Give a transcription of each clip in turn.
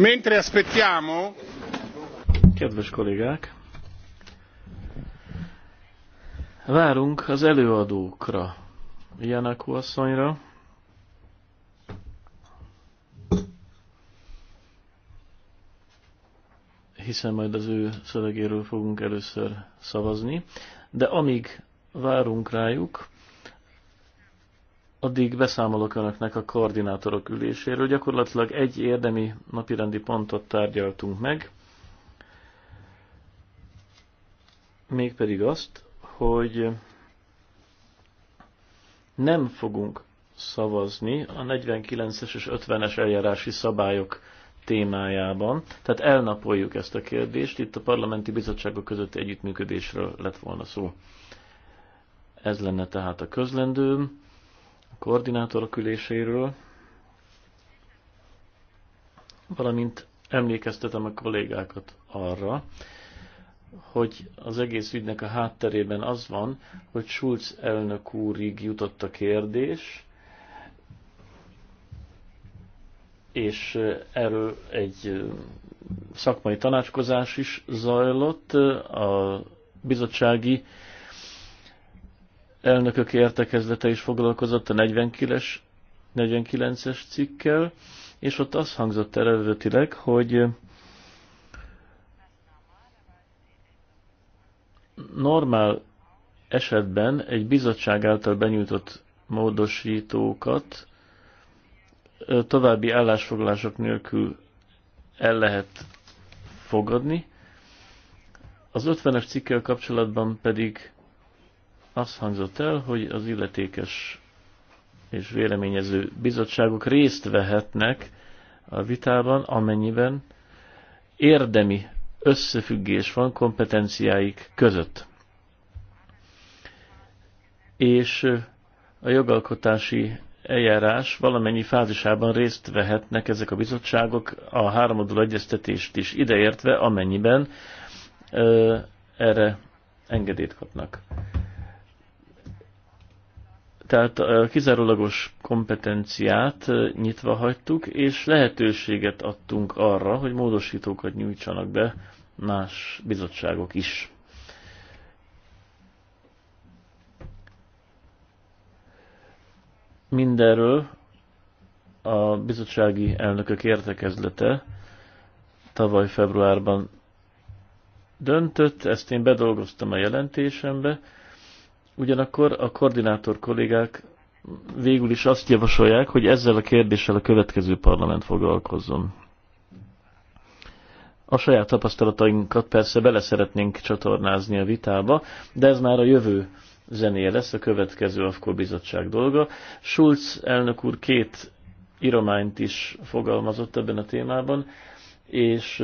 Mentre aspettiamo... Kedves kollégák! Várunk az előadókra, Janakó asszonyra. hiszen majd az ő szövegéről fogunk először szavazni. De amíg várunk rájuk, Addig beszámolok önöknek a koordinátorok üléséről. Gyakorlatilag egy érdemi napirendi pontot tárgyaltunk meg, mégpedig azt, hogy nem fogunk szavazni a 49-es és 50-es eljárási szabályok témájában. Tehát elnapoljuk ezt a kérdést. Itt a parlamenti bizottságok közötti együttműködésről lett volna szó. Ez lenne tehát a közlendőm koordinátorok üléséről, valamint emlékeztetem a kollégákat arra, hogy az egész ügynek a hátterében az van, hogy Schulz elnök úrig jutott a kérdés, és erről egy szakmai tanácskozás is zajlott a bizottsági elnökök értekezlete is foglalkozott a 49-es 49 cikkel, és ott az hangzott eredetileg, hogy normál esetben egy bizottság által benyújtott módosítókat további állásfoglalások nélkül el lehet fogadni. Az 50-es cikkel kapcsolatban pedig azt hangzott el, hogy az illetékes és véleményező bizottságok részt vehetnek a vitában, amennyiben érdemi összefüggés van kompetenciáik között. És a jogalkotási eljárás valamennyi fázisában részt vehetnek ezek a bizottságok a háromadul egyeztetést is ideértve, amennyiben ö, erre engedélyt kapnak. Tehát a kizárólagos kompetenciát nyitva hagytuk, és lehetőséget adtunk arra, hogy módosítókat nyújtsanak be más bizottságok is. Mindenről a bizottsági elnökök értekezlete tavaly februárban döntött, ezt én bedolgoztam a jelentésembe, Ugyanakkor a koordinátor kollégák végül is azt javasolják, hogy ezzel a kérdéssel a következő parlament foglalkozzon. A saját tapasztalatainkat persze bele szeretnénk csatornázni a vitába, de ez már a jövő zenéje lesz, a következő AFKO bizottság dolga. Schulz elnök úr két irományt is fogalmazott ebben a témában, és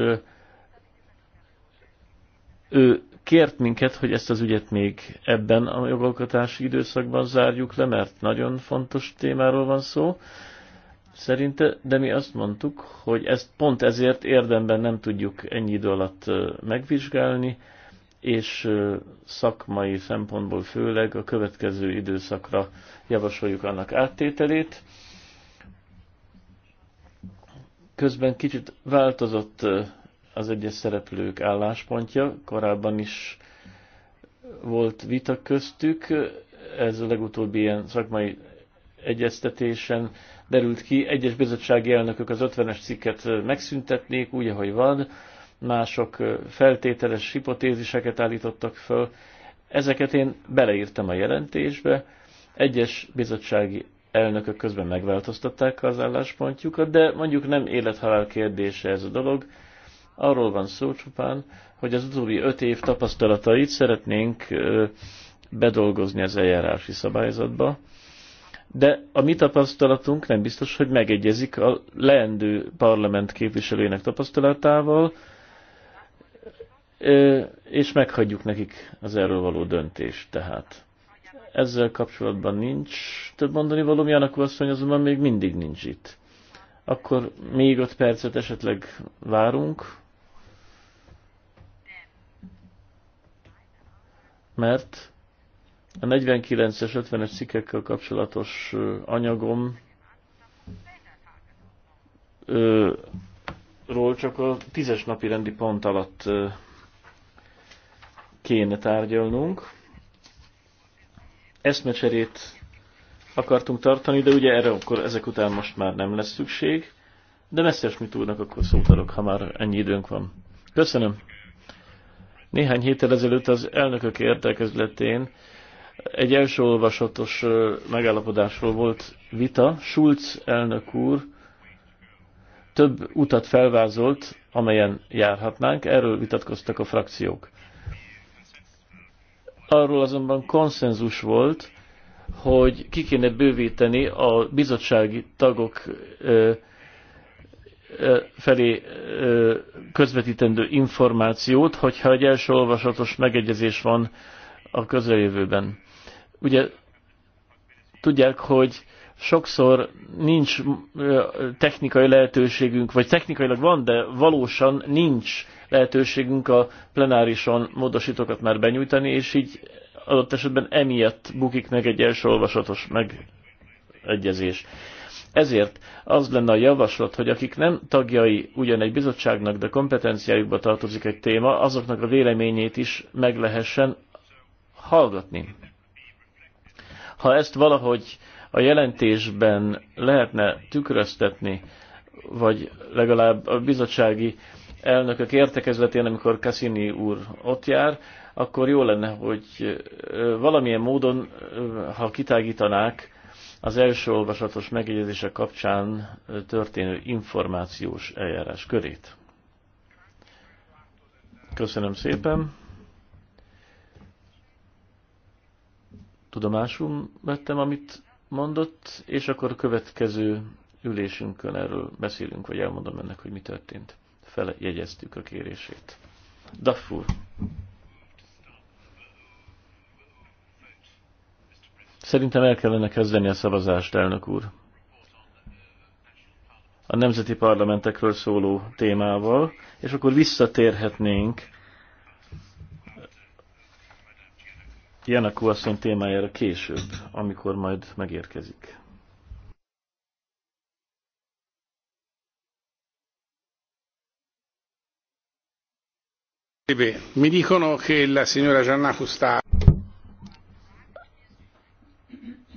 ő kért minket, hogy ezt az ügyet még ebben a jogalkotási időszakban zárjuk le, mert nagyon fontos témáról van szó szerinte, de mi azt mondtuk, hogy ezt pont ezért érdemben nem tudjuk ennyi idő alatt megvizsgálni, és szakmai szempontból főleg a következő időszakra javasoljuk annak áttételét. Közben kicsit változott az egyes szereplők álláspontja. Korábban is volt vita köztük, ez a legutóbbi ilyen szakmai egyeztetésen derült ki. Egyes bizottsági elnökök az 50-es cikket megszüntetnék úgy, ahogy van, mások feltételes hipotéziseket állítottak föl. Ezeket én beleírtam a jelentésbe. Egyes bizottsági elnökök közben megváltoztatták az álláspontjukat, de mondjuk nem élethalál kérdése ez a dolog. Arról van szó csupán, hogy az utóbbi öt év tapasztalatait szeretnénk bedolgozni az eljárási szabályzatba, de a mi tapasztalatunk nem biztos, hogy megegyezik a leendő parlament képviselőjének tapasztalatával, és meghagyjuk nekik az erről való döntést tehát. Ezzel kapcsolatban nincs több mondani való, annak asszony azonban még mindig nincs itt. Akkor még öt percet esetleg várunk. mert a 49-es, 50-es cikkekkel kapcsolatos anyagom ö, ról csak a tízes napi rendi pont alatt ö, kéne tárgyalnunk. Eszmecserét akartunk tartani, de ugye erre akkor ezek után most már nem lesz szükség. De mit úrnak akkor szót adok, ha már ennyi időnk van. Köszönöm! Néhány héttel ezelőtt az elnökök értekezletén egy első olvasatos megállapodásról volt vita. Schulz elnök úr több utat felvázolt, amelyen járhatnánk, erről vitatkoztak a frakciók. Arról azonban konszenzus volt, hogy ki kéne bővíteni a bizottsági tagok felé közvetítendő információt, hogyha egy első olvasatos megegyezés van a közeljövőben. Ugye tudják, hogy sokszor nincs technikai lehetőségünk, vagy technikailag van, de valósan nincs lehetőségünk a plenárison módosítókat már benyújtani, és így adott esetben emiatt bukik meg egy első olvasatos megegyezés. Ezért az lenne a javaslat, hogy akik nem tagjai ugyan egy bizottságnak, de kompetenciájukba tartozik egy téma, azoknak a véleményét is meg lehessen hallgatni. Ha ezt valahogy a jelentésben lehetne tükröztetni, vagy legalább a bizottsági elnökök értekezletén, amikor Cassini úr ott jár, akkor jó lenne, hogy valamilyen módon, ha kitágítanák az első olvasatos megjegyzése kapcsán történő információs eljárás körét. Köszönöm szépen. Tudomásul vettem, amit mondott, és akkor következő ülésünkön erről beszélünk, vagy elmondom ennek, hogy mi történt. Feljegyeztük a kérését. Daffur. Szerintem el kellene kezdeni a szavazást, elnök úr. A nemzeti parlamentekről szóló témával, és akkor visszatérhetnénk Janakó asszony témájára később, amikor majd megérkezik. Mi dicono che la signora Giannaku sta...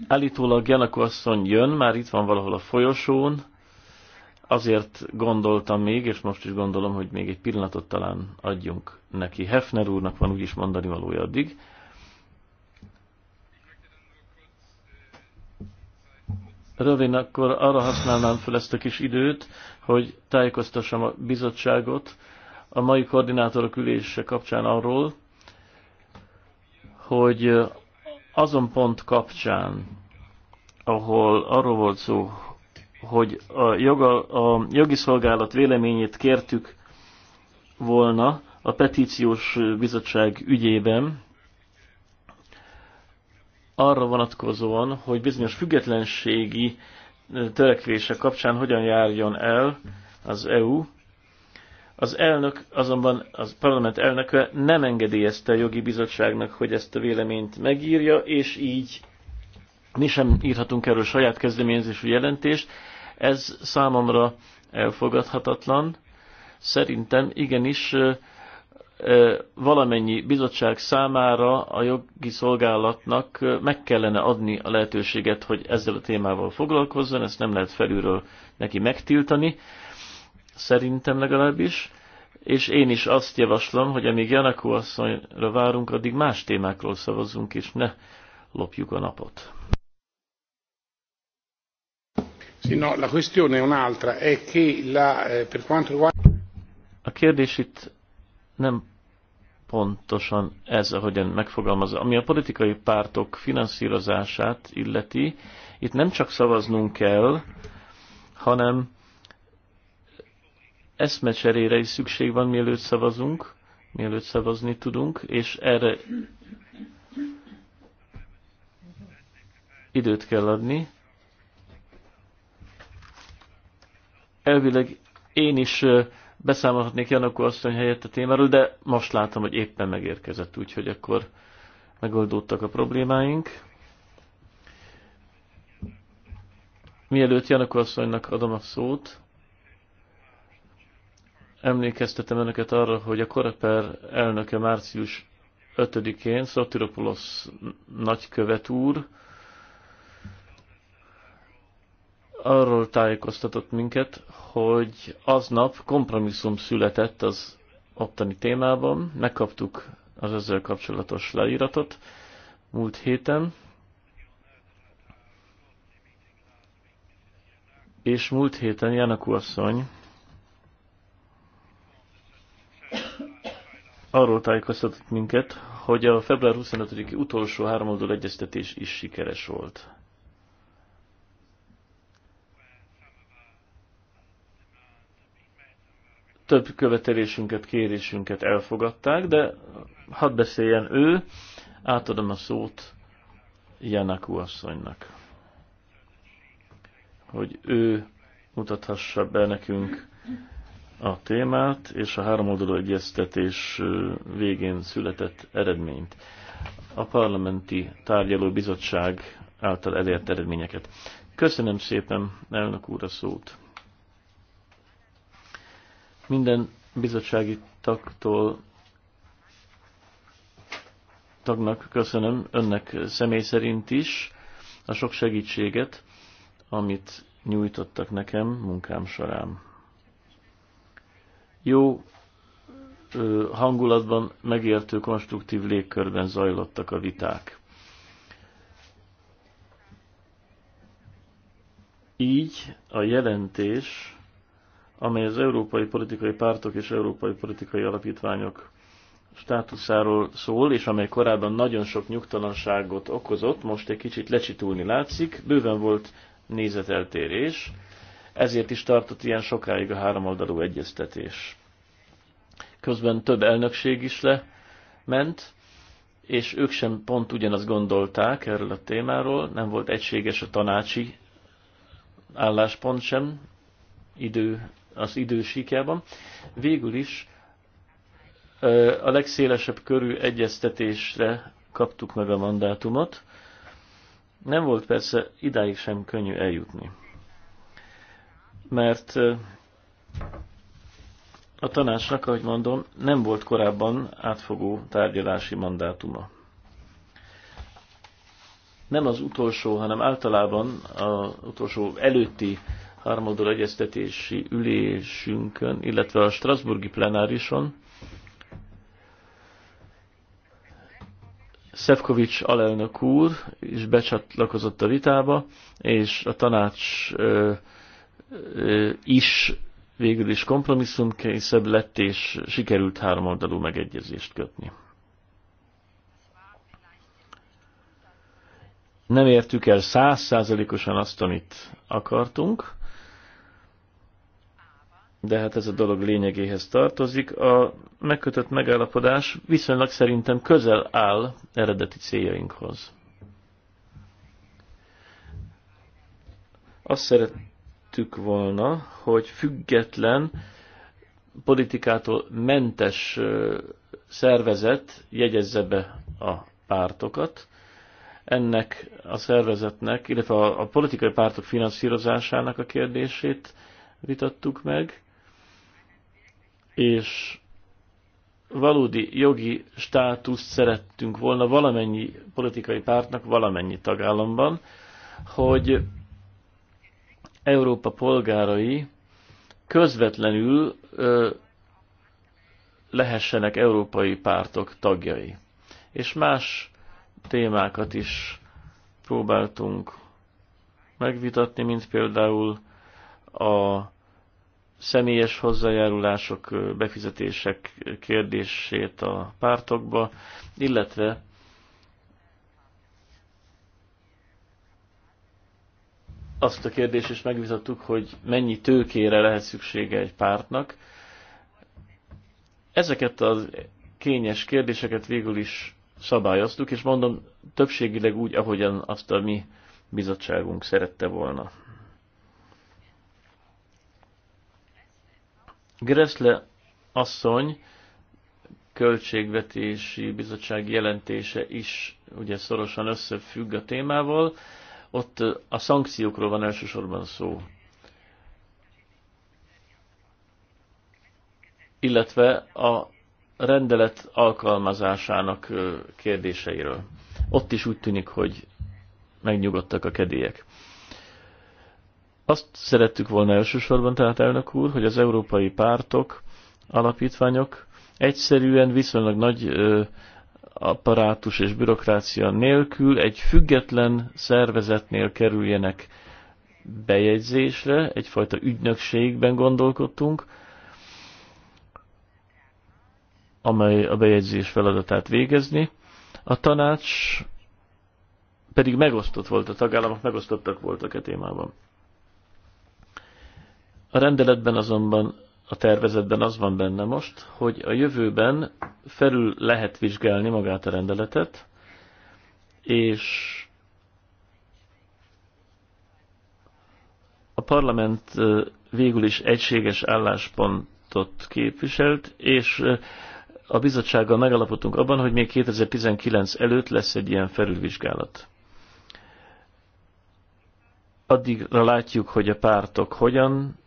Állítólag Janako asszony jön, már itt van valahol a folyosón, azért gondoltam még, és most is gondolom, hogy még egy pillanatot talán adjunk neki. Hefner úrnak van úgyis mondani valója addig. Rövén, akkor arra használnám fel ezt a kis időt, hogy tájékoztassam a bizottságot a mai koordinátorok ülése kapcsán arról, hogy azon pont kapcsán, ahol arról volt szó, hogy a, joga, a jogi szolgálat véleményét kértük volna a petíciós bizottság ügyében, arra vonatkozóan, hogy bizonyos függetlenségi törekvése kapcsán hogyan járjon el az EU, az elnök, azonban az parlament elnöke nem engedélyezte a jogi bizottságnak, hogy ezt a véleményt megírja, és így mi sem írhatunk erről saját kezdeményezésű jelentést. Ez számomra elfogadhatatlan. Szerintem igenis valamennyi bizottság számára a jogi szolgálatnak meg kellene adni a lehetőséget, hogy ezzel a témával foglalkozzon, ezt nem lehet felülről neki megtiltani szerintem legalábbis, és én is azt javaslom, hogy amíg Janakó asszonyra várunk, addig más témákról szavazzunk, és ne lopjuk a napot. A kérdés itt nem pontosan ez, ahogyan megfogalmazza. Ami a politikai pártok finanszírozását illeti, itt nem csak szavaznunk kell, hanem eszmecserére is szükség van, mielőtt szavazunk, mielőtt szavazni tudunk, és erre időt kell adni. Elvileg én is beszámolhatnék Janakó asszony helyett a témáról, de most látom, hogy éppen megérkezett, úgyhogy akkor megoldódtak a problémáink. Mielőtt Janakó asszonynak adom a szót, Emlékeztetem önöket arra, hogy a Koreper elnöke március 5-én Szatiropoulos nagykövet úr arról tájékoztatott minket, hogy aznap kompromisszum született az ottani témában, megkaptuk az ezzel kapcsolatos leíratot múlt héten, és múlt héten Janakú asszony arról tájékoztatott minket, hogy a február 25-i utolsó háromoldal egyeztetés is sikeres volt. Több követelésünket, kérésünket elfogadták, de hadd beszéljen ő, átadom a szót Janaku asszonynak, hogy ő mutathassa be nekünk a témát és a háromoldalú egyeztetés végén született eredményt, a parlamenti tárgyaló bizottság által elért eredményeket. Köszönöm szépen, elnök úr, a szót. Minden bizottsági tagtól tagnak köszönöm, önnek személy szerint is a sok segítséget, amit nyújtottak nekem munkám során. Jó hangulatban, megértő, konstruktív légkörben zajlottak a viták. Így a jelentés, amely az európai politikai pártok és európai politikai alapítványok státuszáról szól, és amely korábban nagyon sok nyugtalanságot okozott, most egy kicsit lecsitulni látszik, bőven volt nézeteltérés, ezért is tartott ilyen sokáig a háromoldalú egyeztetés közben több elnökség is lement, és ők sem pont ugyanazt gondolták erről a témáról, nem volt egységes a tanácsi álláspont sem idő, az idősíkjában. Végül is a legszélesebb körű egyeztetésre kaptuk meg a mandátumot. Nem volt persze idáig sem könnyű eljutni, mert a tanácsnak, ahogy mondom, nem volt korábban átfogó tárgyalási mandátuma. Nem az utolsó, hanem általában az utolsó előtti harmadó egyeztetési ülésünkön, illetve a Strasburgi plenárison Szefkovics alelnök úr is becsatlakozott a vitába, és a tanács ö, ö, is végül is kompromisszumkészebb lett, és sikerült háromoldalú megegyezést kötni. Nem értük el százszázalékosan azt, amit akartunk, de hát ez a dolog lényegéhez tartozik. A megkötött megállapodás viszonylag szerintem közel áll eredeti céljainkhoz. Azt szeretném, hittük volna, hogy független, politikától mentes szervezet jegyezze be a pártokat. Ennek a szervezetnek, illetve a, a politikai pártok finanszírozásának a kérdését vitattuk meg, és valódi jogi státuszt szerettünk volna valamennyi politikai pártnak valamennyi tagállamban, hogy Európa polgárai közvetlenül ö, lehessenek európai pártok tagjai. És más témákat is próbáltunk megvitatni, mint például a személyes hozzájárulások, befizetések kérdését a pártokba, illetve azt a kérdést is megvizattuk, hogy mennyi tőkére lehet szüksége egy pártnak. Ezeket az kényes kérdéseket végül is szabályoztuk, és mondom, többségileg úgy, ahogyan azt a mi bizottságunk szerette volna. Gressle asszony költségvetési bizottság jelentése is ugye szorosan összefügg a témával. Ott a szankciókról van elsősorban szó. Illetve a rendelet alkalmazásának kérdéseiről. Ott is úgy tűnik, hogy megnyugodtak a kedélyek. Azt szerettük volna elsősorban, tehát elnök úr, hogy az európai pártok, alapítványok egyszerűen viszonylag nagy apparátus és bürokrácia nélkül egy független szervezetnél kerüljenek bejegyzésre, egyfajta ügynökségben gondolkodtunk, amely a bejegyzés feladatát végezni. A tanács pedig megosztott volt, a tagállamok megosztottak voltak a e témában. A rendeletben azonban a tervezetben az van benne most, hogy a jövőben felül lehet vizsgálni magát a rendeletet, és a parlament végül is egységes álláspontot képviselt, és a bizottsággal megalapodtunk abban, hogy még 2019 előtt lesz egy ilyen felülvizsgálat. Addigra látjuk, hogy a pártok hogyan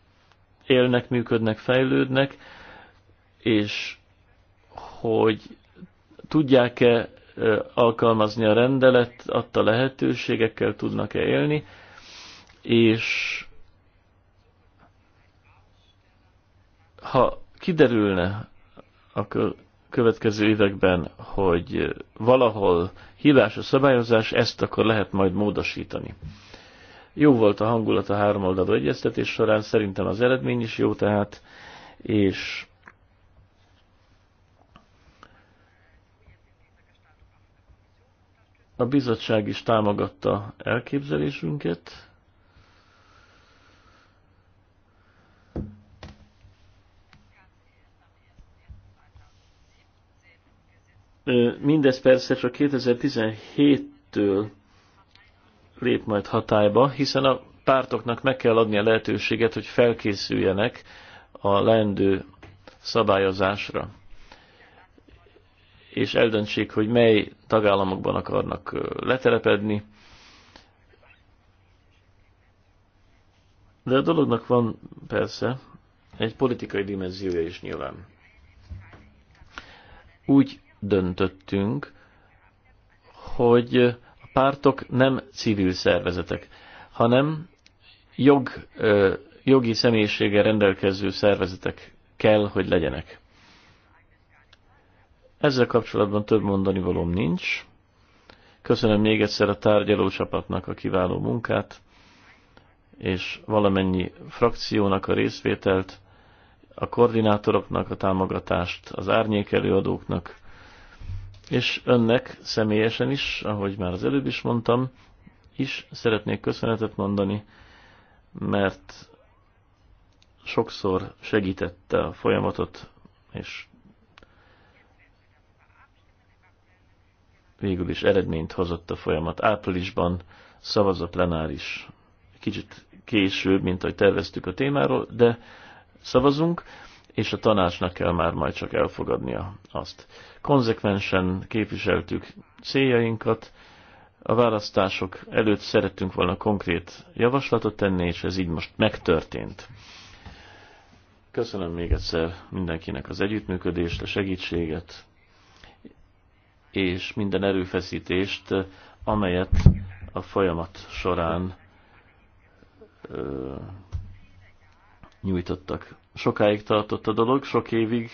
élnek, működnek, fejlődnek, és hogy tudják-e alkalmazni a rendelet, adta lehetőségekkel tudnak-e élni, és ha kiderülne a következő években, hogy valahol hívás a szabályozás, ezt akkor lehet majd módosítani. Jó volt a hangulat a háromoldalú egyeztetés során, szerintem az eredmény is jó tehát, és a bizottság is támogatta elképzelésünket, Mindez persze csak 2017-től lép majd hatályba, hiszen a pártoknak meg kell adni a lehetőséget, hogy felkészüljenek a leendő szabályozásra, és eldöntsék, hogy mely tagállamokban akarnak letelepedni. De a dolognak van persze egy politikai dimenziója is nyilván. Úgy döntöttünk, hogy pártok nem civil szervezetek, hanem jog, jogi személyisége rendelkező szervezetek kell, hogy legyenek. Ezzel kapcsolatban több mondani valóm nincs. Köszönöm még egyszer a tárgyaló csapatnak a kiváló munkát, és valamennyi frakciónak a részvételt, a koordinátoroknak a támogatást, az árnyékelőadóknak, és önnek személyesen is, ahogy már az előbb is mondtam, is szeretnék köszönetet mondani, mert sokszor segítette a folyamatot, és végül is eredményt hozott a folyamat. Áprilisban szavaz a plenáris, kicsit később, mint ahogy terveztük a témáról, de szavazunk és a tanácsnak kell már majd csak elfogadnia azt. Konzekvensen képviseltük céljainkat, a választások előtt szerettünk volna konkrét javaslatot tenni, és ez így most megtörtént. Köszönöm még egyszer mindenkinek az együttműködést, a segítséget, és minden erőfeszítést, amelyet a folyamat során ö, nyújtottak sokáig tartott a dolog, sok évig,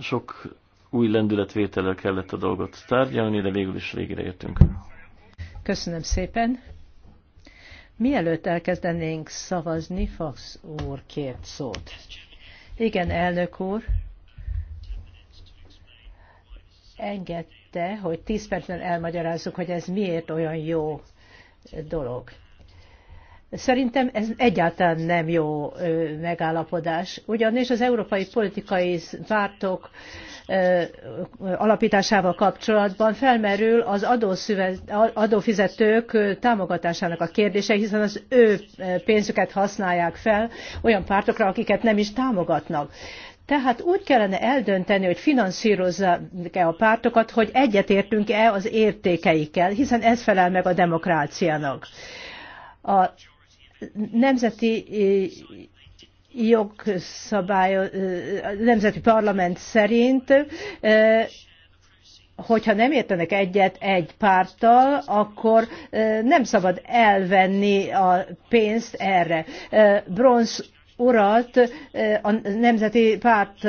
sok új lendületvétellel kellett a dolgot tárgyalni, de végül is végére értünk. Köszönöm szépen. Mielőtt elkezdenénk szavazni, Fax úr két szót. Igen, elnök úr, engedte, hogy 10 percben elmagyarázzuk, hogy ez miért olyan jó dolog. Szerintem ez egyáltalán nem jó megállapodás, ugyanis az európai politikai pártok alapításával kapcsolatban felmerül az adófizetők támogatásának a kérdése, hiszen az ő pénzüket használják fel olyan pártokra, akiket nem is támogatnak. Tehát úgy kellene eldönteni, hogy finanszírozzák-e a pártokat, hogy egyetértünk-e az értékeikkel, hiszen ez felel meg a demokráciának. A nemzeti eh, jogszabály, eh, nemzeti parlament szerint, eh, hogyha nem értenek egyet egy párttal, akkor nem szabad elvenni a pénzt erre. Bronz urat a Nemzeti Párt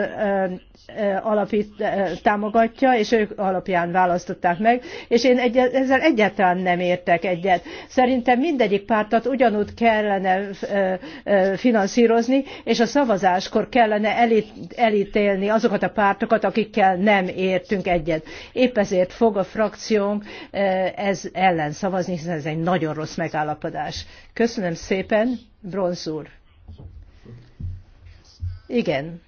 alapít, támogatja, és ők alapján választották meg, és én egy, ezzel egyáltalán nem értek egyet. Szerintem mindegyik pártat ugyanúgy kellene finanszírozni, és a szavazáskor kellene elítélni azokat a pártokat, akikkel nem értünk egyet. Épp ezért fog a frakciónk ez ellen szavazni, hiszen ez egy nagyon rossz megállapodás. Köszönöm szépen, Bronz úr! Igen.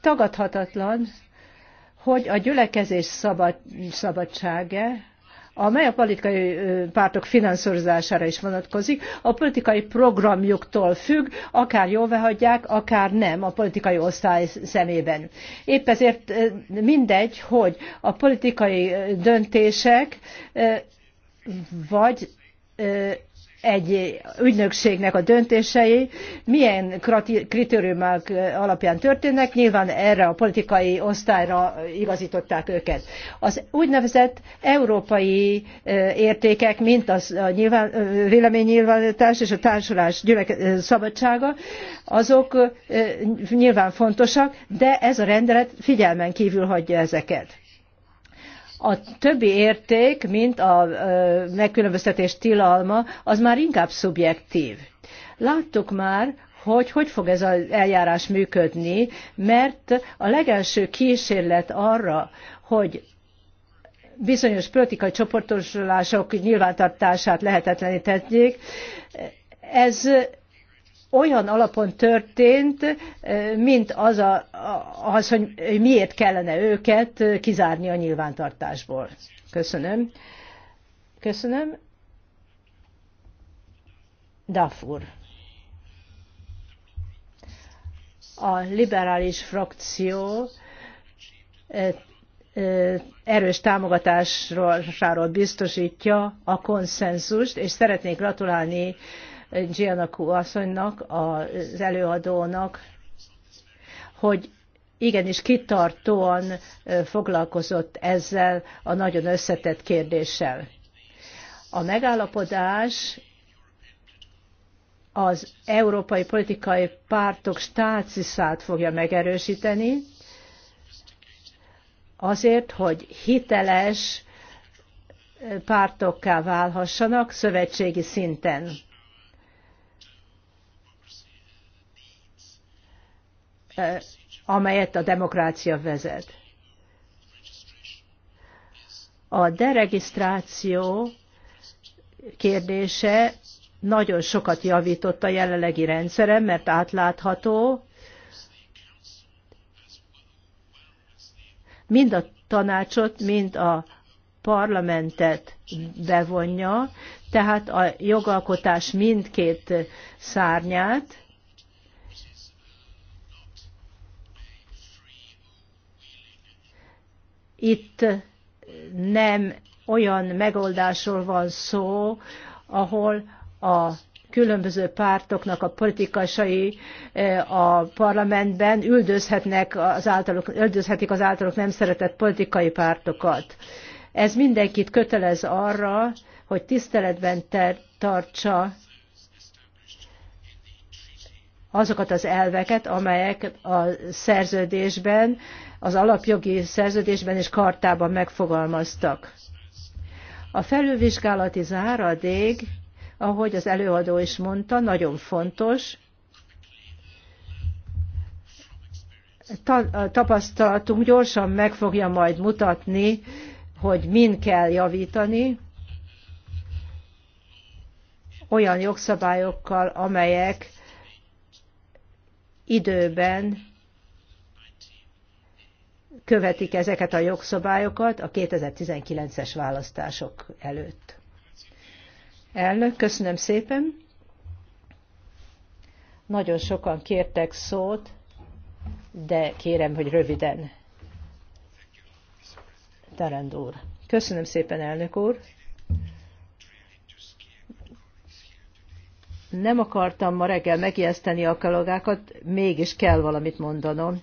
Tagadhatatlan, hogy a gyülekezés szabad, szabadsága, amely a politikai pártok finanszírozására is vonatkozik, a politikai programjuktól függ, akár jóvehagyják, akár nem a politikai osztály szemében. Épp ezért mindegy, hogy a politikai döntések vagy egy ügynökségnek a döntései milyen kritériumok alapján történnek, nyilván erre a politikai osztályra igazították őket. Az úgynevezett európai értékek, mint az a nyilván, véleménynyilvánítás és a társulás szabadsága, azok nyilván fontosak, de ez a rendelet figyelmen kívül hagyja ezeket a többi érték, mint a megkülönböztetés tilalma, az már inkább szubjektív. Láttuk már, hogy hogy fog ez az eljárás működni, mert a legelső kísérlet arra, hogy bizonyos politikai csoportosulások nyilvántartását lehetetlenítették, ez olyan alapon történt, mint az, a, az, hogy miért kellene őket kizárni a nyilvántartásból. Köszönöm. Köszönöm. Dafur. A liberális frakció erős támogatásról biztosítja a konszenzust, és szeretnék gratulálni Gianakú asszonynak, az előadónak, hogy igenis kitartóan foglalkozott ezzel a nagyon összetett kérdéssel. A megállapodás az európai politikai pártok stáciszát fogja megerősíteni, azért, hogy hiteles pártokká válhassanak szövetségi szinten. Eh, amelyet a demokrácia vezet. A deregisztráció kérdése nagyon sokat javított a jelenlegi rendszeren, mert átlátható, mind a tanácsot, mind a parlamentet bevonja, tehát a jogalkotás mindkét szárnyát, itt nem olyan megoldásról van szó, ahol a különböző pártoknak a politikasai eh, a parlamentben üldözhetnek az általuk, üldözhetik az általuk nem szeretett politikai pártokat. Ez mindenkit kötelez arra, hogy tiszteletben tartsa azokat az elveket, amelyek a szerződésben az alapjogi szerződésben és kartában megfogalmaztak. A felülvizsgálati záradék, ahogy az előadó is mondta, nagyon fontos, tapasztalatunk gyorsan meg fogja majd mutatni, hogy min kell javítani olyan jogszabályokkal, amelyek időben követik ezeket a jogszabályokat a 2019-es választások előtt. Elnök, köszönöm szépen. Nagyon sokan kértek szót, de kérem, hogy röviden. Tarand úr. Köszönöm szépen, elnök úr. Nem akartam ma reggel megijeszteni a kalogákat, mégis kell valamit mondanom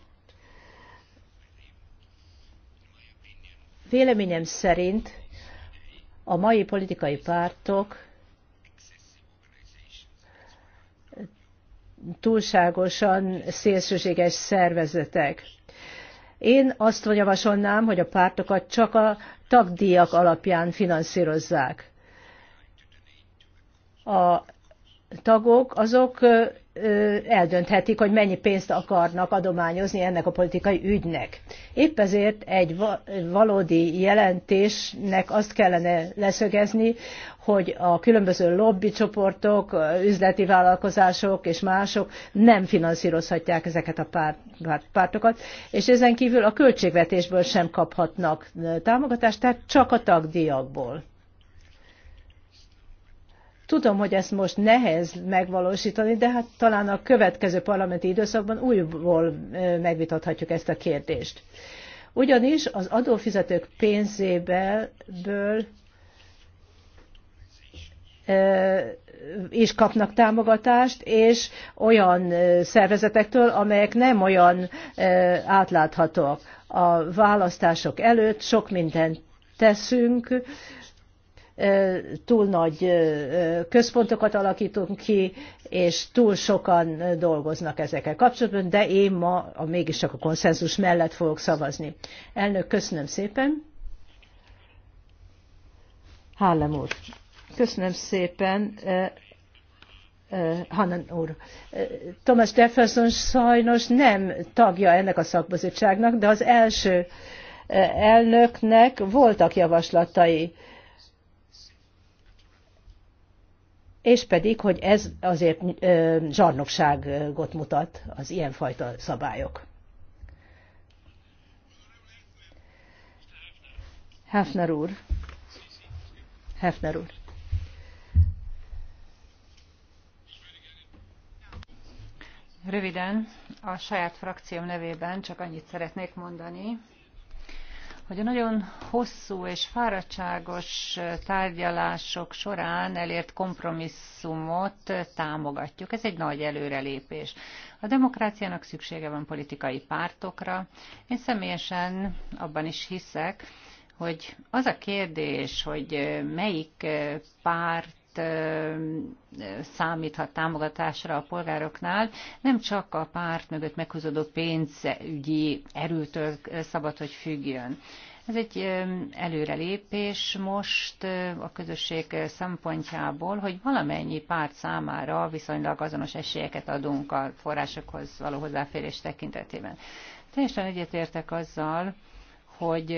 Véleményem szerint a mai politikai pártok túlságosan szélsőséges szervezetek. Én azt javasolnám, hogy a pártokat csak a tagdíjak alapján finanszírozzák. A tagok, azok eldönthetik, hogy mennyi pénzt akarnak adományozni ennek a politikai ügynek. Épp ezért egy valódi jelentésnek azt kellene leszögezni, hogy a különböző lobbycsoportok, üzleti vállalkozások és mások nem finanszírozhatják ezeket a pártokat, és ezen kívül a költségvetésből sem kaphatnak támogatást, tehát csak a tagdíjakból. Tudom, hogy ezt most nehéz megvalósítani, de hát talán a következő parlamenti időszakban újból megvitathatjuk ezt a kérdést. Ugyanis az adófizetők pénzéből is kapnak támogatást, és olyan szervezetektől, amelyek nem olyan átláthatóak. A választások előtt sok mindent teszünk, túl nagy központokat alakítunk ki, és túl sokan dolgoznak ezekkel kapcsolatban, de én ma a mégiscsak a konszenzus mellett fogok szavazni. Elnök, köszönöm szépen. Hálem úr. Köszönöm szépen. Hanan úr. Thomas Jefferson sajnos nem tagja ennek a szakbizottságnak, de az első elnöknek voltak javaslatai és pedig, hogy ez azért zsarnokságot mutat az ilyenfajta szabályok. Hefner úr. Hefner úr. Röviden, a saját frakcióm nevében csak annyit szeretnék mondani, hogy a nagyon hosszú és fáradtságos tárgyalások során elért kompromisszumot támogatjuk. Ez egy nagy előrelépés. A demokráciának szüksége van politikai pártokra. Én személyesen abban is hiszek, hogy az a kérdés, hogy melyik párt számíthat támogatásra a polgároknál, nem csak a párt mögött meghúzódó pénzügyi erőtől szabad, hogy függjön. Ez egy előrelépés most a közösség szempontjából, hogy valamennyi párt számára viszonylag azonos esélyeket adunk a forrásokhoz való hozzáférés tekintetében. Teljesen egyetértek azzal, hogy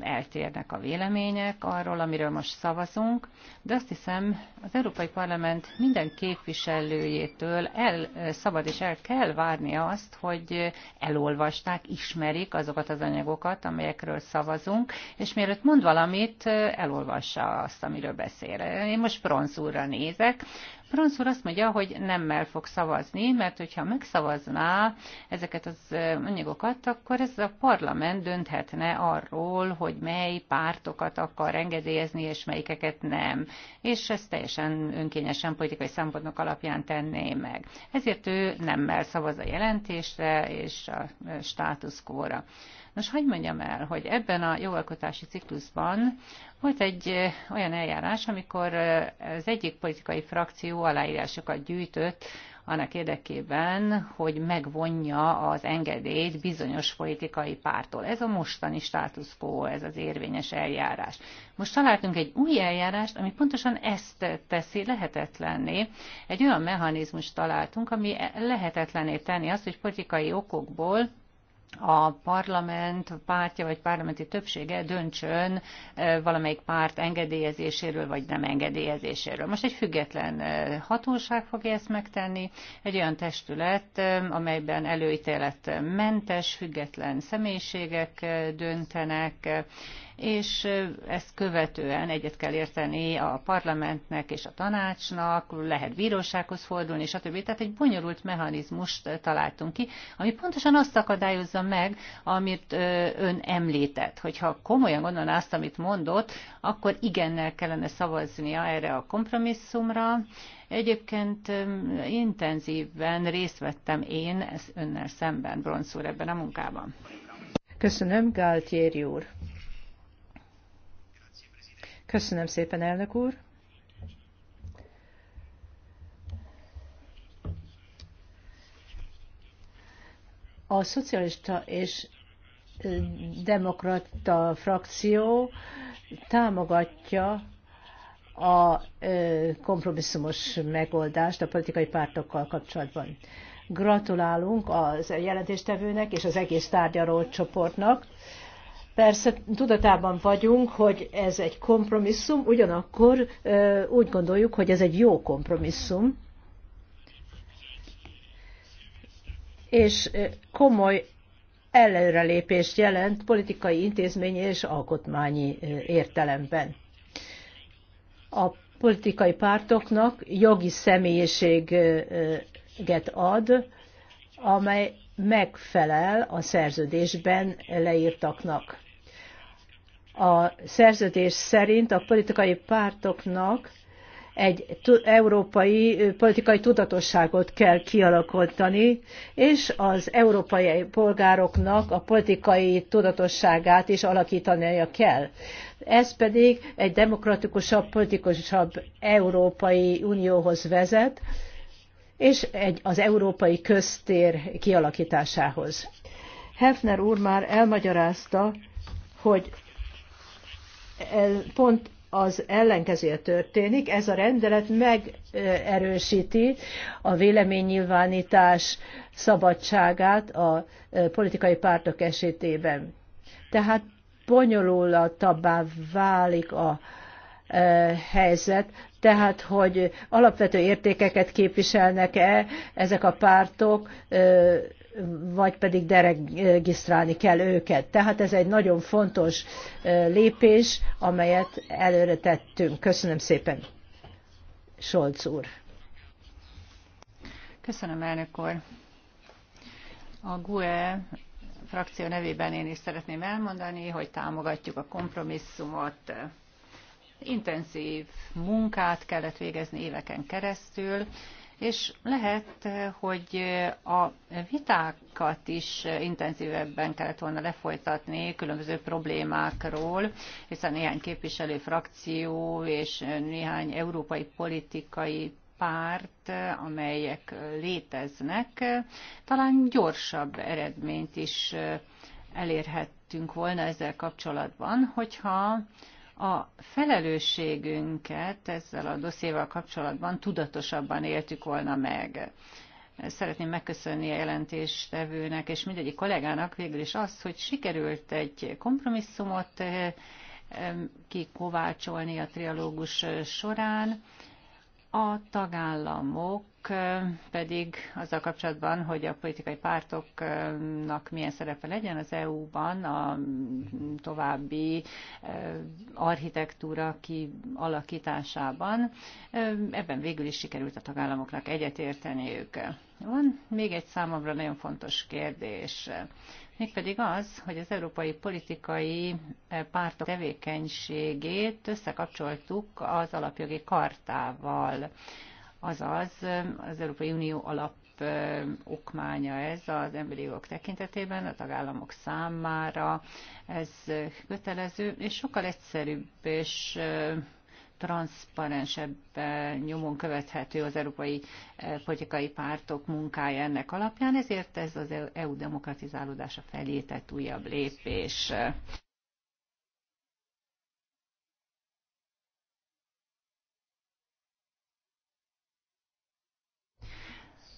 eltérnek a vélemények arról, amiről most szavazunk, de azt hiszem az Európai Parlament minden képviselőjétől el, szabad és el kell várni azt, hogy elolvasták, ismerik azokat az anyagokat, amelyekről szavazunk, és mielőtt mond valamit, elolvassa azt, amiről beszél. Én most Bronz úrra nézek, Franz úr azt mondja, hogy nemmel fog szavazni, mert hogyha megszavazná ezeket az anyagokat, akkor ez a parlament dönthetne arról, hogy mely pártokat akar engedélyezni, és melyikeket nem. És ezt teljesen önkényesen politikai szempontok alapján tenné meg. Ezért ő nemmel szavaz a jelentésre és a státuszkóra. Nos, hogy mondjam el, hogy ebben a jogalkotási ciklusban volt egy olyan eljárás, amikor az egyik politikai frakció aláírásokat gyűjtött annak érdekében, hogy megvonja az engedélyt bizonyos politikai pártól. Ez a mostani status quo, ez az érvényes eljárás. Most találtunk egy új eljárást, ami pontosan ezt teszi lehetetlenné. Egy olyan mechanizmust találtunk, ami lehetetlené tenni azt, hogy politikai okokból a parlament pártja vagy parlamenti többsége döntsön valamelyik párt engedélyezéséről vagy nem engedélyezéséről. Most egy független hatóság fogja ezt megtenni, egy olyan testület, amelyben előítéletmentes, független személyiségek döntenek, és ezt követően egyet kell érteni a parlamentnek és a tanácsnak, lehet bírósághoz fordulni, stb. Tehát egy bonyolult mechanizmust találtunk ki, ami pontosan azt akadályozza meg, amit ön említett. Hogyha komolyan gondolná azt, amit mondott, akkor igennel kellene szavaznia erre a kompromisszumra. Egyébként intenzíven részt vettem én ez önnel szemben, Bronszúr, ebben a munkában. Köszönöm, Gáltyéri úr. Köszönöm szépen, elnök úr. A szocialista és demokrata frakció támogatja a kompromisszumos megoldást a politikai pártokkal kapcsolatban. Gratulálunk az jelentéstevőnek és az egész tárgyaló csoportnak Persze tudatában vagyunk, hogy ez egy kompromisszum, ugyanakkor úgy gondoljuk, hogy ez egy jó kompromisszum, és komoly előrelépést jelent politikai intézményi és alkotmányi értelemben. A politikai pártoknak jogi személyiséget ad, amely megfelel a szerződésben leírtaknak a szerződés szerint a politikai pártoknak egy európai politikai tudatosságot kell kialakítani, és az európai polgároknak a politikai tudatosságát is alakítania kell. Ez pedig egy demokratikusabb, politikusabb Európai Unióhoz vezet, és egy, az európai köztér kialakításához. Hefner úr már elmagyarázta, hogy pont az ellenkezője történik, ez a rendelet megerősíti a véleménynyilvánítás szabadságát a politikai pártok esetében. Tehát bonyolultabbá válik a helyzet, tehát hogy alapvető értékeket képviselnek-e ezek a pártok, vagy pedig deregisztrálni kell őket. Tehát ez egy nagyon fontos lépés, amelyet előre tettünk. Köszönöm szépen, Solc úr. Köszönöm, elnök úr. A GUE frakció nevében én is szeretném elmondani, hogy támogatjuk a kompromisszumot. Intenzív munkát kellett végezni éveken keresztül, és lehet, hogy a vitákat is intenzívebben kellett volna lefolytatni különböző problémákról, hiszen néhány képviselő frakció és néhány európai politikai párt, amelyek léteznek, talán gyorsabb eredményt is elérhettünk volna ezzel kapcsolatban, hogyha a felelősségünket ezzel a dossziéval kapcsolatban tudatosabban éltük volna meg. Szeretném megköszönni a jelentéstevőnek és mindegyik kollégának végül is azt, hogy sikerült egy kompromisszumot eh, kikovácsolni a trialógus során, a tagállamok pedig azzal kapcsolatban, hogy a politikai pártoknak milyen szerepe legyen az EU-ban, a további architektúra kialakításában, ebben végül is sikerült a tagállamoknak egyetérteniük. Van még egy számomra nagyon fontos kérdés mégpedig az, hogy az európai politikai eh, pártok tevékenységét összekapcsoltuk az alapjogi kartával, azaz eh, az Európai Unió alap eh, okmánya ez az emberi jogok tekintetében, a tagállamok számára, ez kötelező, és sokkal egyszerűbb és transzparensebb nyomon követhető az európai eh, politikai pártok munkája ennek alapján, ezért ez az EU e demokratizálódása felé tett újabb lépés.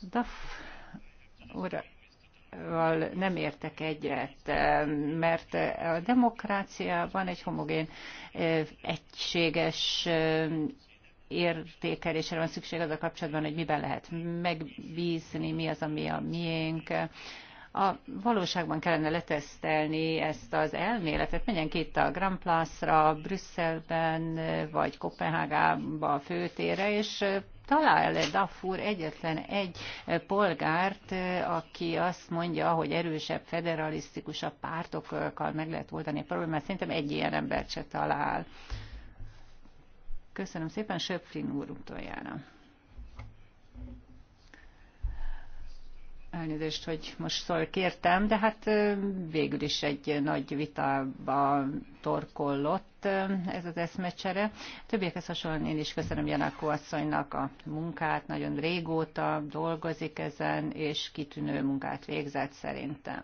Daf, ura, nem értek egyet, mert a demokráciában egy homogén, egységes értékelésre van szükség az a kapcsolatban, hogy miben lehet megbízni, mi az, ami a miénk. A valóságban kellene letesztelni ezt az elméletet. Menjenek itt a Grand Place-ra, Brüsszelben, vagy Kopenhágában a főtére, és talál Dafur egyetlen egy eh, polgárt, eh, aki azt mondja, hogy erősebb, federalisztikusabb pártokkal meg lehet oldani a problémát. Szerintem egy ilyen embert se talál. Köszönöm szépen, Söpflin úr utoljára. Elnézést, hogy most szól kértem, de hát végül is egy nagy vitába torkollott ez az eszmecsere. Többiekhez hasonlóan én is köszönöm Janakó asszonynak a munkát, nagyon régóta dolgozik ezen, és kitűnő munkát végzett szerintem.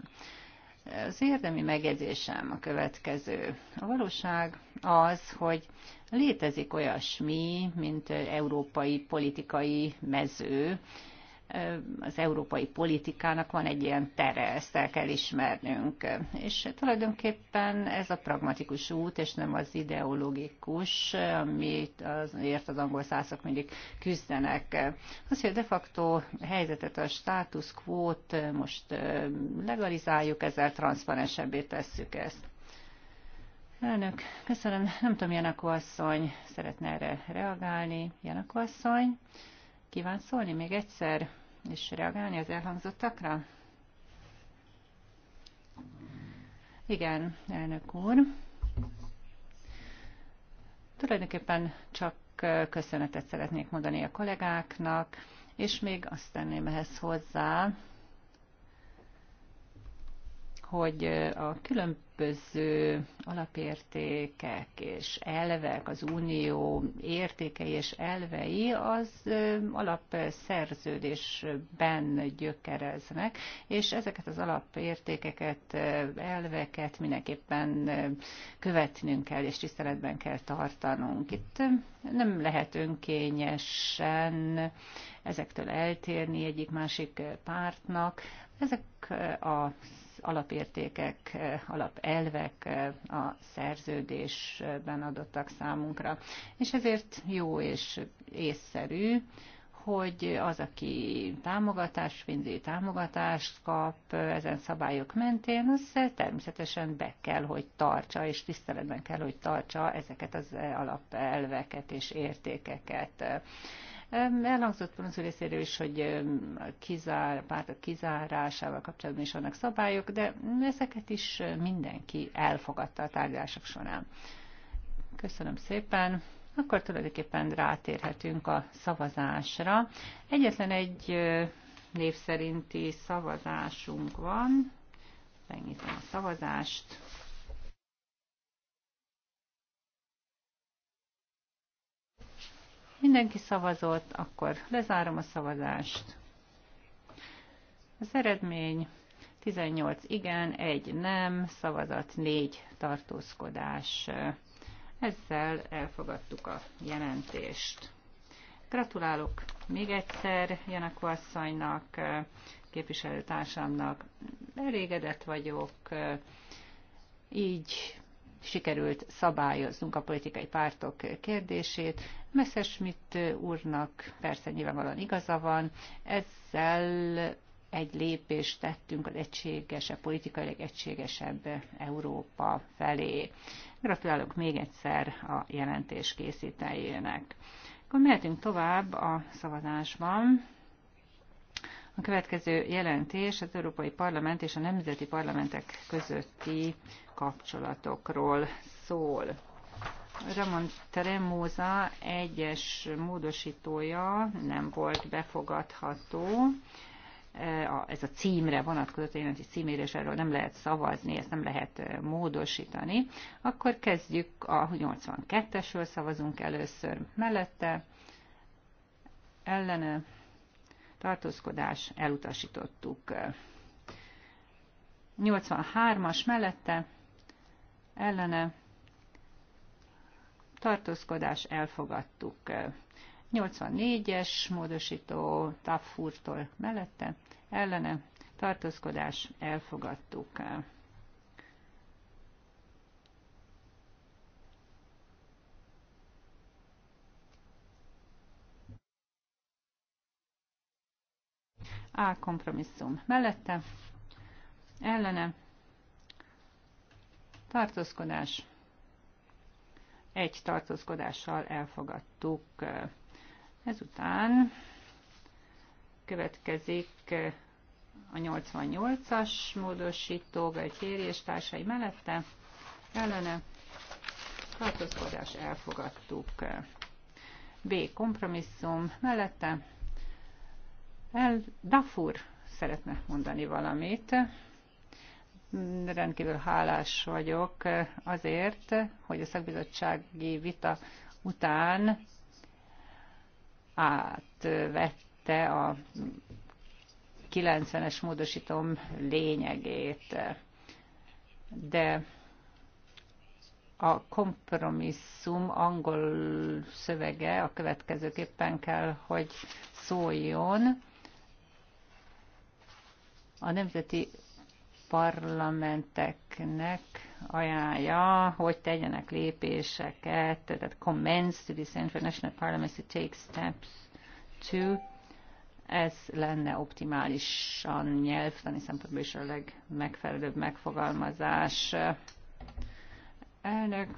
Az érdemi megjegyzésem a következő. A valóság az, hogy létezik olyasmi, mint európai politikai mező, az európai politikának van egy ilyen tere, ezt el kell ismernünk. És tulajdonképpen ez a pragmatikus út, és nem az ideológikus, amit azért az angol szászok mindig küzdenek. Az, hogy a de facto helyzetet, a status quo-t most legalizáljuk, ezzel transzparensebbé tesszük ezt. Elnök, köszönöm. Nem tudom, Janakó asszony szeretne erre reagálni. Janakó asszony. Kíván szólni még egyszer, és reagálni az elhangzottakra? Igen, elnök úr. Tulajdonképpen csak köszönetet szeretnék mondani a kollégáknak, és még azt tenném ehhez hozzá, hogy a különböző alapértékek és elvek, az unió értékei és elvei az alapszerződésben gyökereznek, és ezeket az alapértékeket, elveket mindenképpen követnünk kell és tiszteletben kell tartanunk. Itt nem lehet önkényesen ezektől eltérni egyik-másik pártnak. Ezek a alapértékek, alapelvek a szerződésben adottak számunkra. És ezért jó és észszerű, hogy az, aki támogatás, pénzügyi támogatást kap ezen szabályok mentén, az természetesen be kell, hogy tartsa, és tiszteletben kell, hogy tartsa ezeket az alapelveket és értékeket. Elhangzott Brunszúr részéről is, hogy kizár, pártok kizárásával kapcsolatban is vannak szabályok, de ezeket is mindenki elfogadta a tárgyalások során. Köszönöm szépen. Akkor tulajdonképpen rátérhetünk a szavazásra. Egyetlen egy név szerinti szavazásunk van. Megnyitom a szavazást. Mindenki szavazott, akkor lezárom a szavazást. Az eredmény 18 igen, 1 nem, szavazat 4 tartózkodás. Ezzel elfogadtuk a jelentést. Gratulálok még egyszer Janakó asszonynak, képviselőtársamnak. Elégedett vagyok, így sikerült szabályoznunk a politikai pártok kérdését. Messerschmitt úrnak persze nyilvánvalóan igaza van, ezzel egy lépést tettünk az egységesebb, politikailag egységesebb Európa felé. Gratulálok még egyszer a jelentés készítőjének. Akkor mehetünk tovább a szavazásban. A következő jelentés az Európai Parlament és a Nemzeti Parlamentek közötti kapcsolatokról szól. Ramon Tremóza egyes módosítója nem volt befogadható. Ez a címre vonatkozott, én egy címére, és erről nem lehet szavazni, ezt nem lehet módosítani. Akkor kezdjük a 82-esről, szavazunk először mellette, ellene, tartózkodás, elutasítottuk. 83-as mellette, ellene tartózkodás elfogadtuk. 84-es módosító Taffurtól mellette ellene tartózkodás elfogadtuk. A kompromisszum mellette ellene Tartózkodás. Egy tartózkodással elfogadtuk. Ezután következik a 88-as módosító Gajtéri és társai mellette ellene tartózkodás elfogadtuk. B. Kompromisszum mellette. El Dafur szeretne mondani valamit rendkívül hálás vagyok azért, hogy a szakbizottsági vita után átvette a 90-es módosítom lényegét. De a kompromisszum angol szövege a következőképpen kell, hogy szóljon. A nemzeti parlamenteknek ajánlja, hogy tegyenek lépéseket, tehát commence to Central National Parliament to take steps to. Ez lenne optimálisan nyelvtani szempontból is a legmegfelelőbb megfogalmazás. Elnök,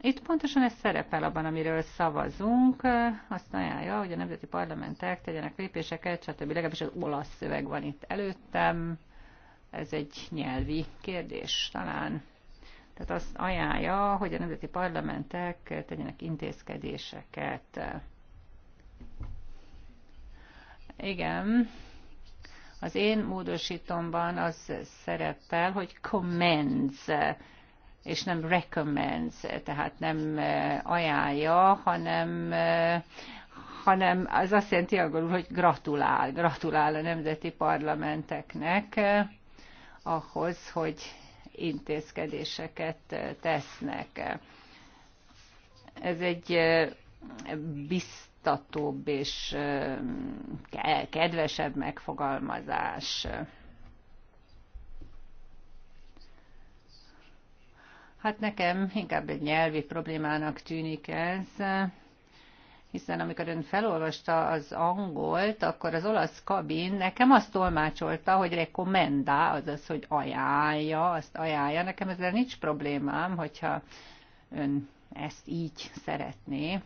itt pontosan ez szerepel abban, amiről szavazunk. Azt ajánlja, hogy a nemzeti parlamentek tegyenek lépéseket, stb. Legalábbis az olasz szöveg van itt előttem ez egy nyelvi kérdés talán. Tehát azt ajánlja, hogy a nemzeti parlamentek tegyenek intézkedéseket. Igen, az én módosítomban az szerepel, hogy commends, és nem recommends, tehát nem ajánlja, hanem hanem az azt jelenti hogy gratulál, gratulál a nemzeti parlamenteknek ahhoz, hogy intézkedéseket tesznek. Ez egy biztatóbb és kedvesebb megfogalmazás. Hát nekem inkább egy nyelvi problémának tűnik ez hiszen amikor ön felolvasta az angolt, akkor az olasz kabin nekem azt tolmácsolta, hogy rekomenda, azaz, hogy ajánlja, azt ajánlja. Nekem ezzel nincs problémám, hogyha ön ezt így szeretné.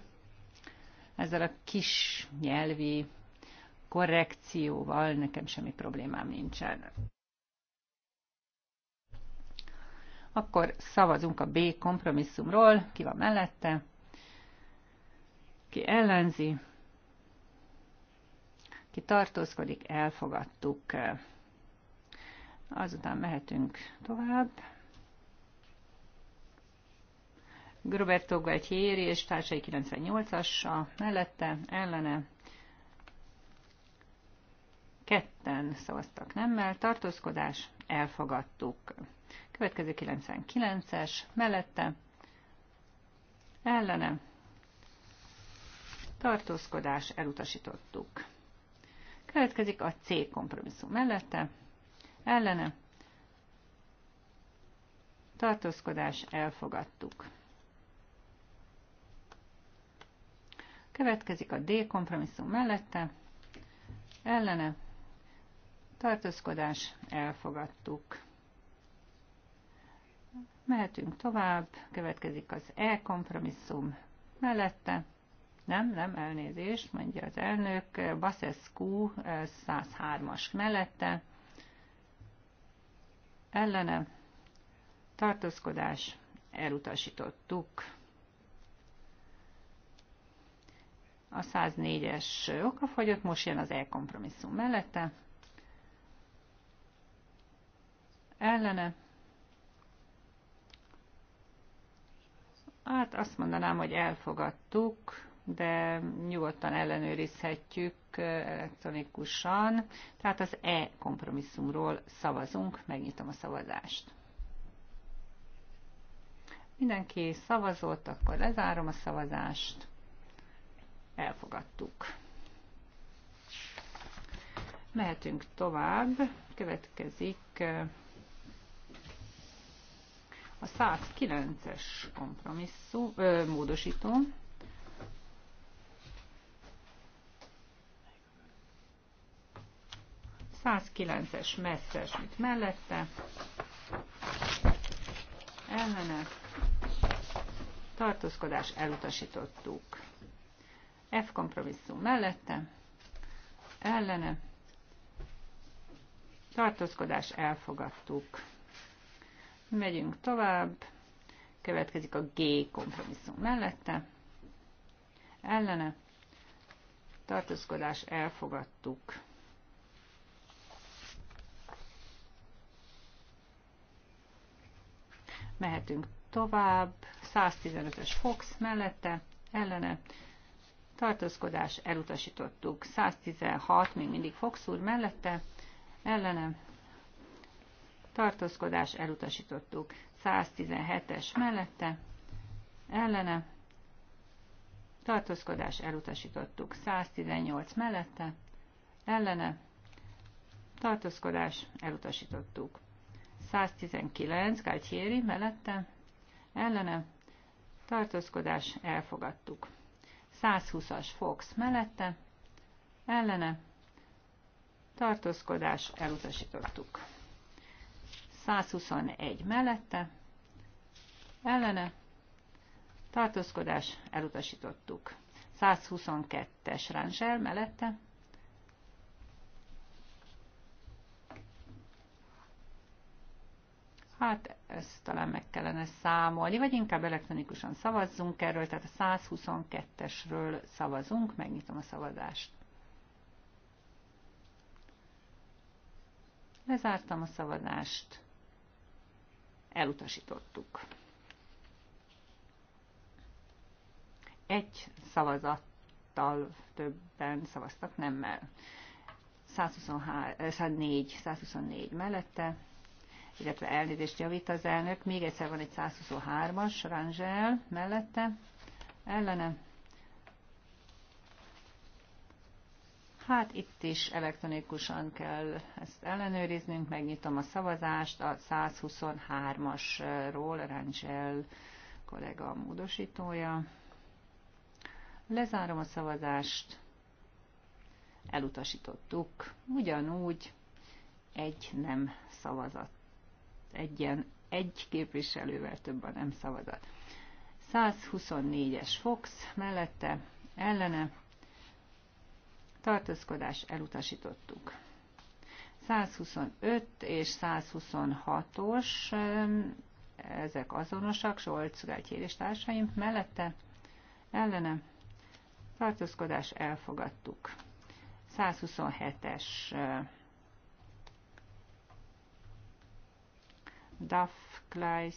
Ezzel a kis nyelvi korrekcióval nekem semmi problémám nincsen. Akkor szavazunk a B kompromisszumról, ki van mellette, ki ellenzi, ki tartózkodik, elfogadtuk. Azután mehetünk tovább. egy Gualtieri és társai 98-assa mellette, ellene. Ketten szavaztak nemmel, tartózkodás, elfogadtuk. Következő 99-es, mellette, ellene, tartózkodás elutasítottuk. Következik a C kompromisszum mellette, ellene, tartózkodás elfogadtuk. Következik a D kompromisszum mellette, ellene, tartózkodás elfogadtuk. Mehetünk tovább, következik az E kompromisszum mellette, nem, nem, elnézést, mondja az elnök. Basescu 103-as eh, mellette. Ellene. Tartózkodás. Elutasítottuk. A 104-es okafogyott, most jön az e-kompromisszum mellette. Ellene. Hát azt mondanám, hogy elfogadtuk de nyugodtan ellenőrizhetjük elektronikusan. Tehát az E kompromisszumról szavazunk, megnyitom a szavazást. Mindenki szavazott, akkor lezárom a szavazást. Elfogadtuk. Mehetünk tovább. Következik a 109-es kompromisszum, ö, módosító 109-es messzes, mint mellette, ellene, tartózkodás elutasítottuk. F kompromisszum mellette, ellene, tartózkodás elfogadtuk. Megyünk tovább, következik a G kompromisszum mellette, ellene, tartózkodás elfogadtuk. Mehetünk tovább. 115-ös Fox mellette, ellene. Tartózkodás elutasítottuk. 116, még mindig Fox úr mellette, ellene. Tartózkodás elutasítottuk. 117-es mellette, ellene. Tartózkodás elutasítottuk. 118 mellette, ellene. Tartózkodás elutasítottuk. 119 Galtieri mellette ellene tartózkodás elfogadtuk. 120-as Fox mellette ellene tartózkodás elutasítottuk. 121 mellette ellene tartózkodás elutasítottuk. 122-es Rangel mellette Hát ezt talán meg kellene számolni, vagy inkább elektronikusan szavazzunk erről, tehát a 122-esről szavazunk, megnyitom a szavazást. Lezártam a szavazást, elutasítottuk. Egy szavazattal többen szavaztak nemmel. 123, 104, 124 mellette, illetve elnézést javít az elnök. Még egyszer van egy 123-as, Rangel mellette, ellene. Hát itt is elektronikusan kell ezt ellenőriznünk, megnyitom a szavazást a 123-asról, Rangel kollega a módosítója. Lezárom a szavazást, elutasítottuk, ugyanúgy egy nem szavazat ilyen egy képviselővel több a nem szavazat. 124-es Fox mellette ellene tartózkodás elutasítottuk. 125 és 126-os ezek azonosak, Solc Gátyér és társaim mellette ellene tartózkodás elfogadtuk. 127-es Duff, Kleiss,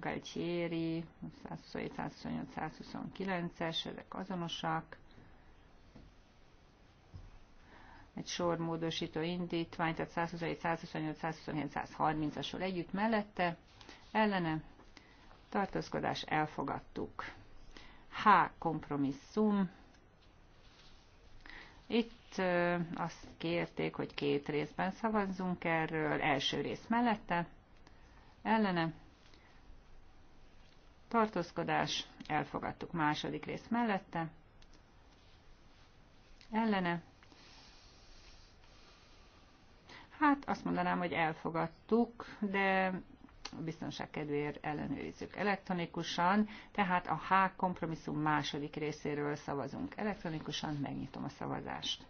Galtieri, 127, 128, 129-es, ezek azonosak. Egy sor módosító indítvány, tehát 127, 128, 129, 130-asról együtt mellette, ellene, tartózkodás elfogadtuk. H. Kompromisszum. Itt azt kérték, hogy két részben szavazzunk erről, első rész mellette, ellene tartózkodás, elfogadtuk második rész mellette, ellene. Hát azt mondanám, hogy elfogadtuk, de a biztonság kedvéért ellenőrizzük elektronikusan, tehát a H kompromisszum második részéről szavazunk elektronikusan, megnyitom a szavazást.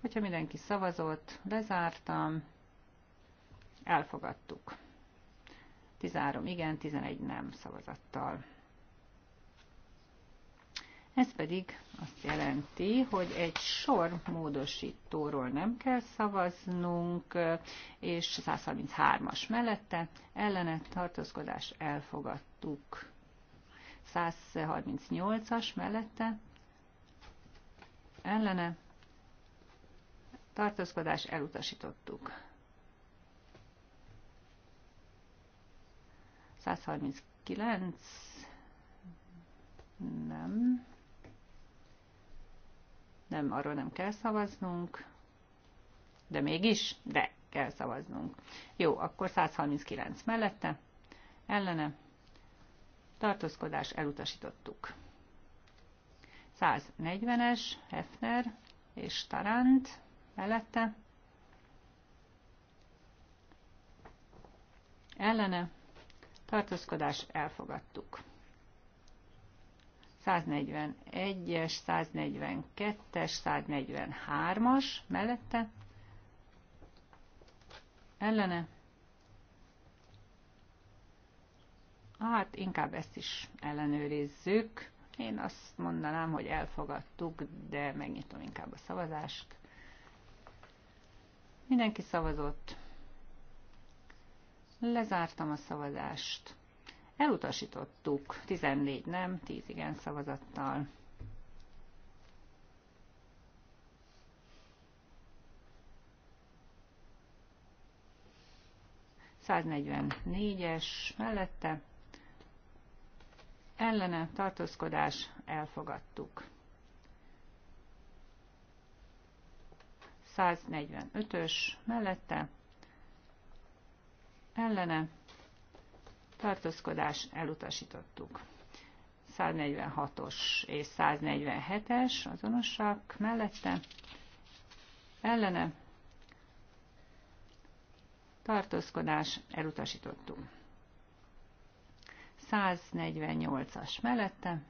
Hogyha mindenki szavazott, lezártam, Elfogadtuk. 13 igen, 11 nem szavazattal. Ez pedig azt jelenti, hogy egy sor módosítóról nem kell szavaznunk, és 133-as mellette ellene tartózkodás elfogadtuk. 138-as mellette ellene tartózkodás elutasítottuk. 139? Nem. Nem, arról nem kell szavaznunk. De mégis, de kell szavaznunk. Jó, akkor 139 mellette, ellene, tartózkodás elutasítottuk. 140-es, Hefner és Tarant mellette, ellene, tartózkodás elfogadtuk. 141-es, 142-es, 143-as mellette, ellene. Hát inkább ezt is ellenőrizzük. Én azt mondanám, hogy elfogadtuk, de megnyitom inkább a szavazást. Mindenki szavazott. Lezártam a szavazást. Elutasítottuk 14 nem, 10 igen szavazattal. es mellette ellene tartózkodás elfogadtuk. 145-ös mellette ellene tartózkodás elutasítottuk. 146-os és 147-es azonosak mellette ellene tartózkodás elutasítottuk. 148-as mellette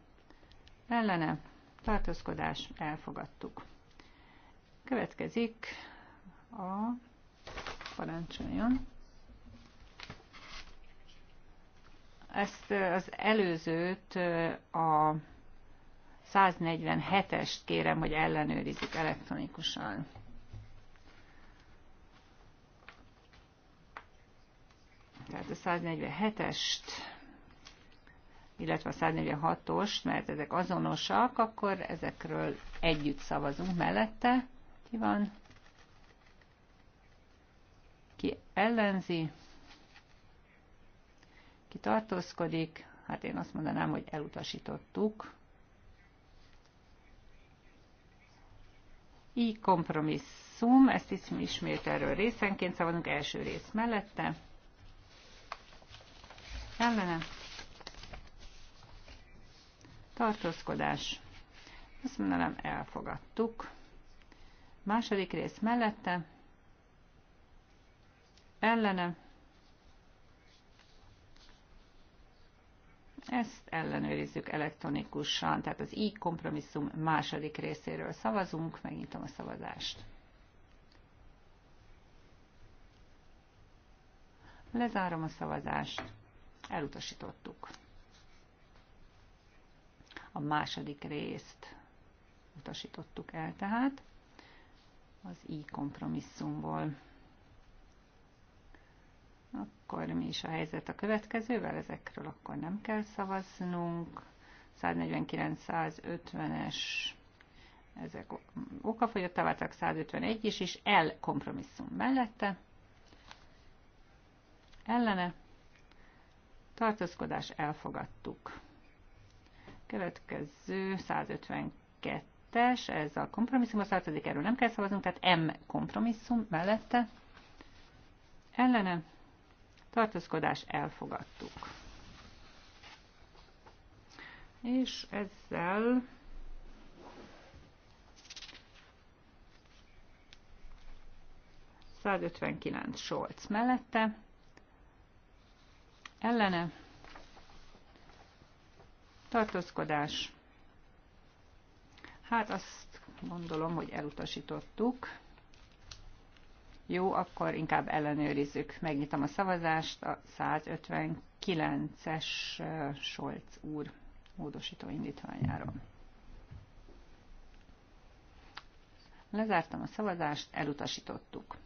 ellene tartózkodás elfogadtuk. Következik a parancsoljon. Ezt az előzőt a 147-est kérem, hogy ellenőrizik elektronikusan. Tehát a 147-est, illetve a 146-ost, mert ezek azonosak, akkor ezekről együtt szavazunk mellette. Ki van? Ki ellenzi? Ki Hát én azt mondanám, hogy elutasítottuk. Így kompromisszum, ezt is ismét erről részenként szavazunk, első rész mellette. Ellene. Tartózkodás. Azt mondanám, elfogadtuk. Második rész mellette. Ellene Ezt ellenőrizzük elektronikusan, tehát az így kompromisszum második részéről szavazunk, megnyitom a szavazást. Lezárom a szavazást, elutasítottuk a második részt utasítottuk el tehát az i kompromisszumból. Akkor mi is a helyzet a következővel? Ezekről akkor nem kell szavaznunk. 149-150-es ezek okafogyottá váltak, 151 is, és el kompromisszum mellette. Ellene. Tartózkodás elfogadtuk. Következő 152-es, ez a a tartozik, erről nem kell szavaznunk, tehát M kompromisszum mellette. Ellene tartózkodás elfogadtuk. És ezzel ...159 Scholz mellette, ellene, tartózkodás, hát azt gondolom, hogy elutasítottuk. Jó, akkor inkább ellenőrizzük. Megnyitom a szavazást a 159-es Solc úr módosító indítványáról. Lezártam a szavazást, elutasítottuk.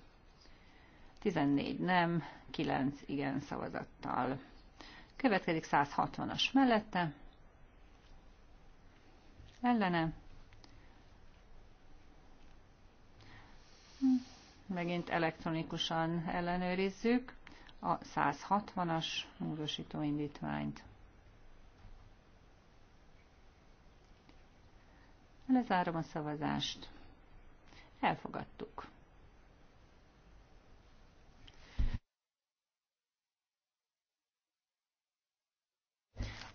14 nem, 9 igen szavazattal. Következik 160-as mellette. Ellene megint elektronikusan ellenőrizzük a 160-as módosító indítványt. Lezárom a szavazást. Elfogadtuk.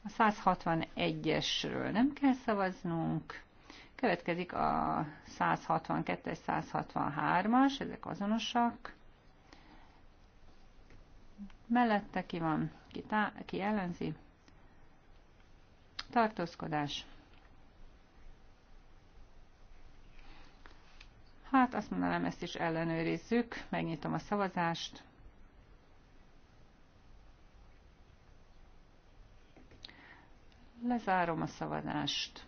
A 161-esről nem kell szavaznunk. Következik a 162-es, 163-as, ezek azonosak. Mellette ki van, ki, tá- ki ellenzi. Tartózkodás. Hát azt mondanám, ezt is ellenőrizzük. Megnyitom a szavazást. Lezárom a szavazást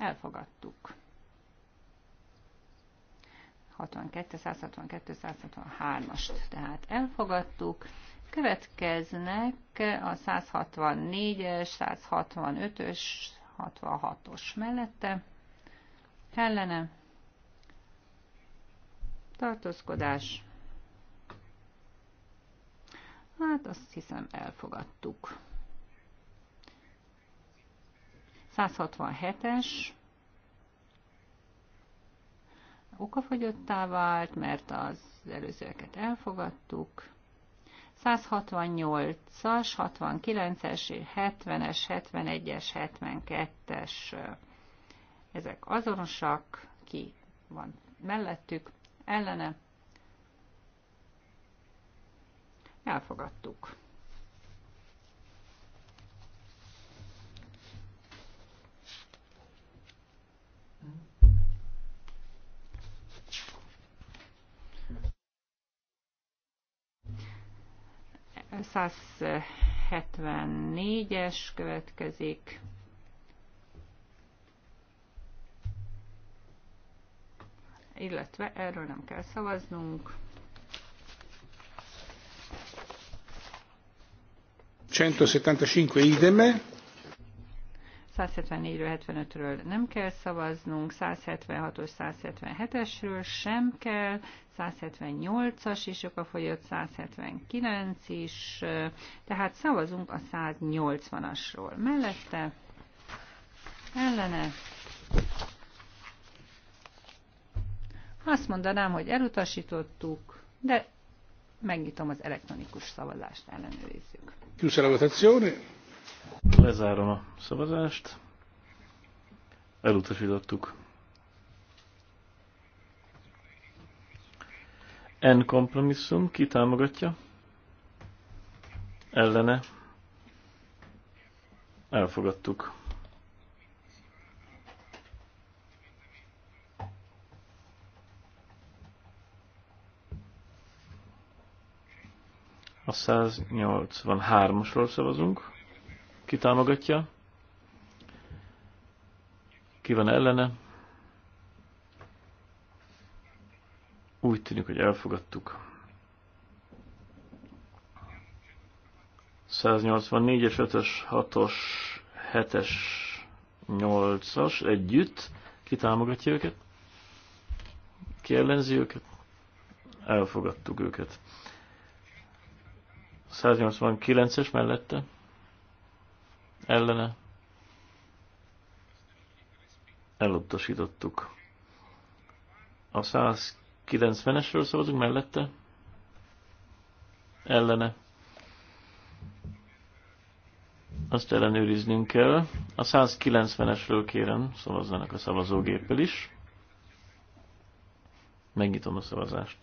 elfogadtuk. 62, 162, 163-ast tehát elfogadtuk. Következnek a 164-es, 165-ös, 66-os mellette. Ellene. Tartózkodás. Hát azt hiszem elfogadtuk. 167-es okafogyottá vált, mert az előzőeket elfogadtuk. 168-as, 69-es, 70-es, 71-es, 72-es, ezek azonosak, ki van mellettük, ellene. Elfogadtuk. 174-es következik. illetve erről nem kell szavaznunk. 175 ideme. 174-ről, 75-ről nem kell szavaznunk, 176-os, 177-esről sem kell, 178-as is a fogyott, 179 is, tehát szavazunk a 180-asról. Mellette ellene azt mondanám, hogy elutasítottuk, de megnyitom az elektronikus szavazást, ellenőrizzük. Köszönöm a Lezárom a szavazást. Elutasítottuk. N kompromisszum, ki támogatja? Ellene. Elfogadtuk. A 183-asról szavazunk. Ki támogatja? Ki van ellene? Úgy tűnik, hogy elfogadtuk. 184-es, 5-ös, 6-os, 7-es, 8-as együtt. Ki támogatja őket? Ki ellenzi őket? Elfogadtuk őket. 189-es mellette ellene elutasítottuk. A 190-esről szavazunk mellette, ellene. Azt ellenőriznünk kell. A 190-esről kérem, szavazzanak a szavazógéppel is. Megnyitom a szavazást.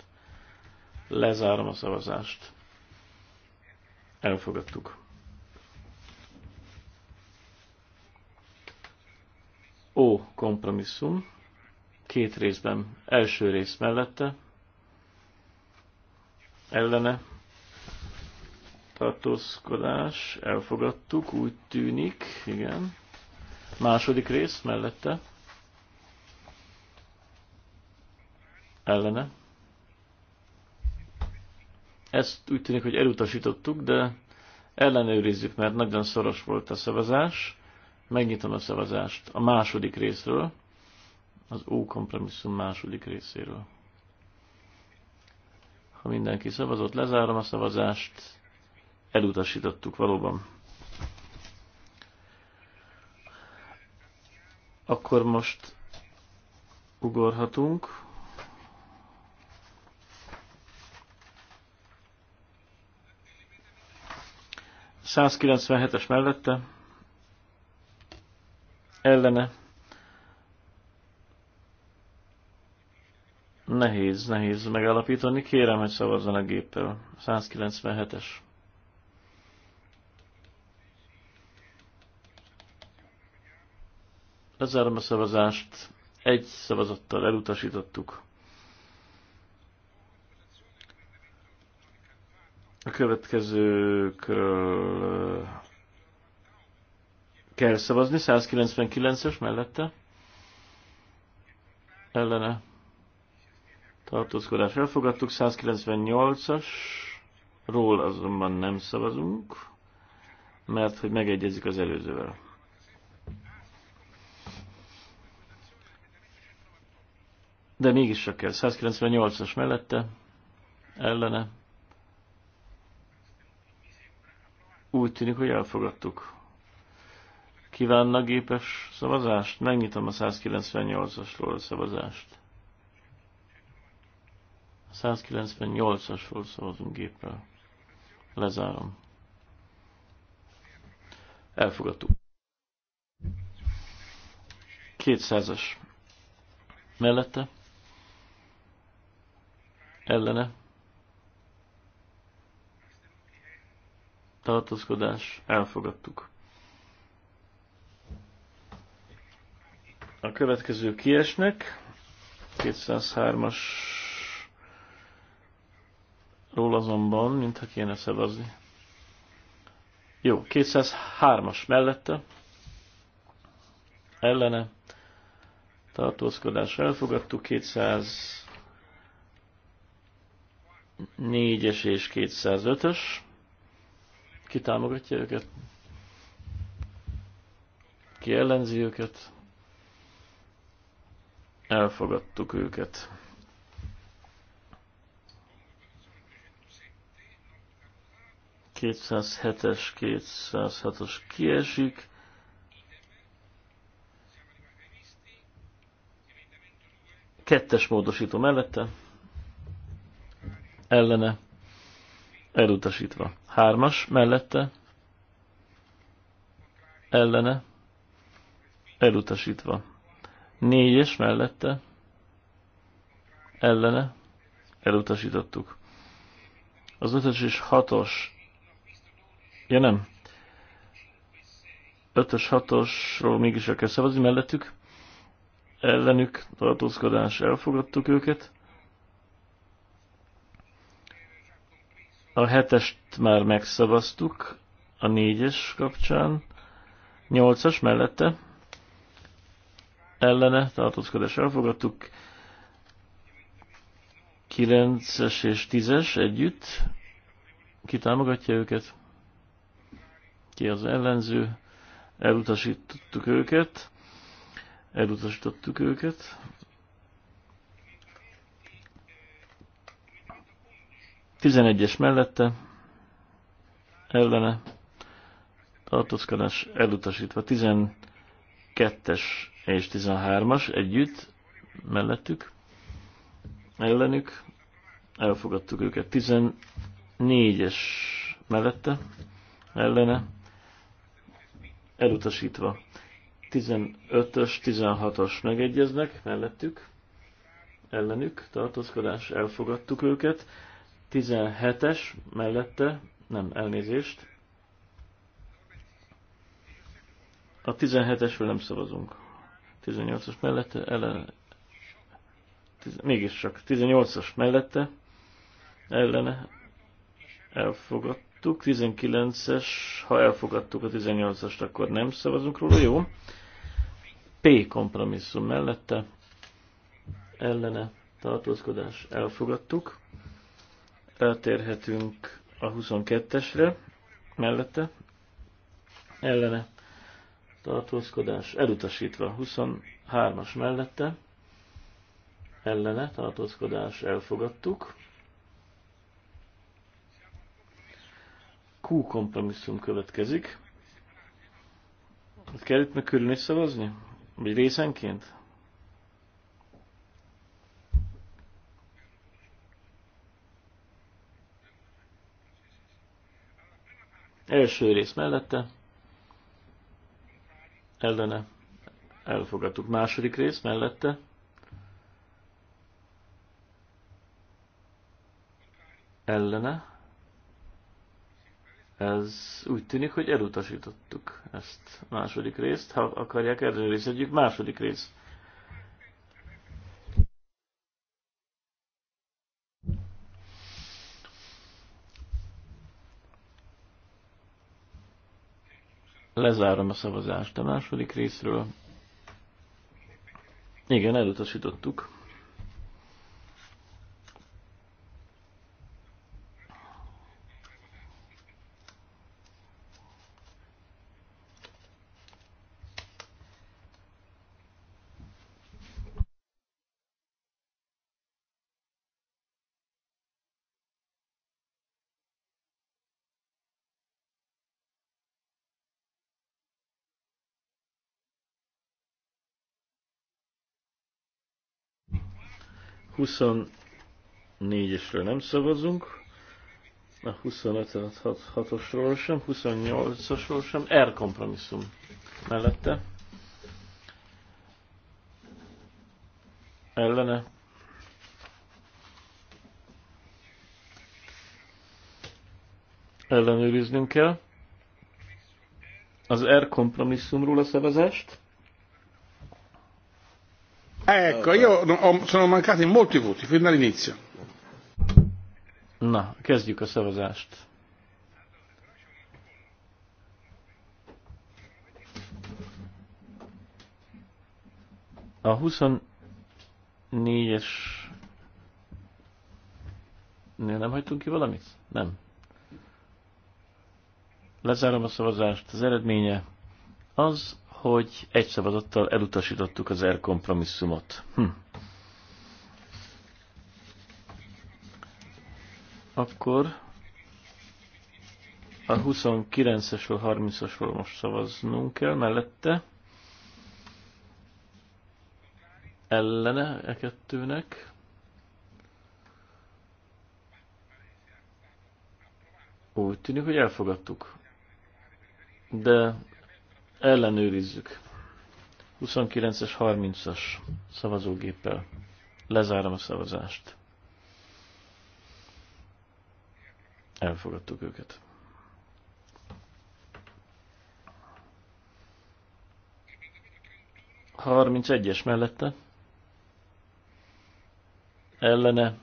Lezárom a szavazást. Elfogadtuk. Ó kompromisszum, két részben, első rész mellette, ellene tartózkodás, elfogadtuk, úgy tűnik, igen. Második rész mellette, ellene. Ezt úgy tűnik, hogy elutasítottuk, de ellenőrizzük, mert nagyon szoros volt a szavazás. Megnyitom a szavazást a második részről, az ó kompromisszum második részéről. Ha mindenki szavazott, lezárom a szavazást, elutasítottuk valóban. Akkor most ugorhatunk. es mellette ellene. Nehéz, nehéz megállapítani. Kérem, hogy szavazzon a géppel. 197-es. Lezárom a szavazást. Egy szavazattal elutasítottuk. A következőkről kell szavazni, 199-es mellette. Ellene tartózkodás elfogadtuk, 198-as, ról azonban nem szavazunk, mert hogy megegyezik az előzővel. De mégis csak kell. 198-as mellette, ellene. Úgy tűnik, hogy elfogadtuk. Kívánna gépes szavazást? Megnyitom a 198-asról a szavazást. A 198-asról szavazunk géppel. Lezárom. Elfogadtuk. 200-as. Mellette. Ellene. Tartózkodás. Elfogadtuk. A következő kiesnek. 203-as ról azonban, mintha kéne szavazni. Jó, 203-as mellette. Ellene. Tartózkodás elfogadtuk. 204-es és 205-ös. Ki támogatja őket? Ki ellenzi őket? Elfogadtuk őket. ...207-es, 206-os kiesik. Kettes módosító mellette. Ellene. Elutasítva. Hármas mellette. Ellene. Elutasítva Négyes mellette. Ellene. Elutasítottuk. Az ötös és hatos. Ja nem. Ötös, hatosról mégis el kell szavazni mellettük. Ellenük tartózkodás elfogadtuk őket. A hetest már megszavaztuk a négyes kapcsán. Nyolcas mellette ellene tartózkodás elfogadtuk. 9-es és 10-es együtt. Ki támogatja őket? Ki az ellenző? Elutasítottuk őket. Elutasítottuk őket. tizenegyes mellette, ellene, tartózkodás elutasítva. 12-es és 13-as együtt, mellettük, ellenük, elfogadtuk őket. 14-es mellette, ellene, elutasítva. 15-ös, 16-os megegyeznek mellettük, ellenük, tartózkodás, elfogadtuk őket. 17-es mellette, nem, elnézést. A 17-esről nem szavazunk. 18-as mellette, ellen mégis csak 18-as mellette, ellene elfogadtuk, 19-es, ha elfogadtuk a 18-ast, akkor nem szavazunk róla, jó? P kompromisszum mellette, ellene tartózkodás elfogadtuk, eltérhetünk a 22-esre, mellette, ellene tartózkodás elutasítva 23-as mellette, ellene tartózkodás elfogadtuk. Q kompromisszum következik. Kell itt meg külön is szavazni? Vagy részenként? Első rész mellette, ellene elfogadtuk. Második rész mellette ellene ez úgy tűnik, hogy elutasítottuk ezt második részt. Ha akarják, erről részedjük második rész Lezárom a szavazást a második részről. Igen, elutasítottuk. 24-esről nem szavazunk, a 25-6-osról sem, 28-osról sem, R kompromisszum mellette. Ellene. Ellenőriznünk kell az R kompromisszumról a szavazást. Ecco, io sono mancati molti voti fin dall'inizio. Na, kezdjük a szavazást. A 24-es nem hagytunk ki valamit? Nem. Lezárom a szavazást. Az eredménye az, hogy egy szavazattal elutasítottuk az R kompromisszumot. Hm. Akkor a 29-esről, 30-asról most szavaznunk kell mellette. Ellene e kettőnek. Úgy tűnik, hogy elfogadtuk. De ellenőrizzük. 29-es, 30-as szavazógéppel. Lezárom a szavazást. Elfogadtuk őket. Harminc egyes mellette. Ellene.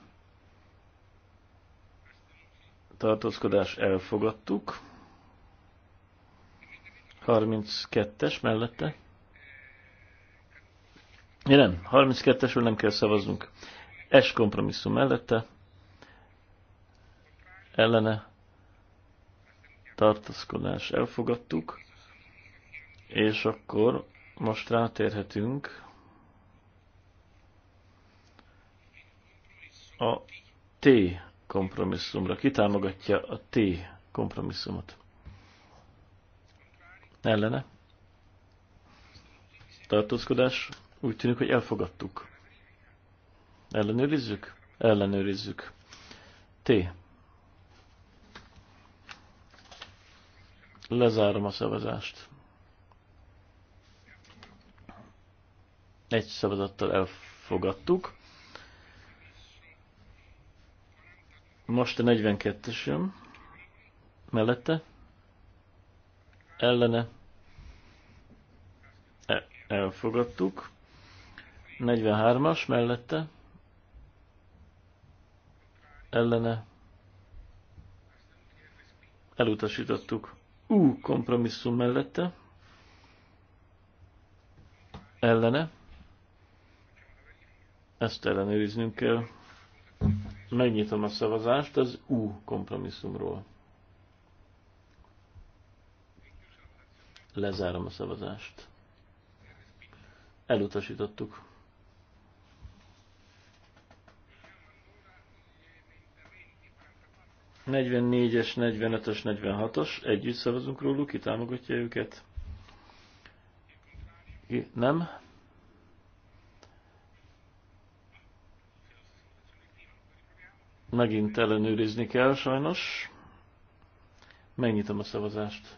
Tartózkodás elfogadtuk. 32-es mellette. Ja, nem, 32-esről nem kell szavaznunk. S kompromisszum mellette. Ellene Tartaszkodás elfogadtuk. És akkor most rátérhetünk a T kompromisszumra. Ki támogatja a T kompromisszumot? ellene. Tartózkodás. Úgy tűnik, hogy elfogadtuk. Ellenőrizzük? Ellenőrizzük. T. Lezárom a szavazást. Egy szavazattal elfogadtuk. Most a 42-es jön. Mellette ellene e, elfogadtuk. 43-as mellette ellene elutasítottuk. U kompromisszum mellette ellene ezt ellenőriznünk kell. Megnyitom a szavazást az U kompromisszumról. Lezárom a szavazást. Elutasítottuk. 44-es, 45-ös, 46-os, együtt szavazunk róluk, ki támogatja őket? Ki nem? Megint ellenőrizni kell sajnos. Megnyitom a szavazást.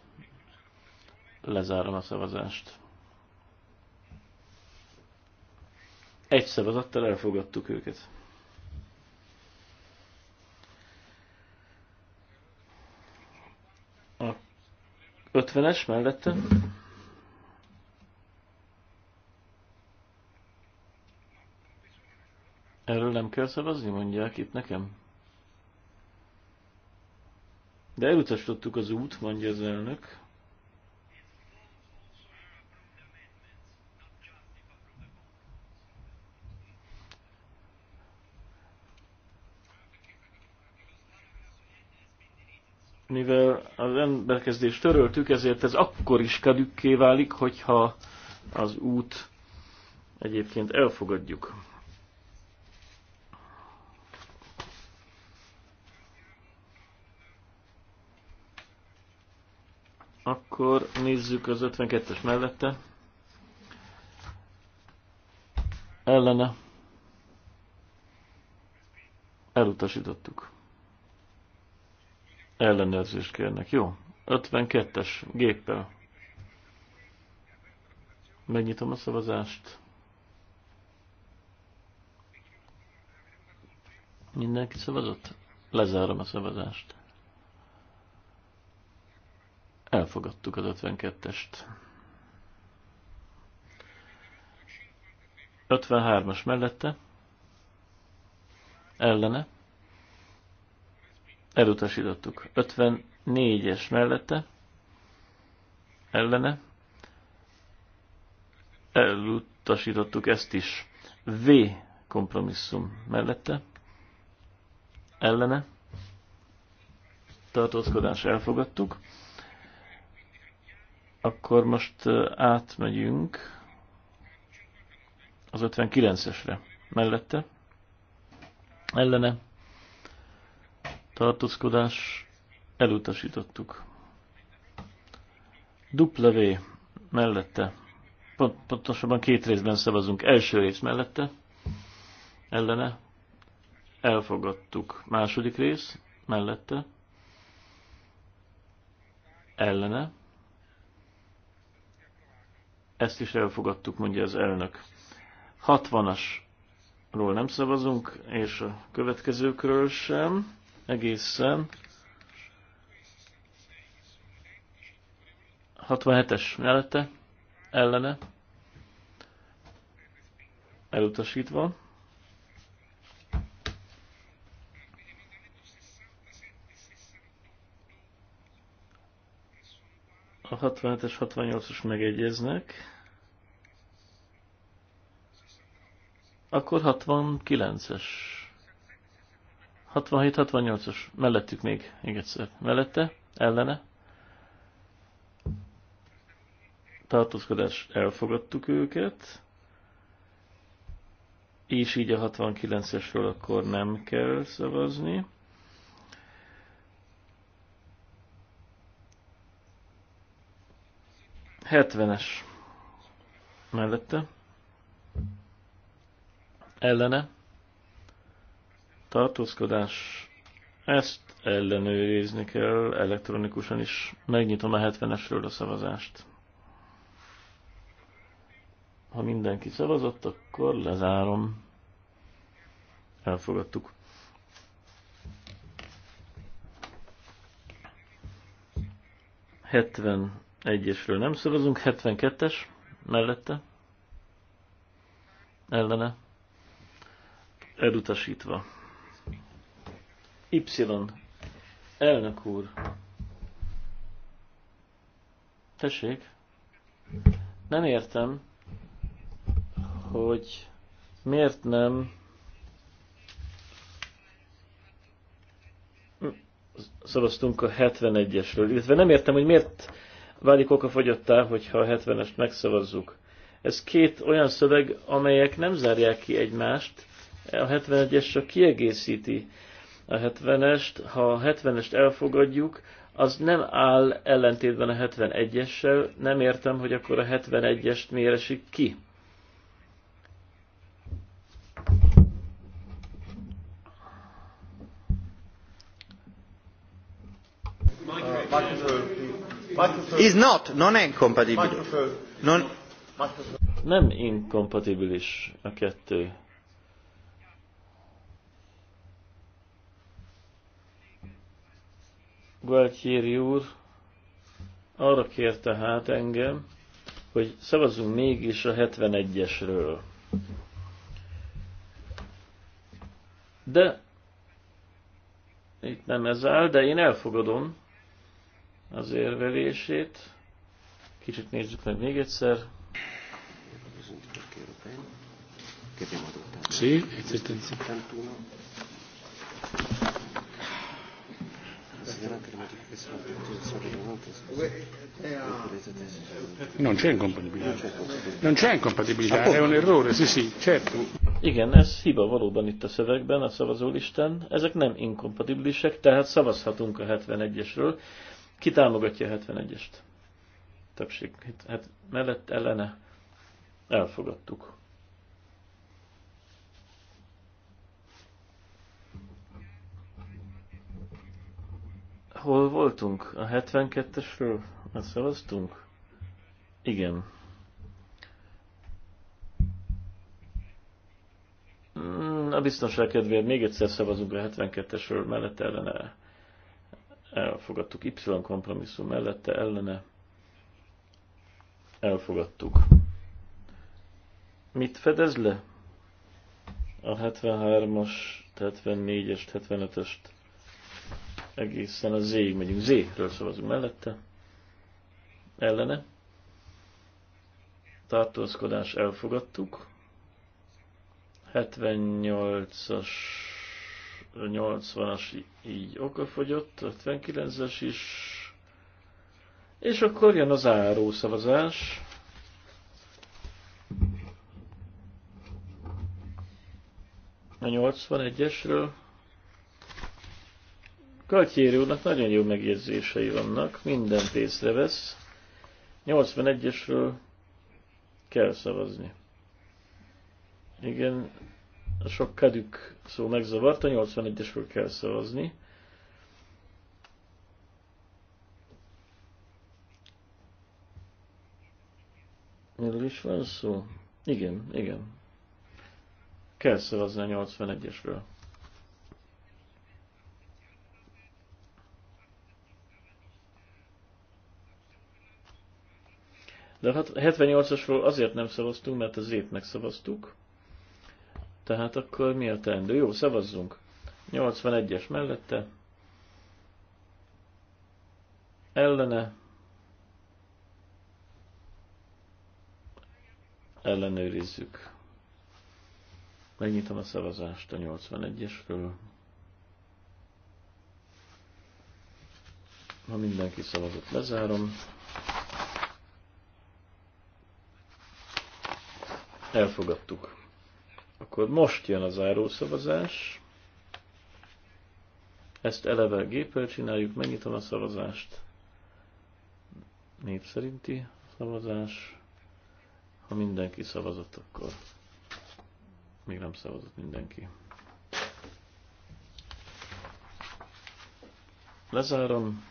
Lezárom a szavazást. Egy szavazattal elfogadtuk őket. A 50-es mellette. Erről nem kell szavazni, mondják itt nekem. De elutasítottuk az út, mondja az elnök. mivel az emberkezdést töröltük, ezért ez akkor is kedükké válik, hogyha az út egyébként elfogadjuk. Akkor nézzük az 52-es mellette. Ellene. Elutasítottuk ellenőrzést kérnek. Jó, 52-es géppel. Megnyitom a szavazást. Mindenki szavazott? Lezárom a szavazást. Elfogadtuk az 52-est. 53-as mellette. Ellene elutasítottuk. 54-es mellette, ellene, elutasítottuk ezt is. V kompromisszum mellette, ellene, tartózkodás elfogadtuk. Akkor most átmegyünk az 59-esre mellette, ellene, tartózkodás elutasítottuk. W mellette, pont, pontosabban két részben szavazunk. Első rész mellette, ellene, elfogadtuk. Második rész mellette, ellene, ezt is elfogadtuk, mondja az elnök. 60-asról nem szavazunk, és a következőkről sem egészen. 67-es mellette, ellene, elutasítva. A 67-es, 68-os megegyeznek. Akkor 69-es. 67-68-os. Mellettük még, még egyszer. Mellette, ellene. Tartózkodás, elfogadtuk őket. És így a 69-esről akkor nem kell szavazni. Hetvenes mellette, ellene, tartózkodás, ezt ellenőrizni kell elektronikusan is. Megnyitom a 70-esről a szavazást. Ha mindenki szavazott, akkor lezárom. Elfogadtuk. Hetven egyesről nem szavazunk, 72-es mellette, ellene, elutasítva. Y. Elnök úr. Tessék. Nem értem, hogy miért nem szavaztunk a 71-esről, illetve nem értem, hogy miért válik fogyottál, hogyha a 70-est megszavazzuk. Ez két olyan szöveg, amelyek nem zárják ki egymást, a 71-es csak kiegészíti a 70-est, ha a 70-est elfogadjuk, az nem áll ellentétben a 71-essel, nem értem, hogy akkor a 71-est miért esik ki. Is not non-incompatible. Non... Nem inkompatibilis a kettő. Gualtieri úr arra kérte hát engem, hogy szavazunk mégis a 71-esről. De itt nem ez áll, de én elfogadom az érvelését. Kicsit nézzük meg még egyszer. Sí, egyszerűen. Non c'è incompatibilità. Non c'è incompatibilità, è un errore, sì sì, certo. Igen, ez hiba valóban itt a szövegben, a szavazólistán. Ezek nem inkompatibilisek, tehát szavazhatunk a 71-esről. Ki támogatja a 71-est? Többség. Hát, hát mellett ellene elfogadtuk. Hol voltunk? A 72-esről? Azt szavaztunk? Igen. Mm, a biztonság kedvéért még egyszer szavazunk a 72-esről, mellette ellene elfogadtuk. Y kompromisszum mellette ellene elfogadtuk. Mit fedez le? A 73-as, 74 est 75 est egészen a Z-ig megyünk. Z-ről szavazunk mellette. Ellene. Tartózkodás elfogadtuk. 78-as 80-as így okafogyott, 59-es is. És akkor jön az áró szavazás. A 81-esről Kaltyéri úrnak nagyon jó megjegyzései vannak, mindent észrevesz. 81-esről kell szavazni. Igen, a sok kedük szó megzavarta, 81-esről kell szavazni. Erről is van szó? Igen, igen. Kell szavazni a 81-esről. De a hát 78-asról azért nem szavaztunk, mert az ét megszavaztuk. Tehát akkor mi a teendő? Jó, szavazzunk. 81-es mellette. Ellene. Ellenőrizzük. Megnyitom a szavazást a 81-esről. Ha mindenki szavazott, lezárom. Elfogadtuk. Akkor most jön a zárószavazás. Ezt eleve géppel csináljuk, megnyitom a szavazást. Népszerinti szerinti szavazás. Ha mindenki szavazott, akkor még nem szavazott mindenki. Lezárom.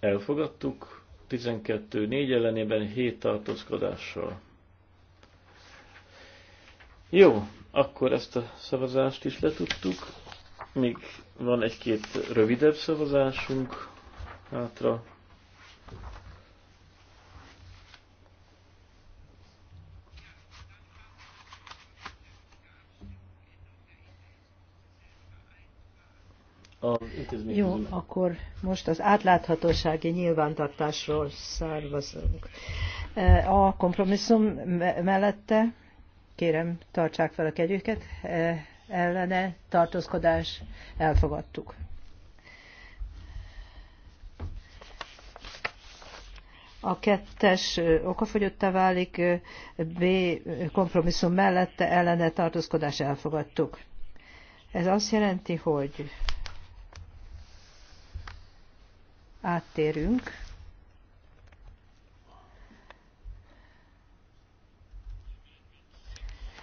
Elfogadtuk. 12 4 ellenében 7 tartózkodással. Jó, akkor ezt a szavazást is letudtuk. Még van egy-két rövidebb szavazásunk hátra. intézmény Jó, akkor most az átláthatósági nyilvántartásról származunk. Eh, a kompromisszum mellette kérem, tartsák fel a kegyőket, eh, ellene tartózkodás elfogadtuk. A kettes eh, okafogyottá válik, B kompromisszum mellette ellene tartózkodás elfogadtuk. Ez azt jelenti, hogy áttérünk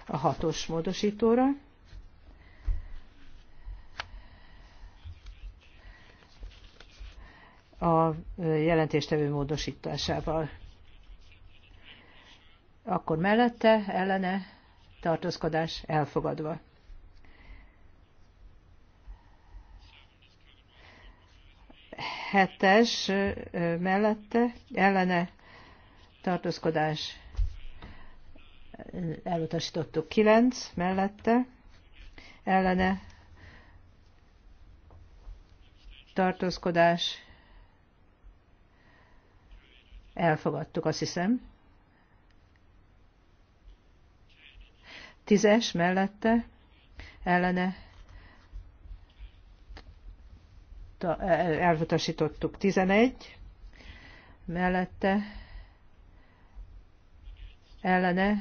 a hatos módosítóra. a jelentéstevő módosításával. Akkor mellette ellene tartózkodás elfogadva. hetes mellette ellene tartózkodás elutasítottuk kilenc mellette ellene tartózkodás elfogadtuk, azt hiszem. Tízes mellette ellene elutasította, elutasítottuk 11, mellette ellene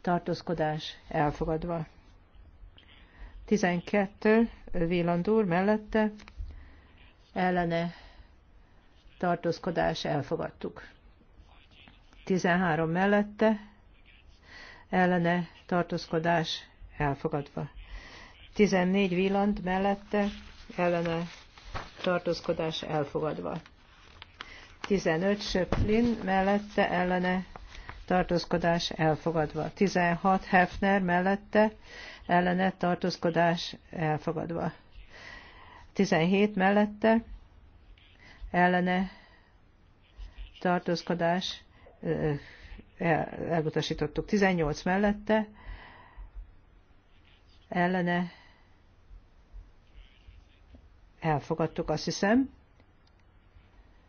tartózkodás elfogadva. 12. Vélandúr mellette ellene tartózkodás elfogadtuk. 13 mellette ellene tartózkodás elfogadva. 14 villant mellette ellene tartózkodás elfogadva. 15 Söplin mellette ellene tartózkodás elfogadva. 16 Hefner mellette ellene tartózkodás elfogadva. 17 mellette ellene tartózkodás elutasítottuk. 18 mellette ellene Elfogadtuk, azt hiszem.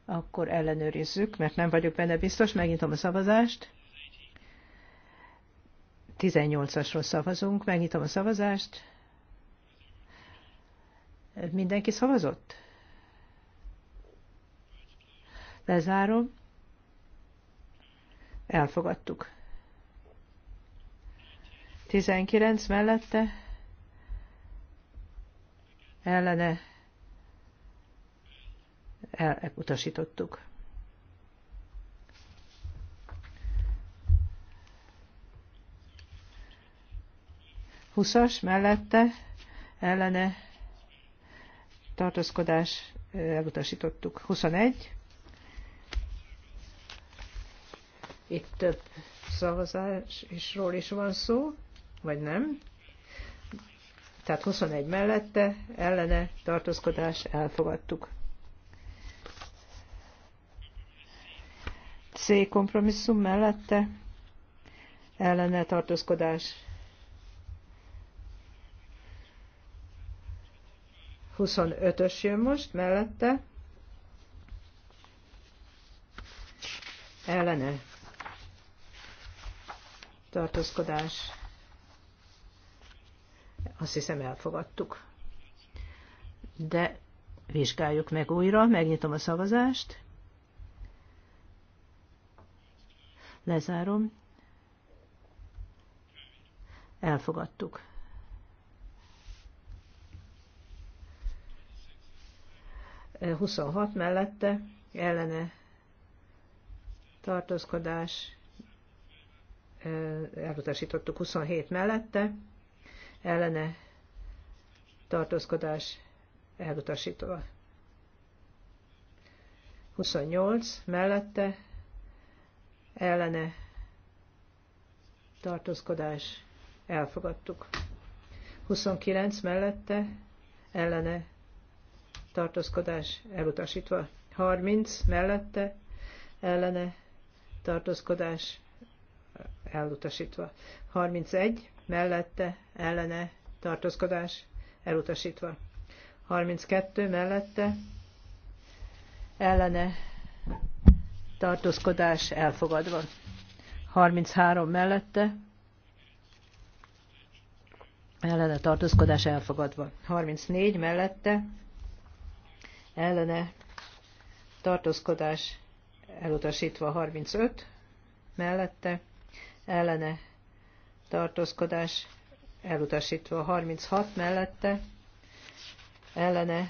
Akkor ellenőrizzük, mert nem vagyok benne biztos. Megnyitom a szavazást. 18-asról szavazunk. Megnyitom a szavazást. Mindenki szavazott? Lezárom. Elfogadtuk. 19 mellette ellene elutasítottuk. Huszas mellette ellene tartózkodás elutasítottuk. 21. Itt több ról is van szó, vagy nem? Tehát 21 mellette ellene tartózkodás elfogadtuk. C kompromisszum mellette ellene tartózkodás 25-ös jön most mellette ellene tartózkodás azt hiszem elfogadtuk. De vizsgáljuk meg újra, megnyitom a szavazást. Lezárom. Elfogadtuk. E, 26 mellette ellene tartózkodás elutasítottuk 27 mellette, ellene tartózkodás elutasítva. 28 mellette ellene tartózkodás elfogadtuk. 29 mellette ellene tartózkodás elutasítva. 30 mellette ellene tartózkodás elutasítva. 31 mellette ellene tartózkodás elutasítva. 32 mellette ellene tartózkodás elfogadva. 33 mellette ellene tartózkodás elfogadva. 34 mellette ellene tartózkodás elutasítva. 35 mellette ellene tartózkodás elutasítva. 36 mellette ellene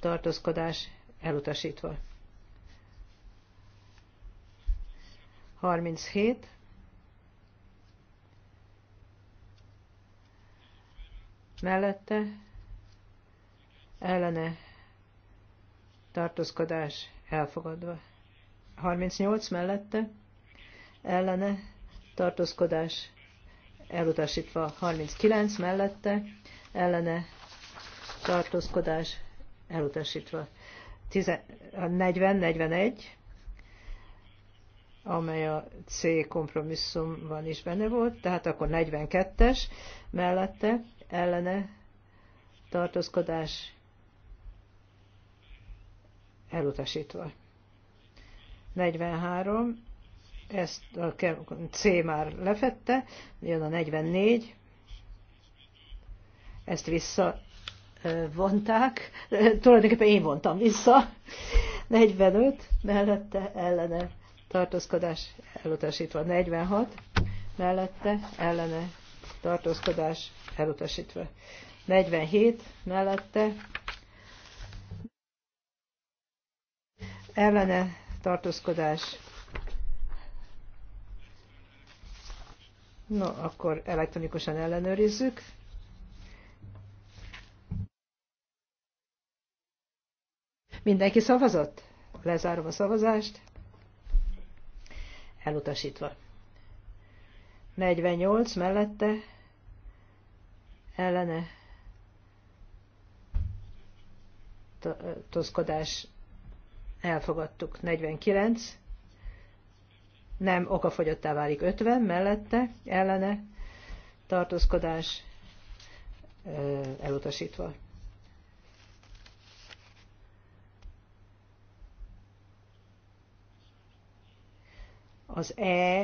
tartózkodás elutasítva. 37. Mellette ellene tartózkodás elfogadva. 38 mellette ellene tartózkodás elutasítva. 39 mellette ellene tartózkodás elutasítva. 40-41 amely a C kompromisszumban is benne volt, tehát akkor 42-es mellette ellene tartózkodás elutasítva. 43, ezt a C már lefette, jön a 44, ezt vissza vonták, tulajdonképpen én vontam vissza, 45 mellette ellene tartózkodás elutasítva 46, mellette ellene tartózkodás elutasítva 47, mellette ellene tartózkodás No, akkor elektronikusan ellenőrizzük. Mindenki szavazott? Lezárom a szavazást elutasítva. 48 mellette ellene tartózkodás elfogadtuk. 49 nem okafogyottá válik 50 mellette ellene tartózkodás elutasítva. az E,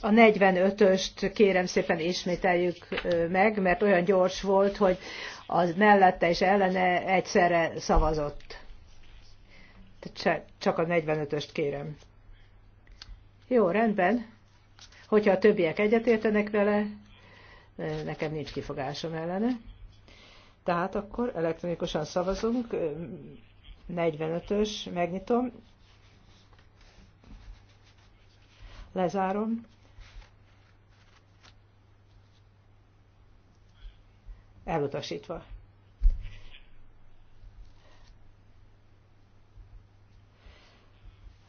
a 45-öst kérem szépen ismételjük meg, mert olyan gyors volt, hogy az mellette és ellene egyszerre szavazott. Csak a 45-öst kérem. Jó, rendben. Hogyha a többiek egyetértenek vele, nekem nincs kifogásom ellene. Tehát akkor elektronikusan szavazunk. 45-ös, megnyitom, Lezárom. Elutasítva.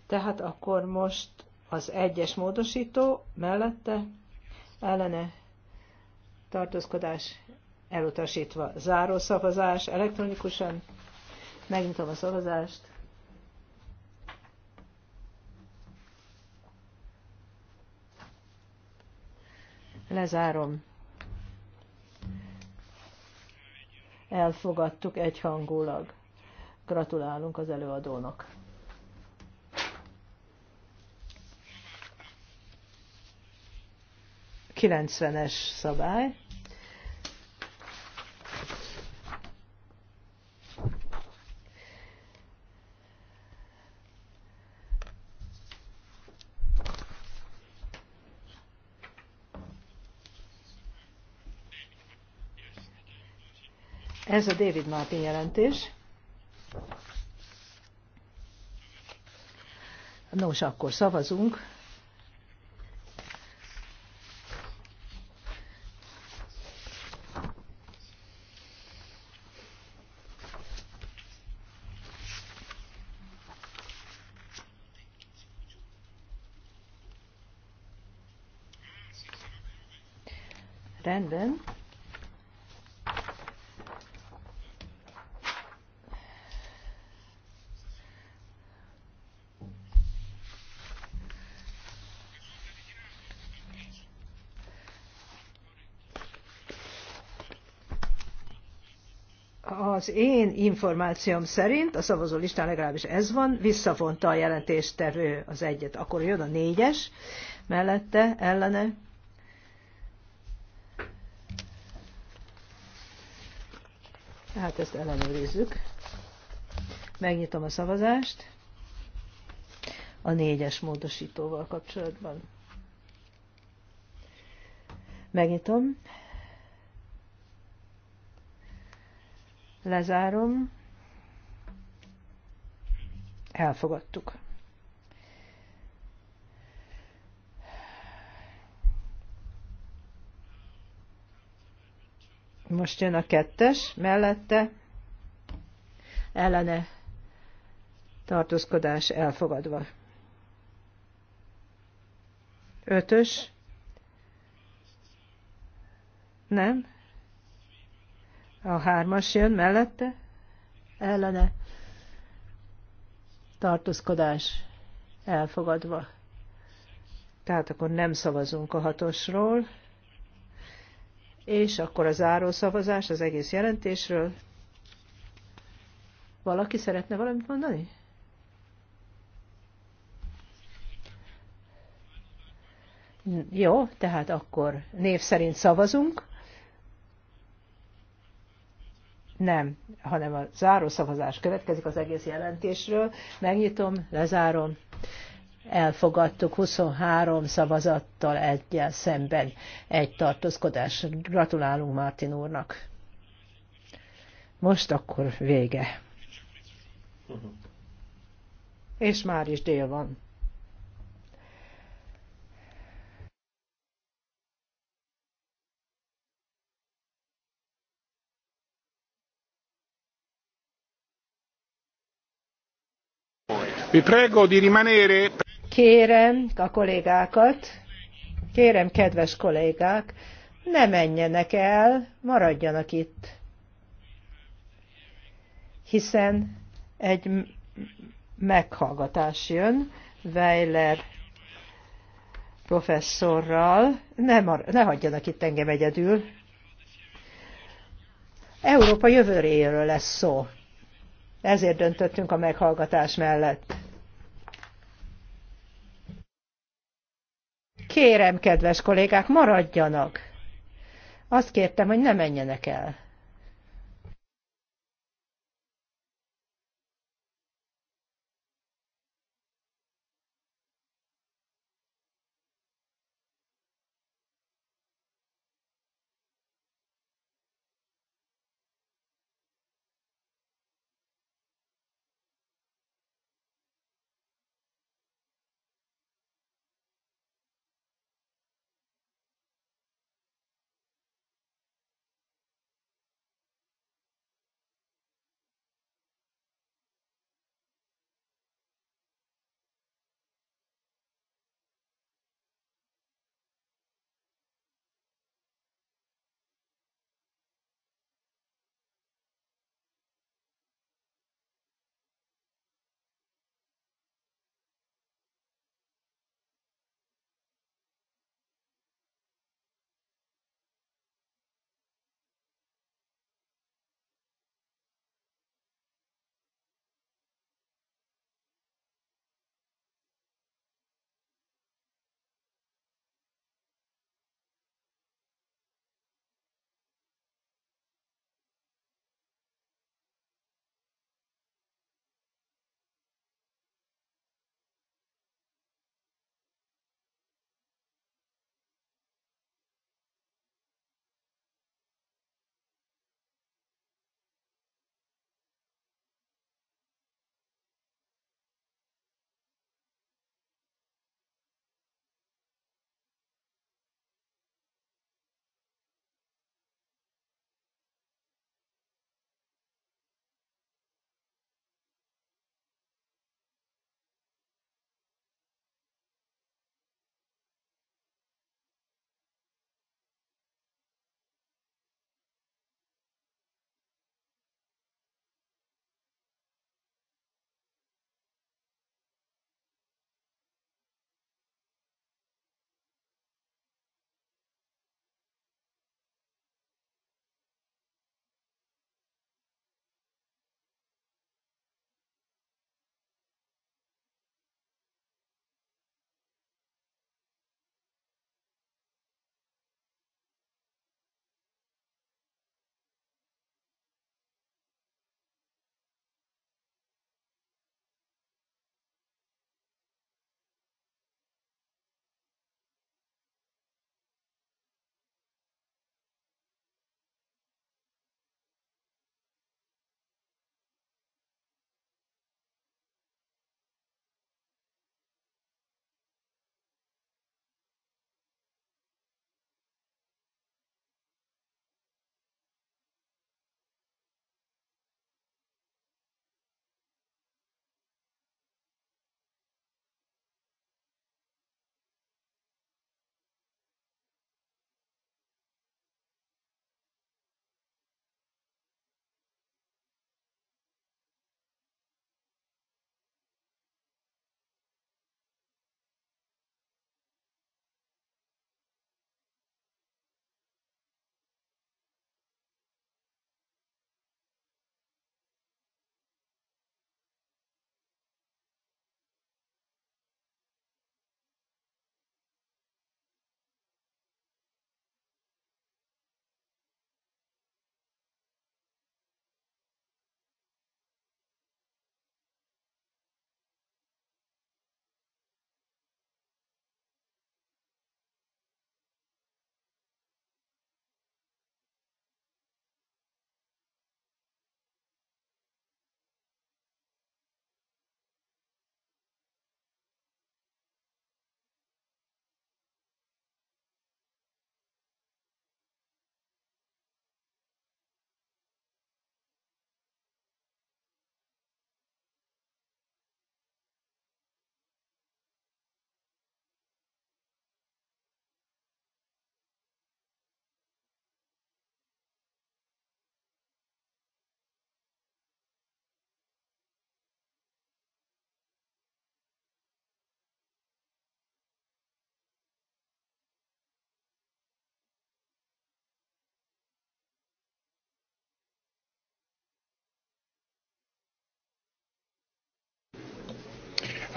Tehát akkor most az egyes módosító mellette ellene tartózkodás elutasítva. Záró szavazás elektronikusan. Megnyitom a szavazást. Lezárom. Elfogadtuk egyhangulag. Gratulálunk az előadónak. Kilencvenes szabály. Ez a David Martin jelentés. Nos, akkor szavazunk. az én információm szerint, a szavazólistán legalábbis ez van, visszavonta a jelentéstevő az egyet. Akkor jön a négyes, mellette, ellene. Hát ezt ellenőrizzük. Megnyitom a szavazást a négyes módosítóval kapcsolatban. Megnyitom. Lezárom. Elfogadtuk. Most jön a kettes, mellette ellene tartózkodás elfogadva. Ötös. Nem. A hármas jön mellette, ellene tartózkodás elfogadva. Tehát akkor nem szavazunk a hatosról, és akkor a záró szavazás az egész jelentésről. Valaki szeretne valamit mondani? Jó, tehát akkor név szerint szavazunk. Nem, hanem a záró szavazás következik az egész jelentésről. Megnyitom, lezárom. Elfogadtuk 23 szavazattal egyel szemben egy tartózkodás. Gratulálunk Mártin úrnak. Most akkor vége. Uh-huh. És már is dél van. Kérem a kollégákat, kérem kedves kollégák, ne menjenek el, maradjanak itt. Hiszen egy meghallgatás jön Weiler professzorral. Ne, mar- ne hagyjanak itt engem egyedül. Európa jövőjéről lesz szó. Ezért döntöttünk a meghallgatás mellett. Kérem, kedves kollégák, maradjanak! Azt kértem, hogy ne menjenek el.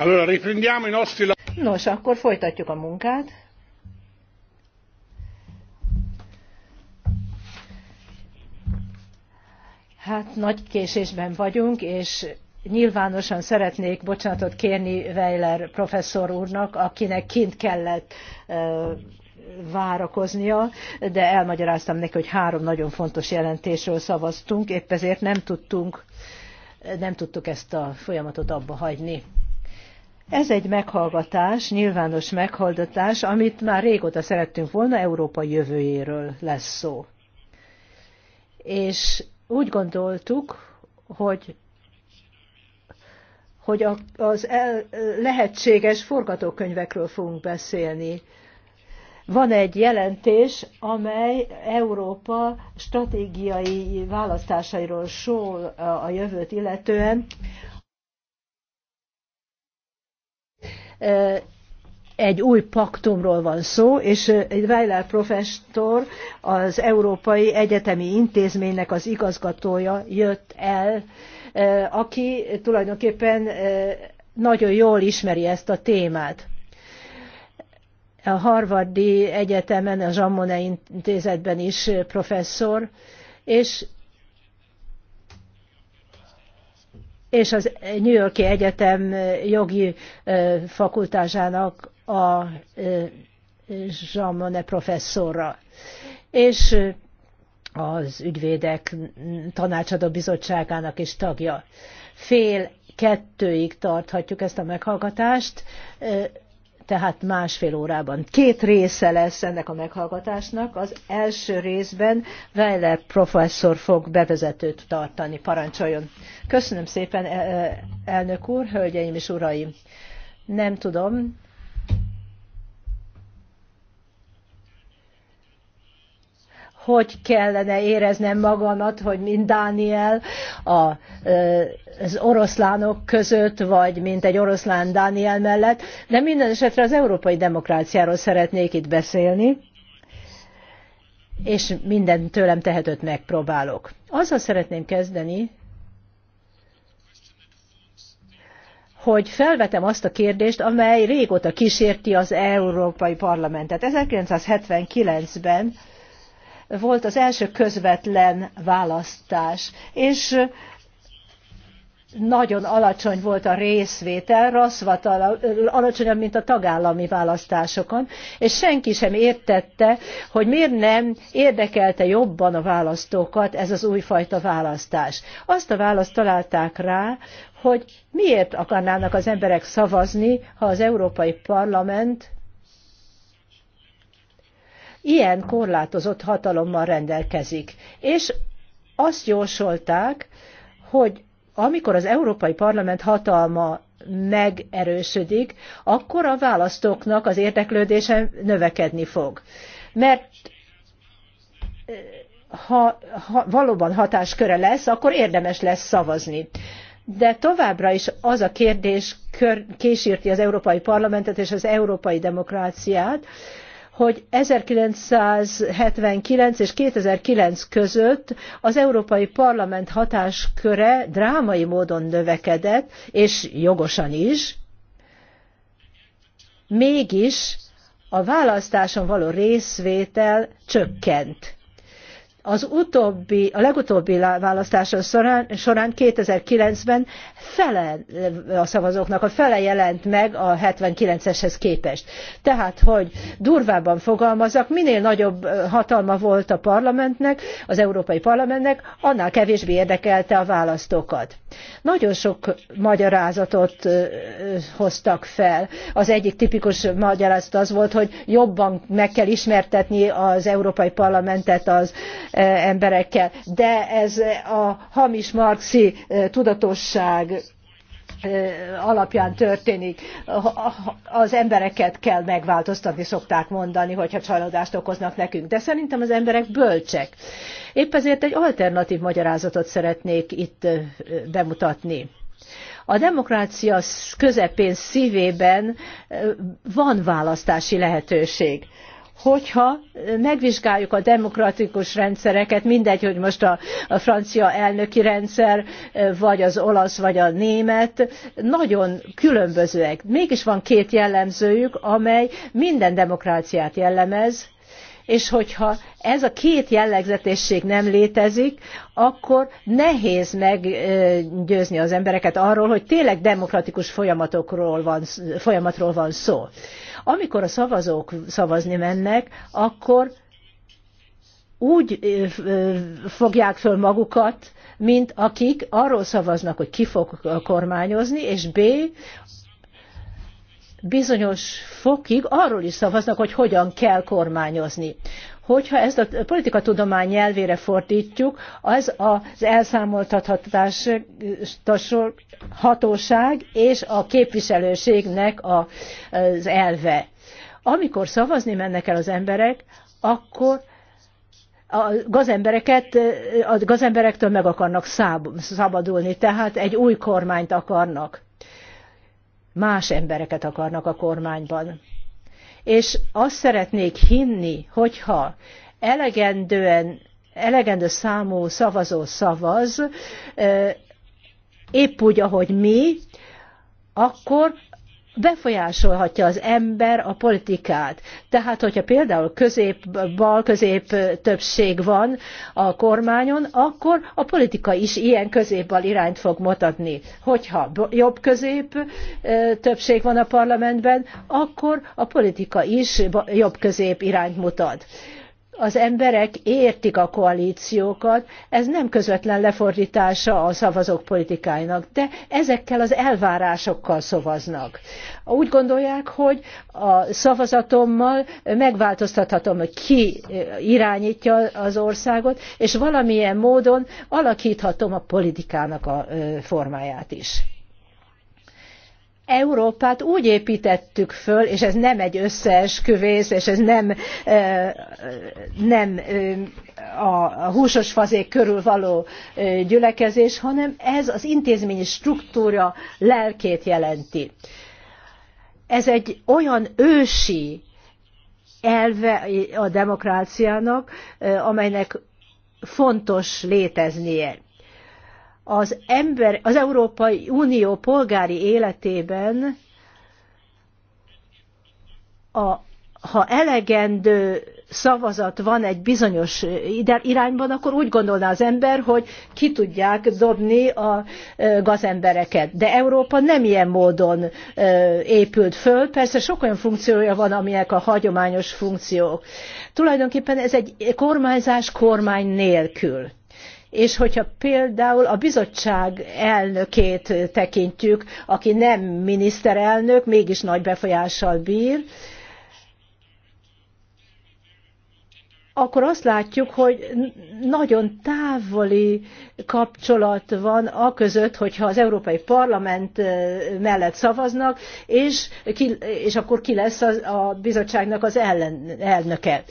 Allora, riprendiamo i nostri Nos, akkor folytatjuk a munkát. Hát nagy késésben vagyunk, és nyilvánosan szeretnék bocsánatot kérni Weiler professzor úrnak, akinek kint kellett várakoznia, de elmagyaráztam neki, hogy három nagyon fontos jelentésről szavaztunk, épp ezért nem tudtunk, nem tudtuk ezt a folyamatot abba hagyni. Ez egy meghallgatás, nyilvános meghallgatás, amit már régóta szerettünk volna, Európa jövőjéről lesz szó. És úgy gondoltuk, hogy hogy az el, lehetséges forgatókönyvekről fogunk beszélni. Van egy jelentés, amely Európa stratégiai választásairól szól a jövőt illetően, egy új paktumról van szó, és egy Weiler professzor, az Európai Egyetemi Intézménynek az igazgatója jött el, aki tulajdonképpen nagyon jól ismeri ezt a témát. A Harvardi Egyetemen, a Zsammone Intézetben is professzor, és és az New Yorki Egyetem jogi fakultásának a Jean Monnet professzorra. És az ügyvédek tanácsadó bizottságának is tagja. Fél kettőig tarthatjuk ezt a meghallgatást tehát másfél órában. Két része lesz ennek a meghallgatásnak. Az első részben Weiler professzor fog bevezetőt tartani. Parancsoljon. Köszönöm szépen, e- e- elnök úr, hölgyeim és uraim. Nem tudom, hogy kellene éreznem magamat, hogy mint Dániel a, az oroszlánok között, vagy mint egy oroszlán Dániel mellett, de minden esetre az európai demokráciáról szeretnék itt beszélni, és minden tőlem tehetőt megpróbálok. Azzal szeretném kezdeni, hogy felvetem azt a kérdést, amely régóta kísérti az Európai Parlamentet. 1979-ben volt az első közvetlen választás, és nagyon alacsony volt a részvétel, rasszvatal, alacsonyabb, mint a tagállami választásokon, és senki sem értette, hogy miért nem érdekelte jobban a választókat ez az újfajta választás. Azt a választ találták rá, hogy miért akarnának az emberek szavazni, ha az Európai Parlament ilyen korlátozott hatalommal rendelkezik. És azt jósolták, hogy amikor az Európai Parlament hatalma megerősödik, akkor a választóknak az érdeklődése növekedni fog. Mert eh, ha, ha valóban hatásköre lesz, akkor érdemes lesz szavazni. De továbbra is az a kérdés késírti az Európai Parlamentet és az európai demokráciát, hogy 1979 és 2009 között az Európai Parlament hatásköre drámai módon növekedett, és jogosan is, mégis a választáson való részvétel csökkent. Az utóbbi, a legutóbbi választáson során, során 2009-ben fele a szavazóknak, a fele jelent meg a 79-eshez képest. Tehát, hogy durvábban fogalmazak, minél nagyobb hatalma volt a parlamentnek, az Európai Parlamentnek, annál kevésbé érdekelte a választókat. Nagyon sok magyarázatot hoztak fel. Az egyik tipikus magyarázat az volt, hogy jobban meg kell ismertetni az Európai Parlamentet az emberekkel. De ez a hamis marxi tudatosság alapján történik. Az embereket kell megváltoztatni, szokták mondani, hogyha csalódást okoznak nekünk. De szerintem az emberek bölcsek. Épp ezért egy alternatív magyarázatot szeretnék itt bemutatni. A demokrácia közepén, szívében van választási lehetőség hogyha megvizsgáljuk a demokratikus rendszereket, mindegy, hogy most a, a francia elnöki rendszer, vagy az olasz, vagy a német, nagyon különbözőek. Mégis van két jellemzőjük, amely minden demokráciát jellemez, és hogyha ez a két jellegzetesség nem létezik, akkor nehéz meggyőzni az embereket arról, hogy tényleg demokratikus folyamatokról van, folyamatról van szó. Amikor a szavazók szavazni mennek, akkor úgy fogják föl magukat, mint akik arról szavaznak, hogy ki fog kormányozni, és B, bizonyos fokig arról is szavaznak, hogy hogyan kell kormányozni. Hogyha ezt a politikatudomány nyelvére fordítjuk, az az elszámoltathatás hatóság és a képviselőségnek az elve. Amikor szavazni mennek el az emberek, akkor a gazembereket, a gazemberektől meg akarnak szabadulni, tehát egy új kormányt akarnak. Más embereket akarnak a kormányban és azt szeretnék hinni, hogyha elegendően, elegendő számú szavazó szavaz, épp úgy, ahogy mi, akkor befolyásolhatja az ember a politikát. Tehát, hogyha például közép-bal, közép többség van a kormányon, akkor a politika is ilyen középbal irányt fog mutatni. Hogyha jobb közép többség van a parlamentben, akkor a politika is jobb közép irányt mutat az emberek értik a koalíciókat, ez nem közvetlen lefordítása a szavazók politikájának, de ezekkel az elvárásokkal szavaznak. Úgy gondolják, hogy a szavazatommal megváltoztathatom, hogy ki irányítja az országot, és valamilyen módon alakíthatom a politikának a formáját is. Európát úgy építettük föl, és ez nem egy összeesküvés, és ez nem, nem a húsos fazék körül való gyülekezés, hanem ez az intézményi struktúra lelkét jelenti. Ez egy olyan ősi elve a demokráciának, amelynek fontos léteznie az, ember, az Európai Unió polgári életében a, ha elegendő szavazat van egy bizonyos irányban, akkor úgy gondolná az ember, hogy ki tudják dobni a gazembereket. De Európa nem ilyen módon épült föl. Persze sok olyan funkciója van, amilyek a hagyományos funkciók. Tulajdonképpen ez egy kormányzás kormány nélkül és hogyha például a bizottság elnökét tekintjük, aki nem miniszterelnök, mégis nagy befolyással bír, akkor azt látjuk, hogy nagyon távoli kapcsolat van a között, hogyha az Európai Parlament mellett szavaznak, és, ki, és akkor ki lesz a bizottságnak az ellen, elnöke.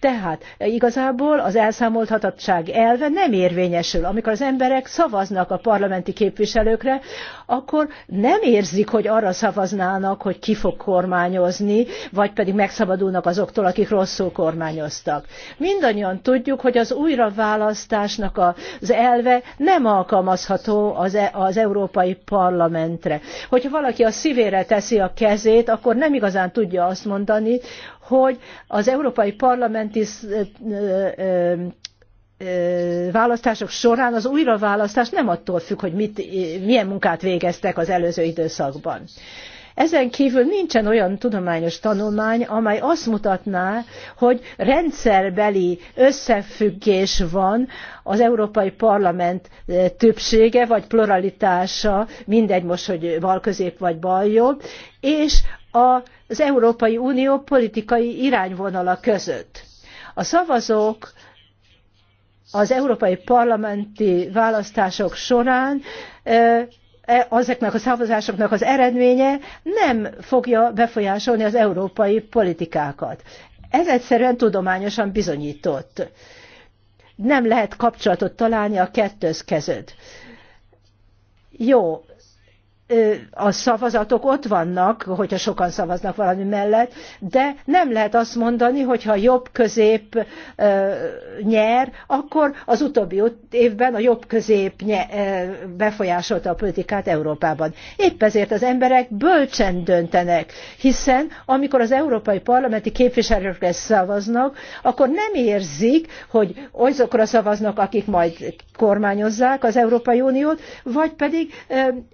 Tehát e, igazából az elszámolthatottság elve nem érvényesül. Amikor az emberek szavaznak a parlamenti képviselőkre, akkor nem érzik, hogy arra szavaznának, hogy ki fog kormányozni, vagy pedig megszabadulnak azoktól, akik rosszul kormányoztak. Mindannyian tudjuk, hogy az újraválasztásnak az elve nem alkalmazható az, e az Európai Parlamentre. Hogyha valaki a szívére teszi a kezét, akkor nem igazán tudja azt mondani, hogy az európai parlamenti választások során az újraválasztás nem attól függ, hogy mit, milyen munkát végeztek az előző időszakban. Ezen kívül nincsen olyan tudományos tanulmány, amely azt mutatná, hogy rendszerbeli összefüggés van az Európai Parlament többsége vagy pluralitása, mindegy most, hogy közép vagy jobb, és a az Európai Unió politikai irányvonala között. A szavazók az európai parlamenti választások során ezeknek a szavazásoknak az eredménye nem fogja befolyásolni az európai politikákat. Ez egyszerűen tudományosan bizonyított. Nem lehet kapcsolatot találni a kettőz között. Jó, a szavazatok ott vannak, hogyha sokan szavaznak valami mellett, de nem lehet azt mondani, hogy ha jobb-közép nyer, akkor az utóbbi évben a jobb-közép befolyásolta a politikát Európában. Épp ezért az emberek bölcsen döntenek, hiszen amikor az európai parlamenti képviselőkre szavaznak, akkor nem érzik, hogy azokra szavaznak, akik majd kormányozzák az Európai Uniót, vagy pedig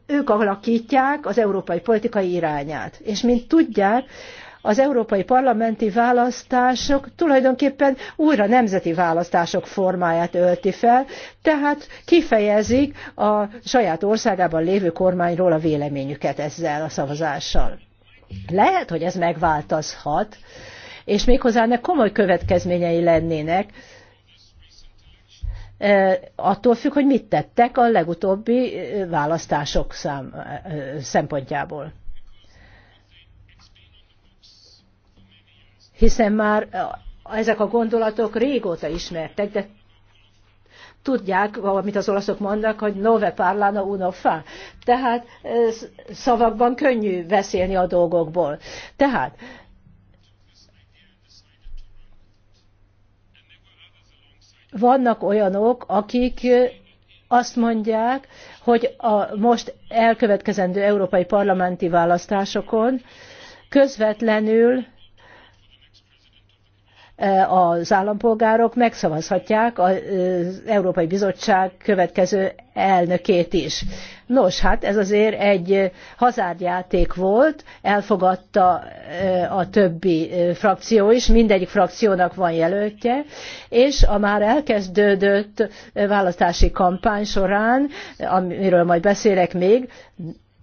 ők alak alakítják az európai politikai irányát. És mint tudják, az európai parlamenti választások tulajdonképpen újra nemzeti választások formáját ölti fel, tehát kifejezik a saját országában lévő kormányról a véleményüket ezzel a szavazással. Lehet, hogy ez megváltozhat, és méghozzá ennek komoly következményei lennének, attól függ, hogy mit tettek a legutóbbi választások szám, szempontjából. Hiszen már ezek a gondolatok régóta ismertek, de tudják, amit az olaszok mondanak, hogy nove parlana uno fa. Tehát szavakban könnyű beszélni a dolgokból. Tehát vannak olyanok, akik azt mondják, hogy a most elkövetkezendő európai parlamenti választásokon közvetlenül E, az állampolgárok megszavazhatják az e, Európai Bizottság következő elnökét is. Nos, hát ez azért egy hazárjáték volt, elfogadta e, a többi frakció is, mindegyik frakciónak van jelöltje, és a már elkezdődött választási kampány során, amiről majd beszélek még,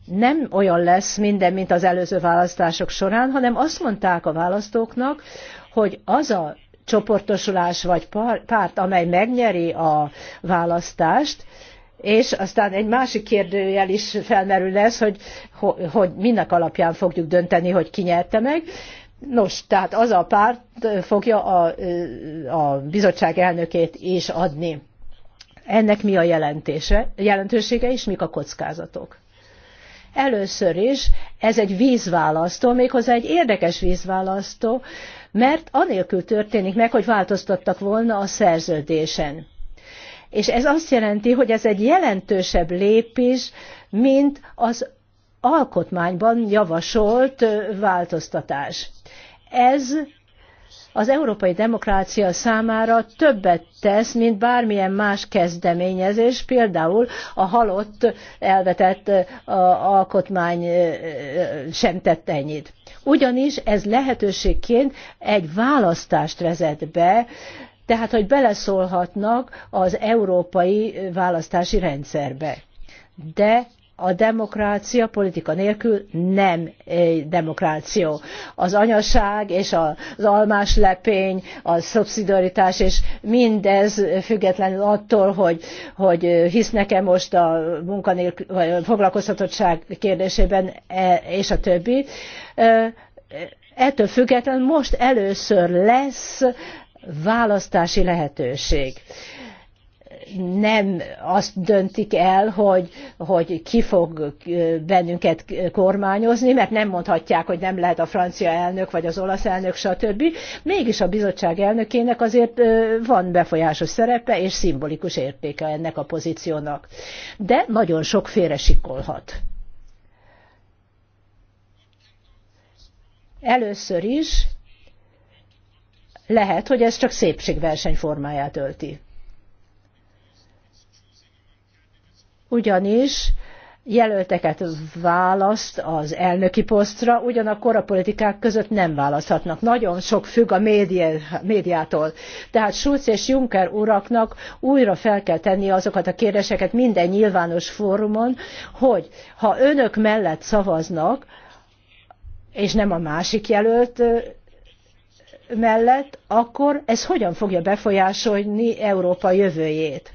nem olyan lesz minden, mint az előző választások során, hanem azt mondták a választóknak, hogy az a csoportosulás vagy párt, amely megnyeri a választást, és aztán egy másik kérdőjel is felmerül lesz, hogy, hogy minek alapján fogjuk dönteni, hogy ki nyerte meg. Nos, tehát az a párt fogja a, a bizottság elnökét is adni. Ennek mi a jelentése, jelentősége és mik a kockázatok? Először is ez egy vízválasztó, méghozzá egy érdekes vízválasztó, mert anélkül történik meg, hogy változtattak volna a szerződésen. És ez azt jelenti, hogy ez egy jelentősebb lépés, mint az alkotmányban javasolt változtatás. Ez az európai demokrácia számára többet tesz, mint bármilyen más kezdeményezés, például a halott elvetett alkotmány sem tett ennyit. Ugyanis ez lehetőségként egy választást vezet be, tehát hogy beleszólhatnak az európai választási rendszerbe. De a demokrácia politika nélkül nem eh, demokráció. Az anyaság és az almás lepény, a szubszidaritás és mindez függetlenül attól, hogy, hogy hisz e most a munkanélkül, vagy foglalkoztatottság kérdésében e, és a többi. E, ettől függetlenül most először lesz választási lehetőség nem azt döntik el, hogy, hogy ki fog bennünket kormányozni, mert nem mondhatják, hogy nem lehet a francia elnök, vagy az olasz elnök, stb. Mégis a bizottság elnökének azért van befolyásos szerepe, és szimbolikus értéke ennek a pozíciónak. De nagyon sok félre sikolhat. Először is lehet, hogy ez csak szépségverseny formáját ölti. ugyanis jelölteket választ az elnöki posztra, ugyanakkor a politikák között nem választhatnak. Nagyon sok függ a média, médiától. Tehát Schulz és Juncker uraknak újra fel kell tenni azokat a kérdéseket minden nyilvános fórumon, hogy ha önök mellett szavaznak, és nem a másik jelölt mellett, akkor ez hogyan fogja befolyásolni Európa jövőjét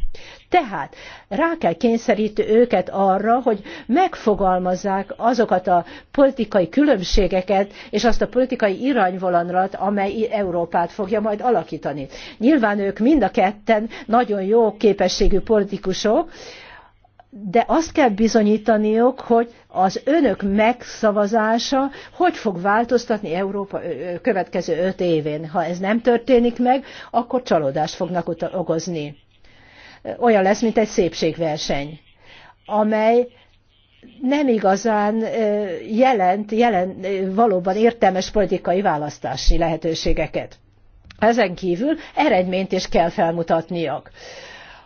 tehát rá kell kényszeríti őket arra, hogy megfogalmazzák azokat a politikai különbségeket, és azt a politikai irányvonalat, amely Európát fogja majd alakítani. Nyilván ők mind a ketten nagyon jó képességű politikusok, de azt kell bizonyítaniuk, hogy az önök megszavazása hogy fog változtatni Európa következő öt évén. Ha ez nem történik meg, akkor csalódást fognak okozni olyan lesz, mint egy szépségverseny, amely nem igazán jelent, jelent valóban értelmes politikai választási lehetőségeket. Ezen kívül eredményt is kell felmutatniak.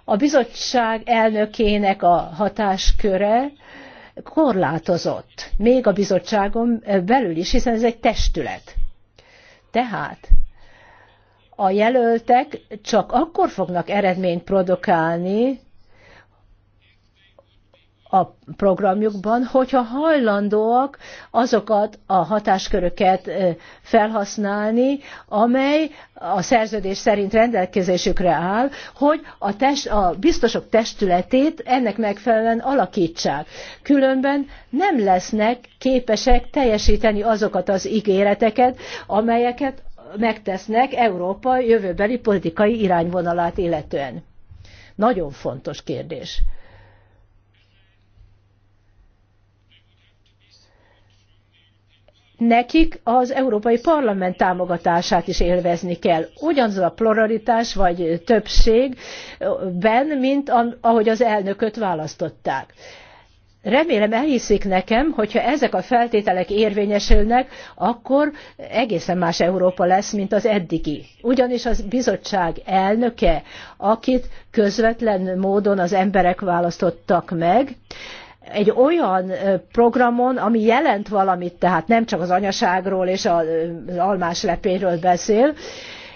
A bizottság elnökének a hatásköre korlátozott, még a bizottságon belül is, hiszen ez egy testület. Tehát a jelöltek csak akkor fognak eredményt produkálni a programjukban, hogyha hajlandóak azokat a hatásköröket felhasználni, amely a szerződés szerint rendelkezésükre áll, hogy a, test, a biztosok testületét ennek megfelelően alakítsák. Különben nem lesznek képesek teljesíteni azokat az ígéreteket, amelyeket megtesznek Európa jövőbeli politikai irányvonalát illetően. Nagyon fontos kérdés. nekik az Európai Parlament támogatását is élvezni kell. Ugyanaz a pluralitás vagy többségben, mint ahogy az elnököt választották. Remélem elhiszik nekem, hogyha ezek a feltételek érvényesülnek, akkor egészen más Európa lesz, mint az eddigi. Ugyanis a bizottság elnöke, akit közvetlen módon az emberek választottak meg, egy olyan programon, ami jelent valamit, tehát nem csak az anyaságról és az almás lepényről beszél,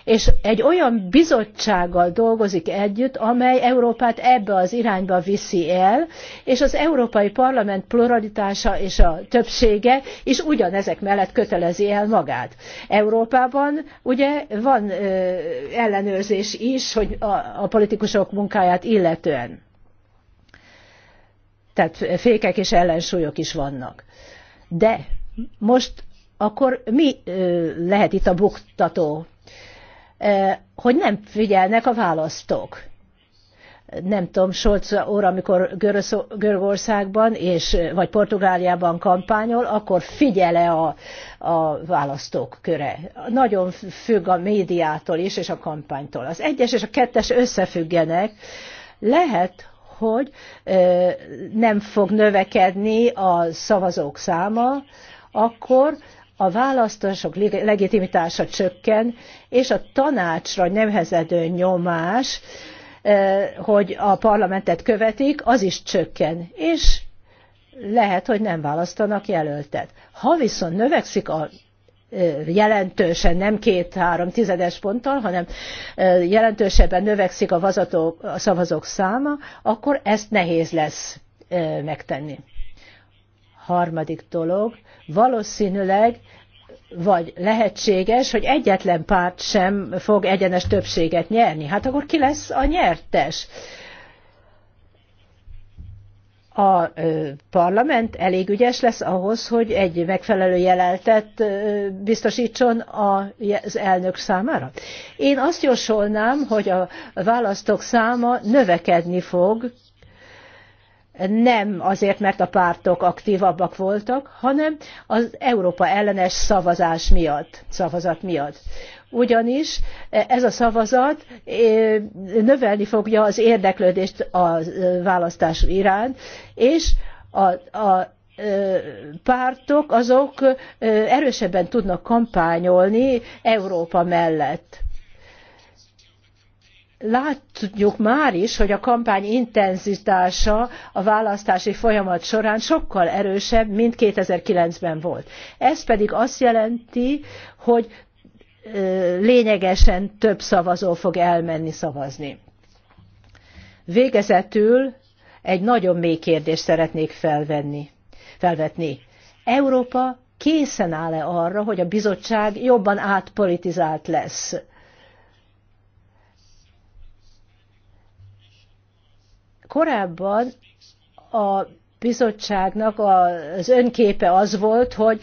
és egy olyan bizottsággal dolgozik együtt, amely Európát ebbe az irányba viszi el, és az Európai Parlament pluralitása és a többsége is ugyanezek mellett kötelezi el magát. Európában ugye van ellenőrzés is, hogy a, a politikusok munkáját illetően. Tehát fékek és ellensúlyok is vannak. De most akkor mi lehet itt a buktató? hogy nem figyelnek a választók. Nem tudom, Solc óra, amikor Görögországban és, vagy Portugáliában kampányol, akkor figyele a, a választók köre. Nagyon függ a médiától is, és a kampánytól. Az egyes és a kettes összefüggenek. Lehet, hogy nem fog növekedni a szavazók száma, akkor a választások legitimitása csökken, és a tanácsra nevezedő nyomás, eh, hogy a parlamentet követik, az is csökken, és lehet, hogy nem választanak jelöltet. Ha viszont növekszik a eh, jelentősen, nem két-három tizedes ponttal, hanem eh, jelentősebben növekszik a, vazató, a szavazók száma, akkor ezt nehéz lesz megtenni. Harmadik dolog, valószínűleg vagy lehetséges, hogy egyetlen párt sem fog egyenes többséget nyerni. Hát akkor ki lesz a nyertes? a parlament elég ügyes lesz ahhoz, hogy egy megfelelő jeleltet biztosítson az elnök számára. Én azt jósolnám, hogy a választók száma növekedni fog, nem azért, mert a pártok aktívabbak voltak, hanem az Európa ellenes szavazás miatt, szavazat miatt. Ugyanis ez a szavazat eh, növelni fogja az érdeklődést a eh, választás iránt, és a, a eh, pártok azok erősebben tudnak kampányolni Európa mellett látjuk már is, hogy a kampány intenzitása a választási folyamat során sokkal erősebb, mint 2009-ben volt. Ez pedig azt jelenti, hogy lényegesen több szavazó fog elmenni szavazni. Végezetül egy nagyon mély kérdést szeretnék felvenni, felvetni. Európa készen áll-e arra, hogy a bizottság jobban átpolitizált lesz? Korábban a bizottságnak az önképe az volt, hogy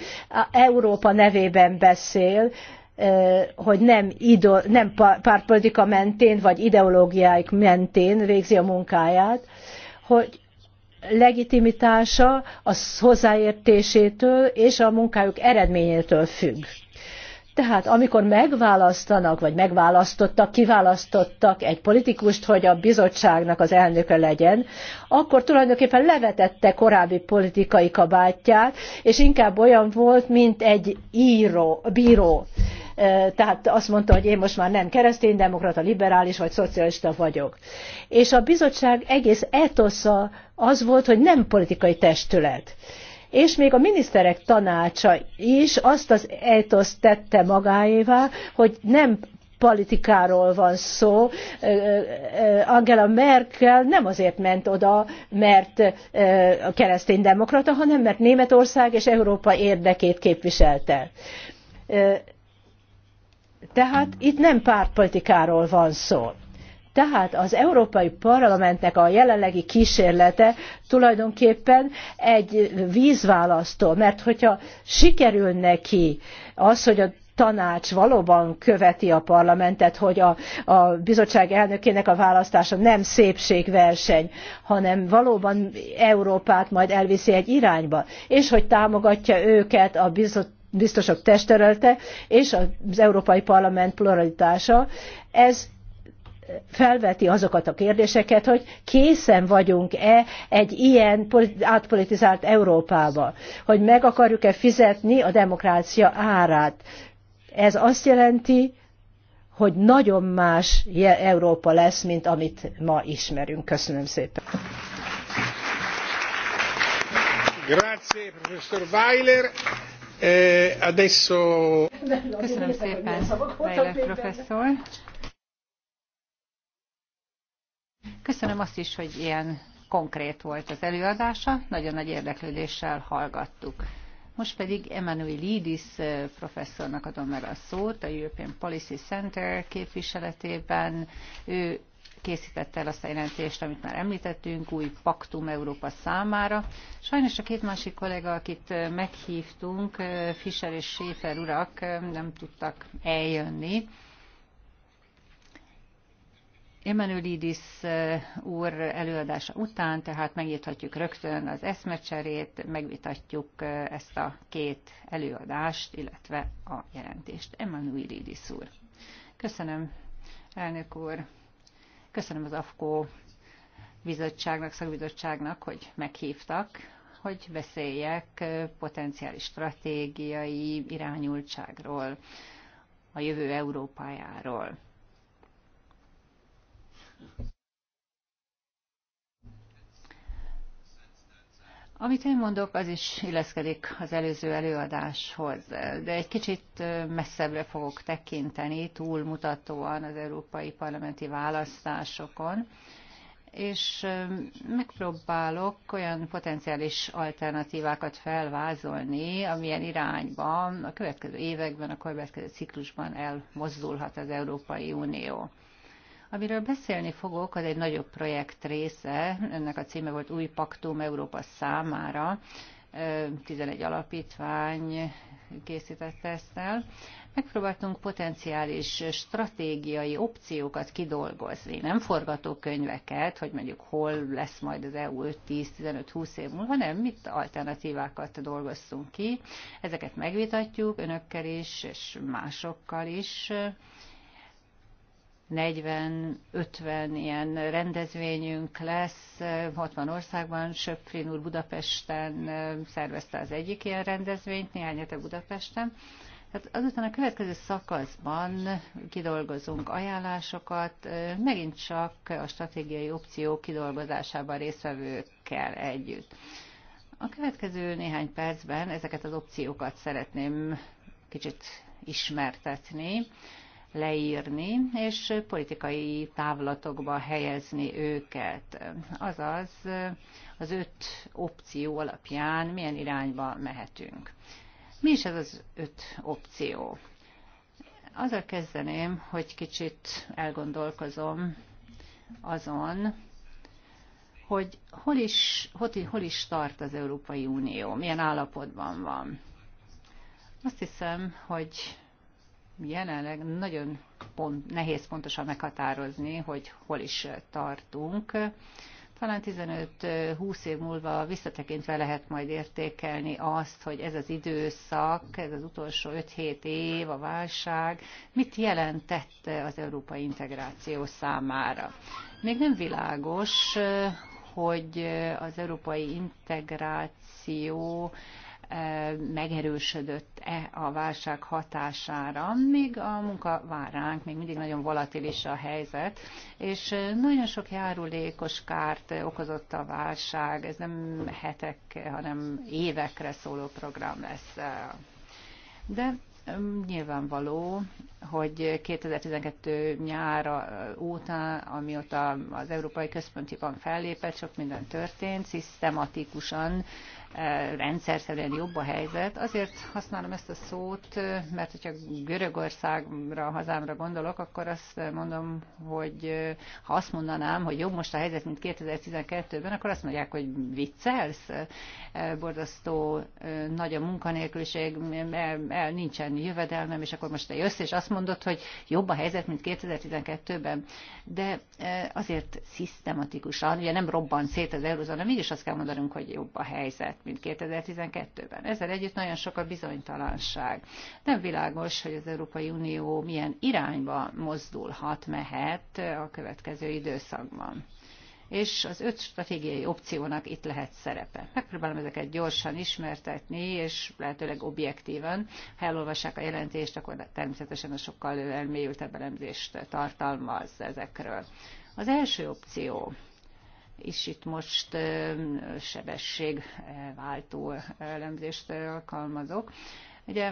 Európa nevében beszél, hogy nem, idő, nem pártpolitika mentén, vagy ideológiáik mentén végzi a munkáját, hogy legitimitása a hozzáértésétől és a munkájuk eredményétől függ. Tehát amikor megválasztanak, vagy megválasztottak, kiválasztottak egy politikust, hogy a bizottságnak az elnöke legyen, akkor tulajdonképpen levetette korábbi politikai kabátját, és inkább olyan volt, mint egy író, bíró. E, tehát azt mondta, hogy én most már nem kereszténydemokrata, liberális vagy szocialista vagyok. És a bizottság egész etosza az volt, hogy nem politikai testület és még a miniszterek tanácsa is azt az ejtoszt tette magáévá, hogy nem politikáról van szó. Angela Merkel nem azért ment oda, mert a demokrata, hanem mert Németország és Európa érdekét képviselte. Tehát itt nem pártpolitikáról van szó. Tehát az Európai Parlamentnek a jelenlegi kísérlete tulajdonképpen egy vízválasztó, mert hogyha sikerül neki az, hogy a tanács valóban követi a parlamentet, hogy a, a bizottság elnökének a választása nem szépségverseny, hanem valóban Európát majd elviszi egy irányba, és hogy támogatja őket a bizottság biztosok testterülete és az Európai Parlament pluralitása, ez felveti azokat a kérdéseket, hogy készen vagyunk-e egy ilyen átpolitizált Európába, hogy meg akarjuk-e fizetni a demokrácia árát. Ez azt jelenti, hogy nagyon más Európa lesz, mint amit ma ismerünk. Köszönöm szépen. Grazie, professor Weiler. Eh, adesso... Köszönöm szépen, Weiler professzor. Köszönöm azt is, hogy ilyen konkrét volt az előadása, nagyon nagy érdeklődéssel hallgattuk. Most pedig Emmanuel Lidis eh, professzornak adom meg a szót, a European Policy Center képviseletében. Ő készítette el azt a jelentést, amit már említettünk, új paktum Európa számára. Sajnos a két másik kollega, akit eh, meghívtunk, eh, Fischer és Schäfer urak nem tudtak eljönni, Emanuelidis úr előadása után, tehát megnyithatjuk rögtön az eszmecserét, megvitatjuk ezt a két előadást, illetve a jelentést. Emanuelidis úr. Köszönöm, elnök úr. Köszönöm az AFKO bizottságnak, szakbizottságnak, hogy meghívtak, hogy beszéljek potenciális stratégiai irányultságról, a jövő Európájáról. Amit én mondok, az is illeszkedik az előző előadáshoz, de egy kicsit messzebbre fogok tekinteni, túlmutatóan az európai parlamenti választásokon, és megpróbálok olyan potenciális alternatívákat felvázolni, amilyen irányban a következő években, a következő ciklusban elmozdulhat az Európai Unió. Amiről beszélni fogok, az egy nagyobb projekt része, ennek a címe volt Új Paktum Európa számára, 11 alapítvány készítette ezt el. Megpróbáltunk potenciális stratégiai opciókat kidolgozni, nem forgatókönyveket, hogy mondjuk hol lesz majd az EU 10-15-20 év múlva, hanem mit alternatívákat dolgoztunk ki. Ezeket megvitatjuk önökkel is, és másokkal is 40-50 ilyen rendezvényünk lesz. 60 országban, Söpfrin úr Budapesten szervezte az egyik ilyen rendezvényt, néhány hete Budapesten. Tehát azután a következő szakaszban kidolgozunk ajánlásokat, megint csak a stratégiai opciók kidolgozásában résztvevőkkel együtt. A következő néhány percben ezeket az opciókat szeretném kicsit ismertetni leírni, és politikai távlatokba helyezni őket. Azaz az öt opció alapján milyen irányba mehetünk. Mi is ez az öt opció? Azzal kezdeném, hogy kicsit elgondolkozom azon, hogy hol is, hol, hol is tart az Európai Unió, milyen állapotban van. Azt hiszem, hogy jelenleg nagyon pont, nehéz pontosan meghatározni, hogy hol is tartunk. Talán 15-20 év múlva visszatekintve lehet majd értékelni azt, hogy ez az időszak, ez az utolsó 5-7 év, a válság, mit jelentett az európai integráció számára. Még nem világos, hogy az európai integráció megerősödött-e a válság hatására, még a munka vár ránk, még mindig nagyon volatilis a helyzet, és nagyon sok járulékos kárt okozott a válság, ez nem hetek, hanem évekre szóló program lesz. De nyilvánvaló, hogy 2012 nyára óta, amióta az Európai Központi Bank fellépett, sok minden történt, szisztematikusan szerint jobb a helyzet. Azért használom ezt a szót, mert hogyha Görögországra, hazámra gondolok, akkor azt mondom, hogy ha azt mondanám, hogy jobb most a helyzet, mint 2012-ben, akkor azt mondják, hogy viccelsz, borzasztó nagy a munkanélküliség, el, el, nincsen jövedelmem, és akkor most te jössz, és azt mondod, hogy jobb a helyzet, mint 2012-ben. De azért szisztematikusan, ugye nem robban szét az eurozóna, mégis azt kell mondanunk, hogy jobb a helyzet mint 2012-ben. Ezzel együtt nagyon sok a bizonytalanság. Nem világos, hogy az Európai Unió milyen irányba mozdulhat, mehet a következő időszakban és az öt stratégiai opciónak itt lehet szerepe. Megpróbálom ezeket gyorsan ismertetni, és lehetőleg objektíven. Ha elolvassák a jelentést, akkor természetesen a sokkal elmélyültebb elemzést tartalmaz ezekről. Az első opció is itt most sebességváltó elemzést alkalmazok. Ugye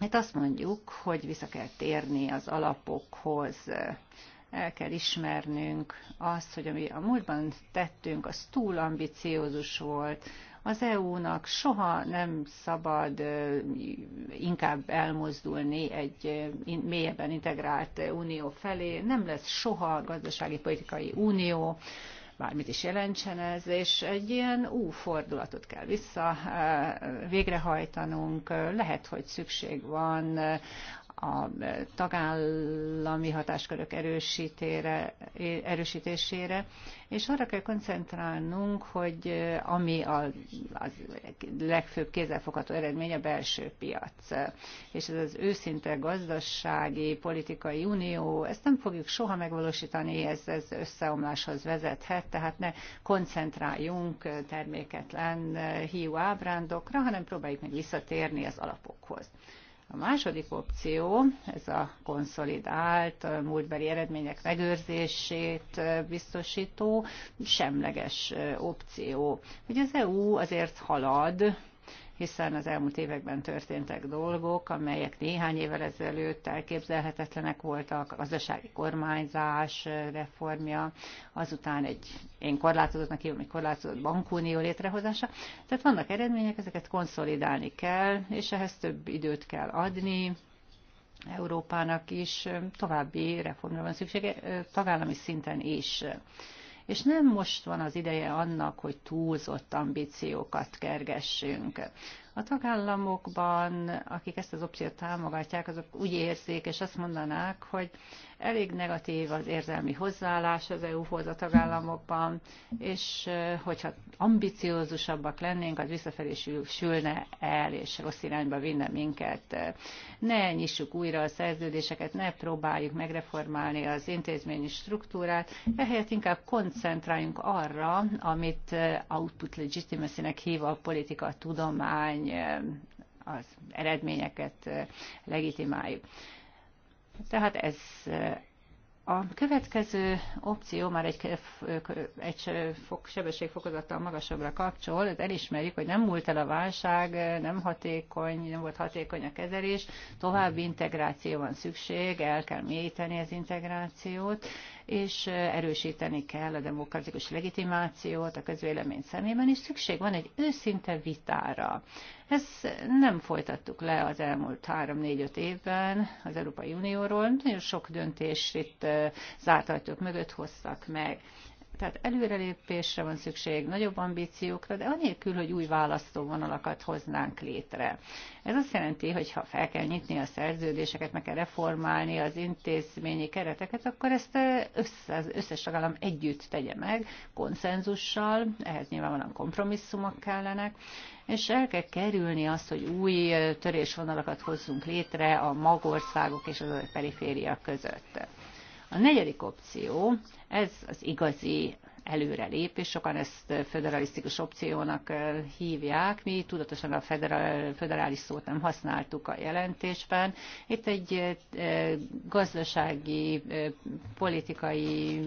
itt hát azt mondjuk, hogy vissza kell térni az alapokhoz, el kell ismernünk azt, hogy ami a múltban tettünk, az túl ambiciózus volt, az EU-nak soha nem szabad inkább elmozdulni egy mélyebben integrált unió felé, nem lesz soha gazdasági politikai unió, bármit is jelentsen ez, és egy ilyen új fordulatot kell vissza eh, végrehajtanunk. Lehet, hogy szükség van a tagállami hatáskörök erősítére, erősítésére, és arra kell koncentrálnunk, hogy ami a, a legfőbb kézzelfogható eredmény a belső piac. És ez az őszinte gazdasági, politikai unió, ezt nem fogjuk soha megvalósítani, ez, ez összeomláshoz vezethet, tehát ne koncentráljunk terméketlen hiú ábrándokra, hanem próbáljuk meg visszatérni az alapokhoz. A második opció, ez a konszolidált múltbeli eredmények megőrzését biztosító semleges opció, hogy az EU azért halad, hiszen az elmúlt években történtek dolgok, amelyek néhány évvel ezelőtt elképzelhetetlenek voltak, a gazdasági kormányzás reformja, azután egy én korlátozottnak hívom, egy korlátozott bankunió létrehozása. Tehát vannak eredmények, ezeket konszolidálni kell, és ehhez több időt kell adni, Európának is további reformra van szüksége, tagállami szinten is és nem most van az ideje annak, hogy túlzott ambíciókat kergessünk. A tagállamokban, akik ezt az opciót támogatják, azok úgy érzik, és azt mondanák, hogy Elég negatív az érzelmi hozzáállás az EU-hoz a tagállamokban, és hogyha ambiciózusabbak lennénk, az visszafelé sülne el, és rossz irányba vinne minket. Ne nyissuk újra a szerződéseket, ne próbáljuk megreformálni az intézményi struktúrát, ehelyett inkább koncentráljunk arra, amit output legitimacy-nek hív a politika, a tudomány, az eredményeket legitimáljuk. Tehát ez eh, a következő opció már egy, egy fok, sebességfokozattal magasabbra kapcsol, ez elismerjük, hogy nem múlt el a válság, nem hatékony, nem volt hatékony a kezelés, további integráció van szükség, el kell mélyíteni az integrációt, és erősíteni kell a demokratikus legitimációt a közvélemény szemében, és szükség van egy őszinte vitára. Ezt nem folytattuk le az elmúlt három 4 5 évben az Európai Unióról, nagyon sok döntés itt zárt mögött hoztak meg. Tehát előrelépésre van szükség, nagyobb ambíciókra, de anélkül, hogy új választóvonalakat hoznánk létre. Ez azt jelenti, hogy ha fel kell nyitni a szerződéseket, meg kell reformálni az intézményi kereteket, akkor ezt össze, az összes tagállam együtt tegye meg, konszenzussal, ehhez nyilvánvalóan kompromisszumok kellenek, és el kell kerülni azt, hogy új törésvonalakat hozzunk létre a magországok és az a periféria között. A negyedik opció, ez az igazi előrelépés, sokan ezt federalisztikus opciónak hívják, mi tudatosan a federal, federális szót nem használtuk a jelentésben. Itt egy gazdasági, politikai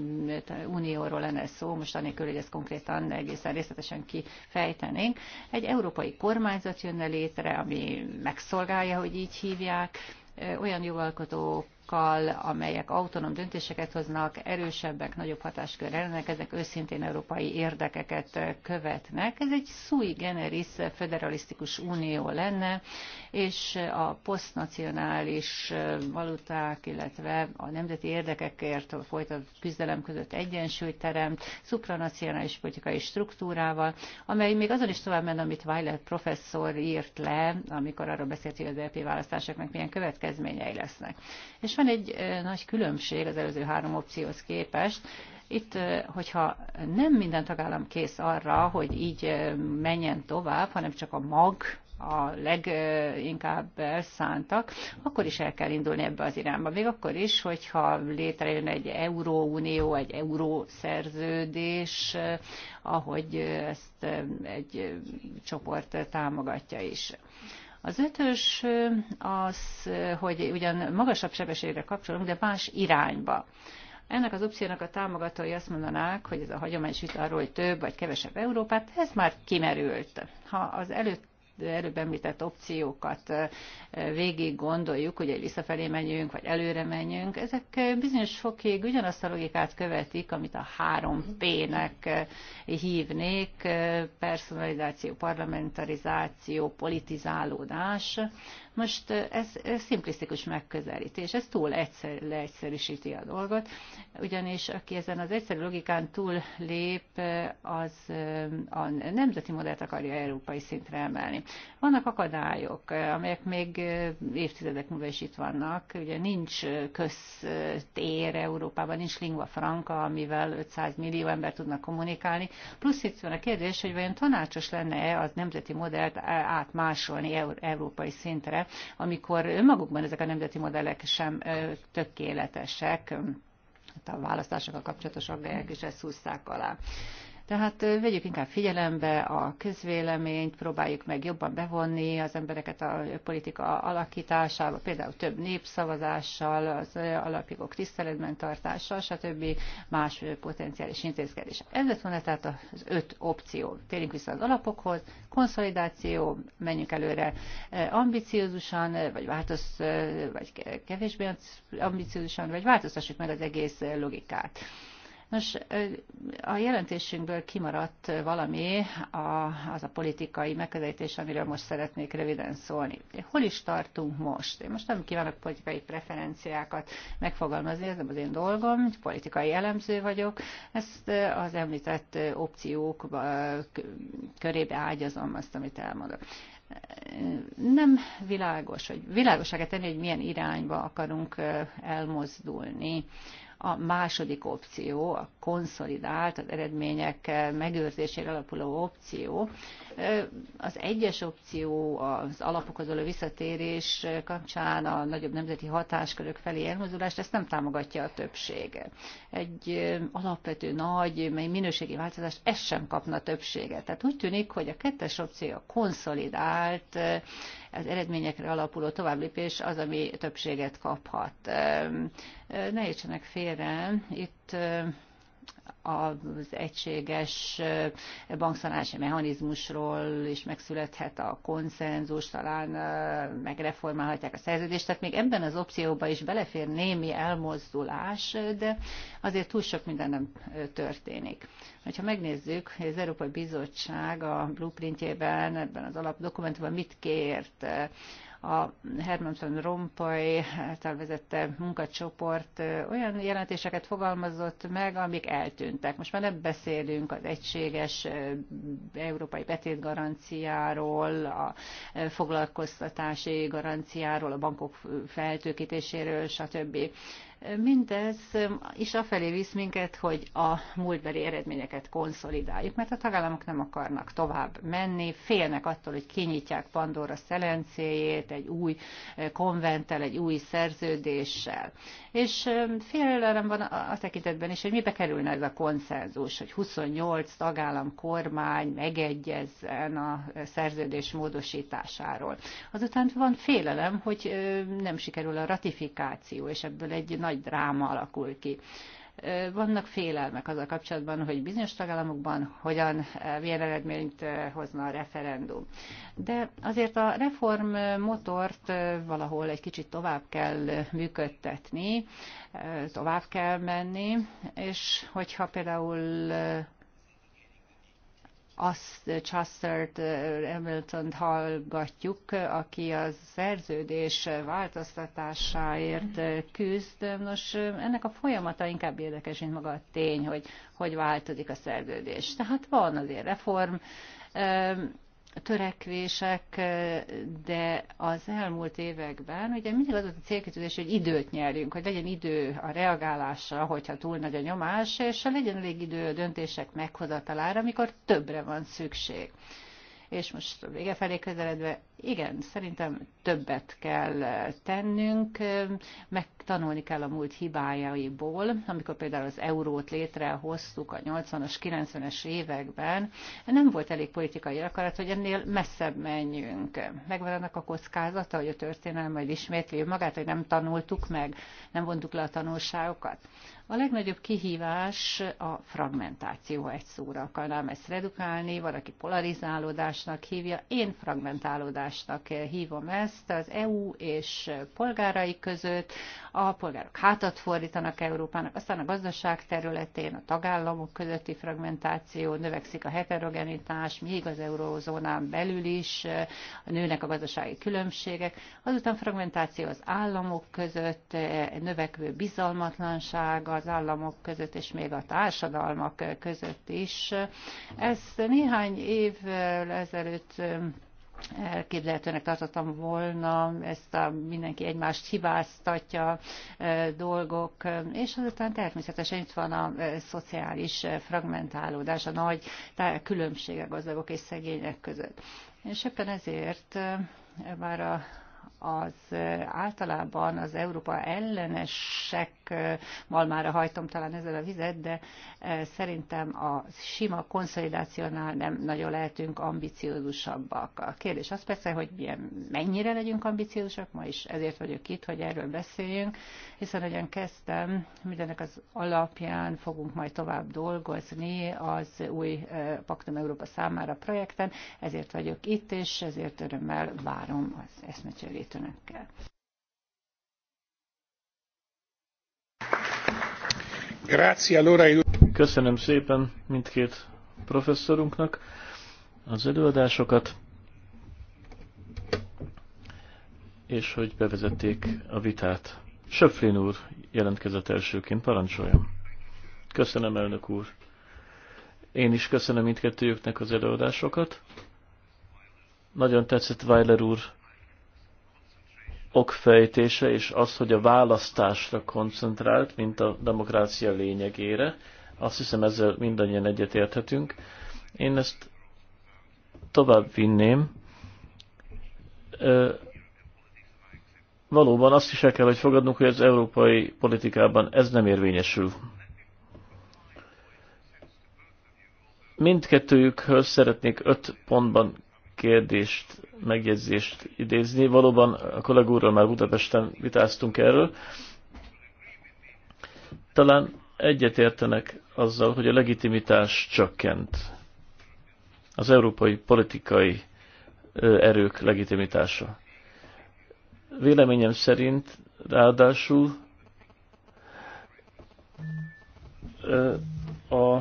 unióról lenne szó, most annélkül, hogy ezt konkrétan egészen részletesen kifejtenénk. Egy európai kormányzat jönne létre, ami megszolgálja, hogy így hívják, olyan jogalkotók országokkal, amelyek autonóm döntéseket hoznak, erősebbek, nagyobb hatáskör ellenek, ezek őszintén európai érdekeket követnek. Ez egy sui generis federalisztikus unió lenne, és a posztnacionális valuták, illetve a nemzeti érdekekért folytat küzdelem között egyensúlyt teremt, szupranacionális politikai struktúrával, amely még azon is tovább ment, amit Weiler professzor írt le, amikor arról beszélt, hogy az EP választásoknak milyen következményei lesznek. És van egy nagy különbség az előző három opcióhoz képest. Itt, hogyha nem minden tagállam kész arra, hogy így menjen tovább, hanem csak a mag a leginkább elszántak, akkor is el kell indulni ebbe az irányba. Még akkor is, hogyha létrejön egy Euróunió, egy eurószerződés, ahogy ezt egy csoport támogatja is. Az ötös az, hogy ugyan magasabb sebességre kapcsolunk, de más irányba. Ennek az opciónak a támogatói azt mondanák, hogy ez a hagyományos vita arról, hogy több vagy kevesebb Európát, ez már kimerült. Ha az előtt előbb említett opciókat végig gondoljuk, hogy egy visszafelé menjünk, vagy előre menjünk, ezek bizonyos fokig ugyanazt a logikát követik, amit a 3P-nek hívnék, personalizáció, parlamentarizáció, politizálódás, most ez, ez szimplisztikus megközelítés, ez túl egyszer, leegyszerűsíti a dolgot, ugyanis aki ezen az egyszerű logikán túl lép, az a nemzeti modellt akarja európai szintre emelni. Vannak akadályok, amelyek még évtizedek múlva is itt vannak, ugye nincs köztér Európában, nincs lingua franca, amivel 500 millió ember tudnak kommunikálni, plusz itt van a kérdés, hogy vajon tanácsos lenne-e az nemzeti modellt átmásolni európai szintre, amikor önmagukban ezek a nemzeti modellek sem tökéletesek, a választásokkal kapcsolatos aggályok is ezt húzták alá. Tehát vegyük inkább figyelembe a közvéleményt, próbáljuk meg jobban bevonni az embereket a politika alakításába, például több népszavazással, az alapjogok tiszteletben tartással, stb. más potenciális intézkedés. Ez lett volna tehát az öt opció. Térjünk vissza az alapokhoz, konszolidáció, menjünk előre ambiciózusan, vagy változ, vagy kevésbé ambiciózusan, vagy változtassuk meg az egész logikát. Nos, a jelentésünkből kimaradt valami a, az a politikai megközelítés, amiről most szeretnék röviden szólni. Hol is tartunk most? Én most nem kívánok politikai preferenciákat megfogalmazni, ez nem az én dolgom, politikai elemző vagyok. Ezt az említett opciók körébe ágyazom azt, amit elmondok nem világos, hogy világosá tenni, hogy milyen irányba akarunk elmozdulni. A második opció, a konszolidált, az eredmények megőrzésére alapuló opció, az egyes opció az alapokhoz való visszatérés kapcsán a nagyobb nemzeti hatáskörök felé elmozdulást, ezt nem támogatja a többség. Egy alapvető nagy mely minőségi változást, ez sem kapna többséget. Tehát úgy tűnik, hogy a kettes opció a konszolidált, az eredményekre alapuló továbblépés az, ami többséget kaphat. Ne értsenek félre, itt az egységes eh, bankszanási mechanizmusról is megszülethet a konszenzus, talán eh, megreformálhatják a szerződést, tehát még ebben az opcióba is belefér némi elmozdulás, de azért túl sok minden nem eh, történik. Ha megnézzük, hogy az Európai Bizottság a blueprintjében, ebben az alapdokumentumban mit kért, a Hermanson Rompoy által vezette munkacsoport olyan jelentéseket fogalmazott meg, amik eltűntek. Most már nem beszélünk az egységes európai betétgaranciáról, a foglalkoztatási garanciáról, a bankok feltőkítéséről, stb. Mindez is afelé visz minket, hogy a múltbeli eredményeket konszolidáljuk, mert a tagállamok nem akarnak tovább menni, félnek attól, hogy kinyitják Pandora szelencéjét egy új konventtel, egy új szerződéssel. És félelem van a tekintetben is, hogy mibe kerülne ez a konszenzus, hogy 28 tagállam kormány megegyezzen a szerződés módosításáról. Azután van félelem, hogy nem sikerül a ratifikáció, és ebből egy nagy nagy dráma alakul ki. Vannak félelmek azzal kapcsolatban, hogy bizonyos tagállamokban hogyan, milyen eredményt hozna a referendum. De azért a reform motort valahol egy kicsit tovább kell működtetni, tovább kell menni, és hogyha például azt eh, Chastert eh, hamilton hallgatjuk, eh, aki a szerződés változtatásáért küzd. Nos, ennek a folyamata inkább érdekes, mint maga a tény, hogy hogy változik a szerződés. Tehát van azért reform, törekvések, de az elmúlt években ugye mindig az a célkitűzés, hogy időt nyerjünk, hogy legyen idő a reagálásra, hogyha túl nagy a nyomás, és legyen elég idő a döntések meghozatalára, amikor többre van szükség. És most vége felé közeledve igen, szerintem többet kell tennünk, megtanulni kell a múlt hibájaiból. Amikor például az eurót létrehoztuk a 80-as, 90-es években, nem volt elég politikai akarat, hogy ennél messzebb menjünk. Megvan annak a kockázata, hogy a történelem majd ismétli magát, hogy nem tanultuk meg, nem vontuk le a tanulságokat. A legnagyobb kihívás a fragmentáció, ha egy szóra akarnám ezt redukálni, valaki polarizálódásnak hívja, én fragmentálódás szolidaritásnak hívom ezt az EU és polgárai között. A polgárok hátat fordítanak Európának, aztán a gazdaság területén a tagállamok közötti fragmentáció, növekszik a heterogenitás, még az eurózónán belül is nőnek a gazdasági különbségek. Azután fragmentáció az államok között, növekvő bizalmatlanság az államok között, és még a társadalmak között is. Ezt néhány évvel ezelőtt elképzelhetőnek tartottam volna, ezt a mindenki egymást hibáztatja dolgok, és azután természetesen itt van a szociális fragmentálódás, a nagy különbség a gazdagok és szegények között. És éppen ezért bár a az általában az Európa ellenesek malmára hajtom talán ezzel a vizet, de szerintem a sima konszolidációnál nem nagyon lehetünk ambiciózusabbak. A kérdés az persze, hogy milyen, mennyire legyünk ambiciózusak, ma is ezért vagyok itt, hogy erről beszéljünk, hiszen ahogyan kezdtem, mindenek az alapján fogunk majd tovább dolgozni az új eh, Paktum Európa számára projekten, ezért vagyok itt, és ezért örömmel várom az eszmecserét önökkel. Köszönöm szépen mindkét professzorunknak az előadásokat, és hogy bevezették a vitát. Söpflin úr jelentkezett elsőként, parancsoljam. Köszönöm, elnök úr. Én is köszönöm mindkettőjüknek az előadásokat. Nagyon tetszett Weiler úr okfejtése, és az, hogy a választásra koncentrált, mint a demokrácia lényegére. Azt hiszem ezzel mindannyian egyetérthetünk. Én ezt tovább vinném valóban azt is el kell, hogy fogadnunk, hogy az európai politikában ez nem érvényesül. Mindkettőjükhöz szeretnék öt pontban kérdést, megjegyzést idézni. Valóban a kollégúrral már Budapesten vitáztunk erről. Talán egyetértenek azzal, hogy a legitimitás csökkent. Az európai politikai erők legitimitása. Véleményem szerint ráadásul a,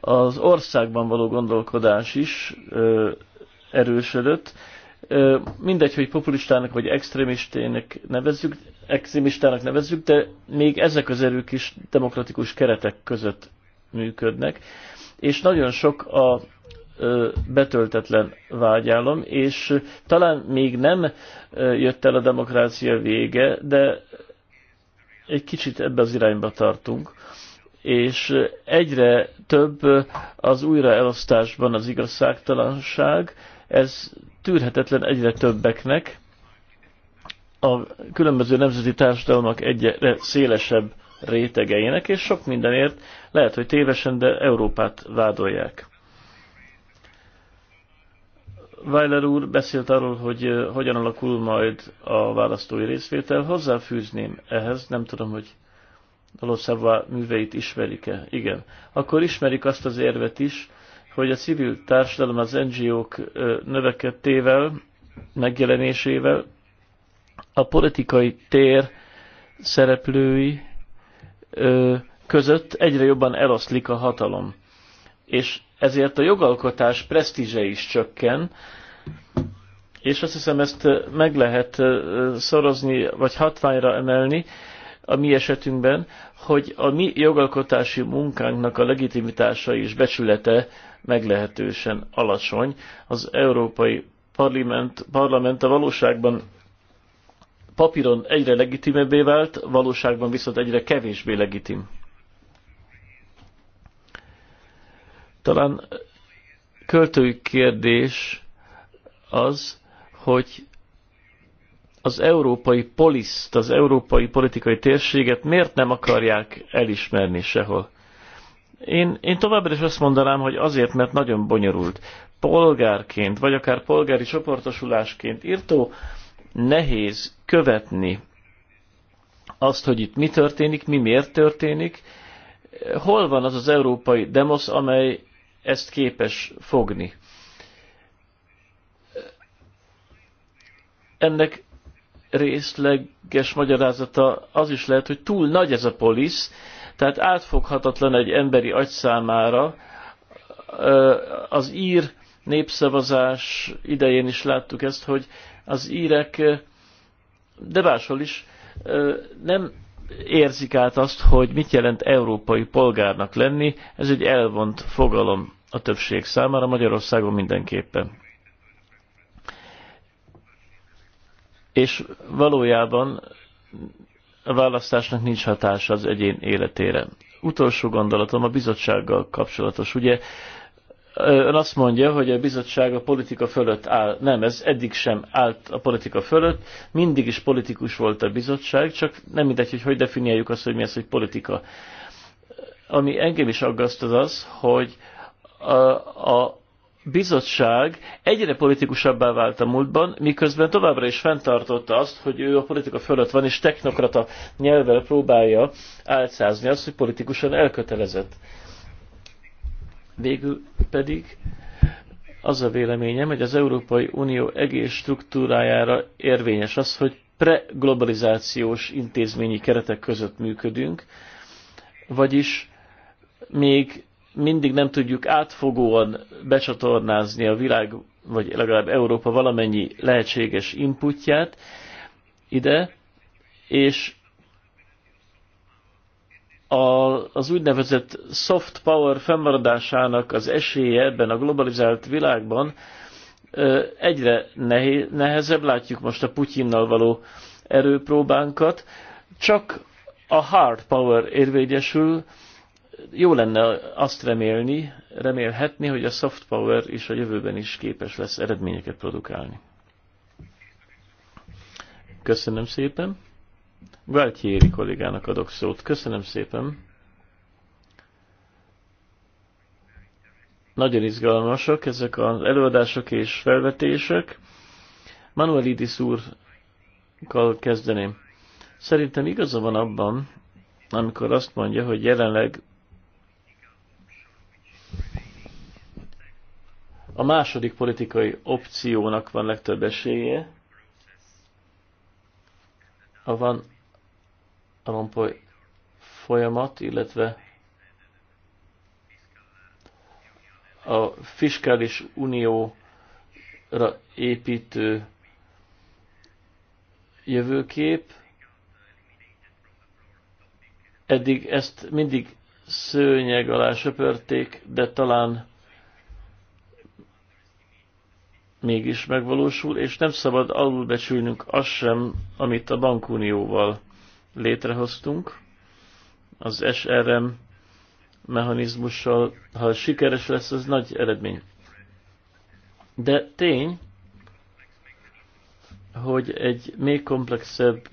az országban való gondolkodás is erősödött. Mindegy, hogy populistának vagy extremistének nevezzük, extrémistának nevezzük, de még ezek az erők is demokratikus keretek között működnek, és nagyon sok a betöltetlen vágyálom, és talán még nem jött el a demokrácia vége, de egy kicsit ebbe az irányba tartunk, és egyre több az újraelosztásban az igazságtalanság, ez tűrhetetlen egyre többeknek, a különböző nemzeti társadalmak egyre szélesebb rétegeinek, és sok mindenért lehet, hogy tévesen, de Európát vádolják. Weiler úr beszélt arról, hogy hogyan alakul majd a választói részvétel. Hozzáfűzném ehhez, nem tudom, hogy Aloszava műveit ismerik-e. Igen. Akkor ismerik azt az érvet is, hogy a civil társadalom az NGO-k növekedtével, megjelenésével a politikai tér szereplői között egyre jobban eloszlik a hatalom. És ezért a jogalkotás presztízse is csökken, és azt hiszem ezt meg lehet szorozni, vagy hatványra emelni a mi esetünkben, hogy a mi jogalkotási munkánknak a legitimitása és becsülete meglehetősen alacsony. Az Európai Parlament, parlament a valóságban papíron egyre legitimebbé vált, valóságban viszont egyre kevésbé legitim. Talán költői kérdés az, hogy az európai poliszt, az európai politikai térséget miért nem akarják elismerni sehol? Én, én továbbra is azt mondanám, hogy azért, mert nagyon bonyolult. Polgárként, vagy akár polgári csoportosulásként írtó nehéz követni azt, hogy itt mi történik, mi miért történik, hol van az az európai demosz, amely ezt képes fogni. Ennek részleges magyarázata az is lehet, hogy túl nagy ez a polisz, tehát átfoghatatlan egy emberi agy számára. Az ír népszavazás idején is láttuk ezt, hogy az írek, de máshol is, nem érzik át azt, hogy mit jelent európai polgárnak lenni. Ez egy elvont fogalom a többség számára, Magyarországon mindenképpen. És valójában a választásnak nincs hatása az egyén életére. Utolsó gondolatom a bizottsággal kapcsolatos. Ugye Ön azt mondja, hogy a bizottság a politika fölött áll. Nem, ez eddig sem állt a politika fölött. Mindig is politikus volt a bizottság, csak nem mindegy, hogy hogy definiáljuk azt, hogy mi az, hogy politika. Ami engem is aggaszt az az, hogy a, a bizottság egyre politikusabbá vált a múltban, miközben továbbra is fenntartotta azt, hogy ő a politika fölött van, és technokrata nyelvvel próbálja álcázni azt, hogy politikusan elkötelezett Végül pedig az a véleményem, hogy az Európai Unió egész struktúrájára érvényes az, hogy preglobalizációs intézményi keretek között működünk, vagyis még mindig nem tudjuk átfogóan becsatornázni a világ, vagy legalább Európa valamennyi lehetséges inputját ide, és a, az úgynevezett soft power fennmaradásának az esélye ebben a globalizált világban egyre nehéz, nehezebb, látjuk most a Putyinnal való erőpróbánkat, csak a hard power érvényesül, jó lenne azt remélni, remélhetni, hogy a soft power is a jövőben is képes lesz eredményeket produkálni. Köszönöm szépen! Gualtieri kollégának adok szót. Köszönöm szépen. Nagyon izgalmasak ezek az előadások és felvetések. Manuelidis úrkal kezdeném. Szerintem igaza van abban, amikor azt mondja, hogy jelenleg a második politikai opciónak van legtöbb esélye, a van a lompoly folyamat, illetve a fiskális unióra építő jövőkép. Eddig ezt mindig szőnyeg alá söpörték, de talán mégis megvalósul, és nem szabad alulbecsülnünk azt sem, amit a bankunióval létrehoztunk. Az SRM mechanizmussal, ha sikeres lesz, az nagy eredmény. De tény, hogy egy még komplexebb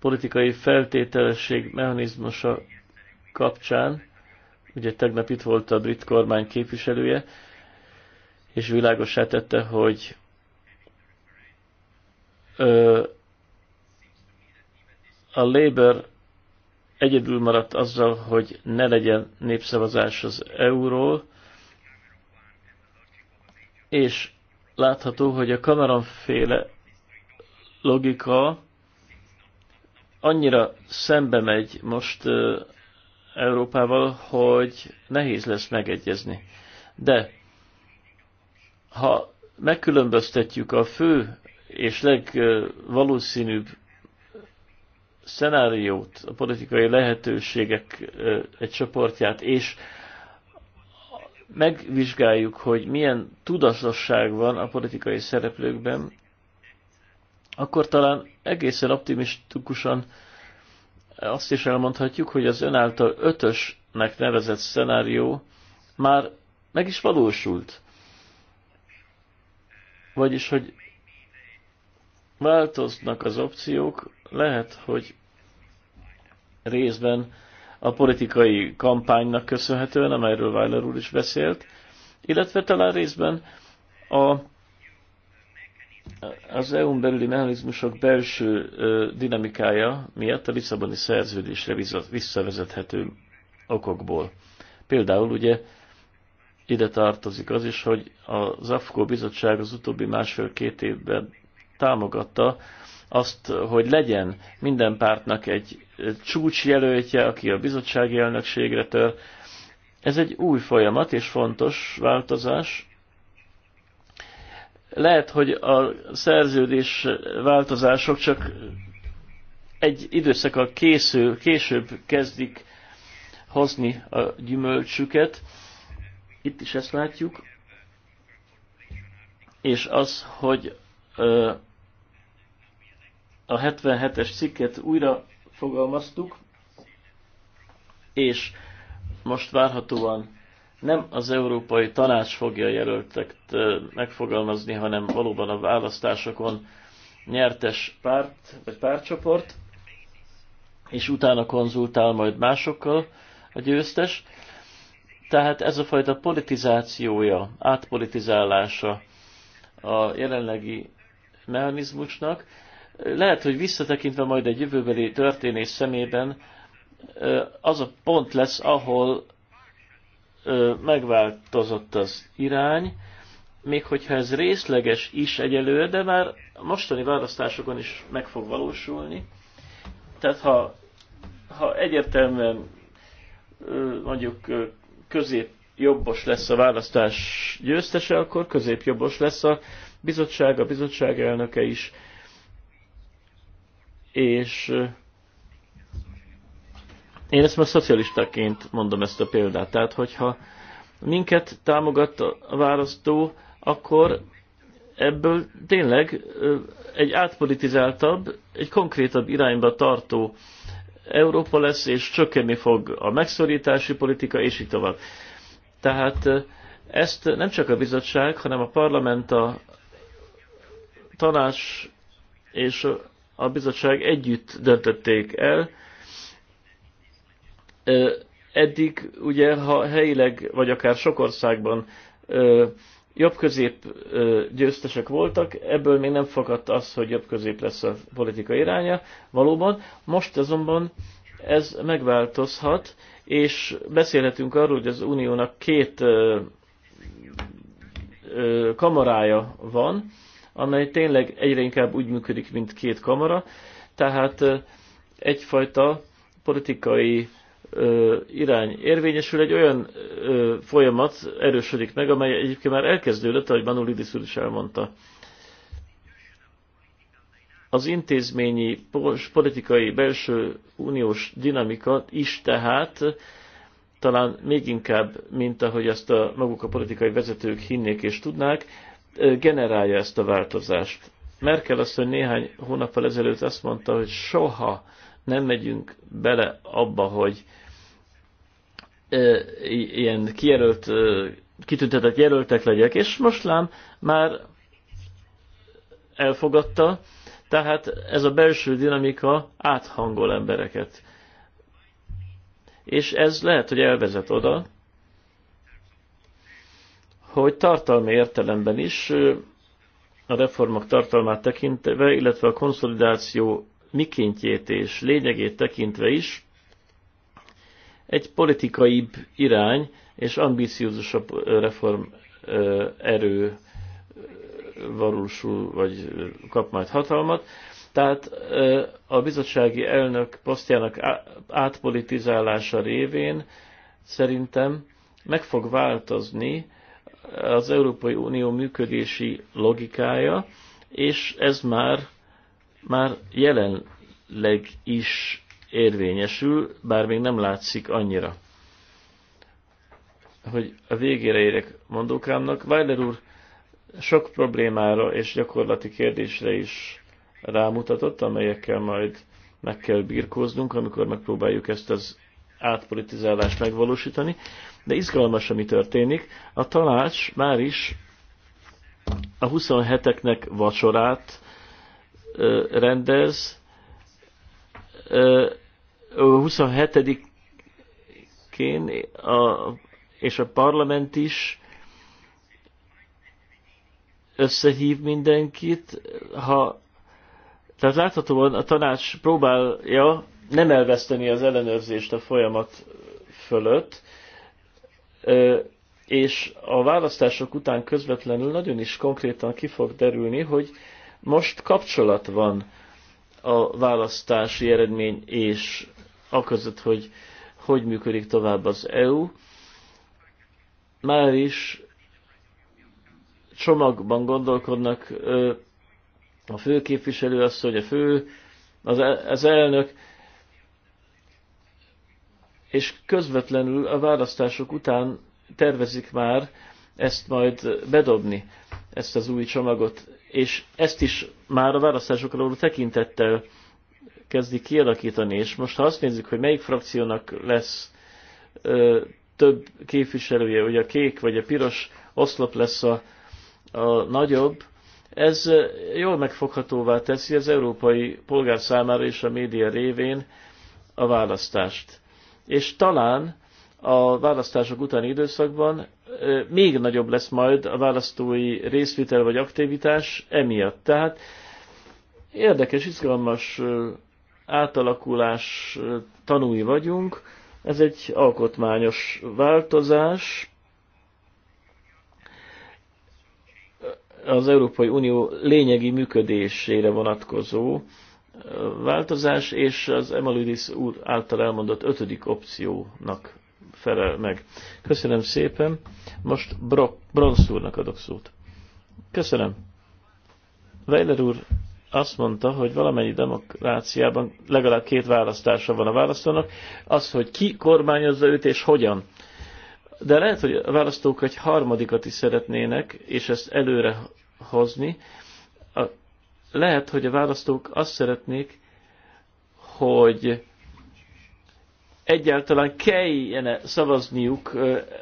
politikai feltételesség mechanizmusa kapcsán, ugye tegnap itt volt a brit kormány képviselője, és világosá tette, hogy ö, a Labour egyedül maradt azzal, hogy ne legyen népszavazás az euróról, és látható, hogy a Cameron féle logika annyira szembe megy most Európával, hogy nehéz lesz megegyezni. De ha megkülönböztetjük a fő és legvalószínűbb szenáriót, a politikai lehetőségek egy csoportját, és megvizsgáljuk, hogy milyen tudatosság van a politikai szereplőkben, akkor talán egészen optimistikusan azt is elmondhatjuk, hogy az ön által ötösnek nevezett szenárió már meg is valósult. Vagyis, hogy Változnak az opciók, lehet, hogy részben a politikai kampánynak köszönhetően, amelyről Weiler úr is beszélt, illetve talán részben a, az EU-n belüli mechanizmusok belső ö, dinamikája miatt a Lisszaboni szerződésre visszavezethető okokból. Például ugye ide tartozik az is, hogy az AFKO bizottság az utóbbi másfél-két évben támogatta azt, hogy legyen minden pártnak egy csúcsjelöltje, aki a bizottsági elnökségre tör. Ez egy új folyamat és fontos változás. Lehet, hogy a szerződés változások csak egy időszakkal késő, később kezdik hozni a gyümölcsüket. Itt is ezt látjuk. És az, hogy a 77-es cikket újra fogalmaztuk, és most várhatóan nem az Európai Tanács fogja jelölteket megfogalmazni, hanem valóban a választásokon nyertes párt vagy pártcsoport, és utána konzultál majd másokkal a győztes. Tehát ez a fajta politizációja, átpolitizálása a jelenlegi mechanizmusnak, lehet, hogy visszatekintve majd egy jövőbeli történés szemében az a pont lesz, ahol megváltozott az irány, még hogyha ez részleges is egyelőre, de már a mostani választásokon is meg fog valósulni. Tehát ha, ha egyértelműen mondjuk középjobbos lesz a választás győztese, akkor középjobbos lesz a bizottság, a bizottság elnöke is, és én ezt most szocialistaként mondom ezt a példát. Tehát, hogyha minket támogat a választó, akkor ebből tényleg egy átpolitizáltabb, egy konkrétabb irányba tartó Európa lesz, és csökkenni fog a megszorítási politika, és így tovább. Tehát ezt nem csak a bizottság, hanem a parlament, a tanács és a bizottság együtt döntötték el. Eddig ugye, ha helyileg, vagy akár sok országban jobb-közép győztesek voltak, ebből még nem fakadt az, hogy jobb-közép lesz a politika iránya, valóban. Most azonban ez megváltozhat, és beszélhetünk arról, hogy az uniónak két kamarája van, amely tényleg egyre inkább úgy működik, mint két kamara, tehát egyfajta politikai irány érvényesül, egy olyan folyamat erősödik meg, amely egyébként már elkezdődött, ahogy Manulidis úr is elmondta. Az intézményi, politikai, belső uniós dinamika is tehát talán még inkább, mint ahogy ezt a maguk a politikai vezetők hinnék és tudnák, generálja ezt a változást. Merkel asszony néhány hónappal ezelőtt azt mondta, hogy soha nem megyünk bele abba, hogy ilyen kijelölt, kitüntetett jelöltek legyek, és most lám már elfogadta, tehát ez a belső dinamika áthangol embereket. És ez lehet, hogy elvezet oda, hogy tartalmi értelemben is a reformok tartalmát tekintve, illetve a konszolidáció mikéntjét és lényegét tekintve is egy politikaibb irány és ambíciózusabb reform erő valósul, vagy kap majd hatalmat. Tehát a bizottsági elnök posztjának átpolitizálása révén szerintem meg fog változni az Európai Unió működési logikája, és ez már, már jelenleg is érvényesül, bár még nem látszik annyira. Hogy a végére érek mondókámnak, Weiler úr sok problémára és gyakorlati kérdésre is rámutatott, amelyekkel majd meg kell birkóznunk, amikor megpróbáljuk ezt az átpolitizálást megvalósítani de izgalmas, ami történik. A tanács már is a 27-eknek vacsorát ö, rendez, ö, 27-én a, és a parlament is összehív mindenkit, ha tehát láthatóan a tanács próbálja nem elveszteni az ellenőrzést a folyamat fölött, és a választások után közvetlenül nagyon is konkrétan ki fog derülni, hogy most kapcsolat van a választási eredmény és a között, hogy hogy működik tovább az EU. Már is csomagban gondolkodnak a főképviselő, az, hogy a fő, az, e, az elnök, és közvetlenül a választások után tervezik már ezt majd bedobni, ezt az új csomagot, és ezt is már a választásokra való tekintettel kezdik kialakítani, és most ha azt nézzük, hogy melyik frakciónak lesz ö, több képviselője, hogy a kék vagy a piros oszlop lesz a, a nagyobb, ez jól megfoghatóvá teszi az európai polgár számára és a média révén a választást és talán a választások utáni időszakban még nagyobb lesz majd a választói részvétel vagy aktivitás emiatt. Tehát érdekes, izgalmas átalakulás tanúi vagyunk. Ez egy alkotmányos változás. Az Európai Unió lényegi működésére vonatkozó változás, és az Emalidis úr által elmondott ötödik opciónak felel meg. Köszönöm szépen. Most Brock, Bronsz úrnak adok szót. Köszönöm. Weiler úr azt mondta, hogy valamennyi demokráciában legalább két választása van a választónak, az, hogy ki kormányozza őt és hogyan. De lehet, hogy a választók egy harmadikat is szeretnének, és ezt előre hozni. A lehet, hogy a választók azt szeretnék, hogy egyáltalán kelljene szavazniuk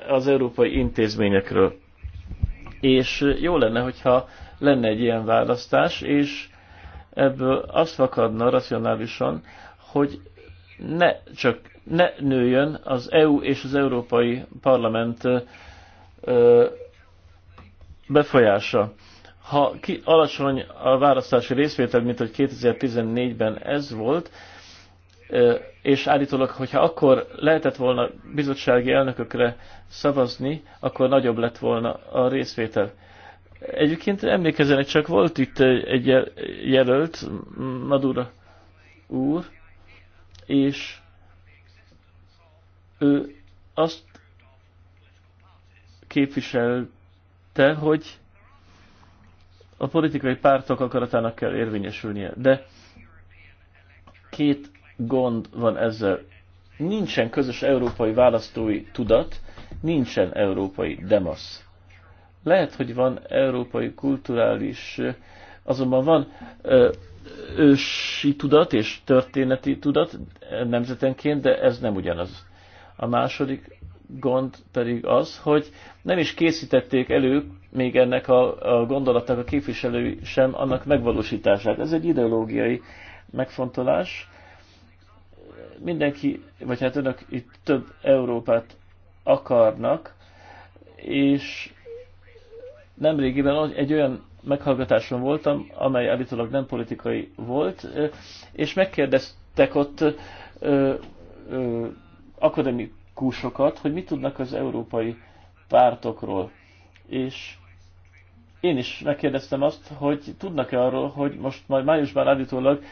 az európai intézményekről. És jó lenne, hogyha lenne egy ilyen választás, és ebből azt fakadna racionálisan, hogy ne csak ne nőjön az EU és az Európai Parlament befolyása ha ki alacsony a választási részvétel, mint hogy 2014-ben ez volt, és állítólag, hogyha akkor lehetett volna bizottsági elnökökre szavazni, akkor nagyobb lett volna a részvétel. Egyébként emlékezzenek, csak volt itt egy jelölt, Madura úr, és ő azt képviselte, hogy a politikai pártok akaratának kell érvényesülnie. De két gond van ezzel. Nincsen közös európai választói tudat, nincsen európai demasz. Lehet, hogy van európai kulturális, azonban van ősi tudat és történeti tudat nemzetenként, de ez nem ugyanaz. A második gond pedig az, hogy nem is készítették elő még ennek a, a gondolatnak a képviselői sem annak megvalósítását. Ez egy ideológiai megfontolás. Mindenki, vagy hát önök itt több Európát akarnak, és nemrégiben egy olyan meghallgatáson voltam, amely állítólag nem politikai volt, és megkérdeztek ott ö, ö, akademikusokat, hogy mit tudnak az európai pártokról. És én is megkérdeztem azt, hogy tudnak-e arról, hogy most majd májusban állítólag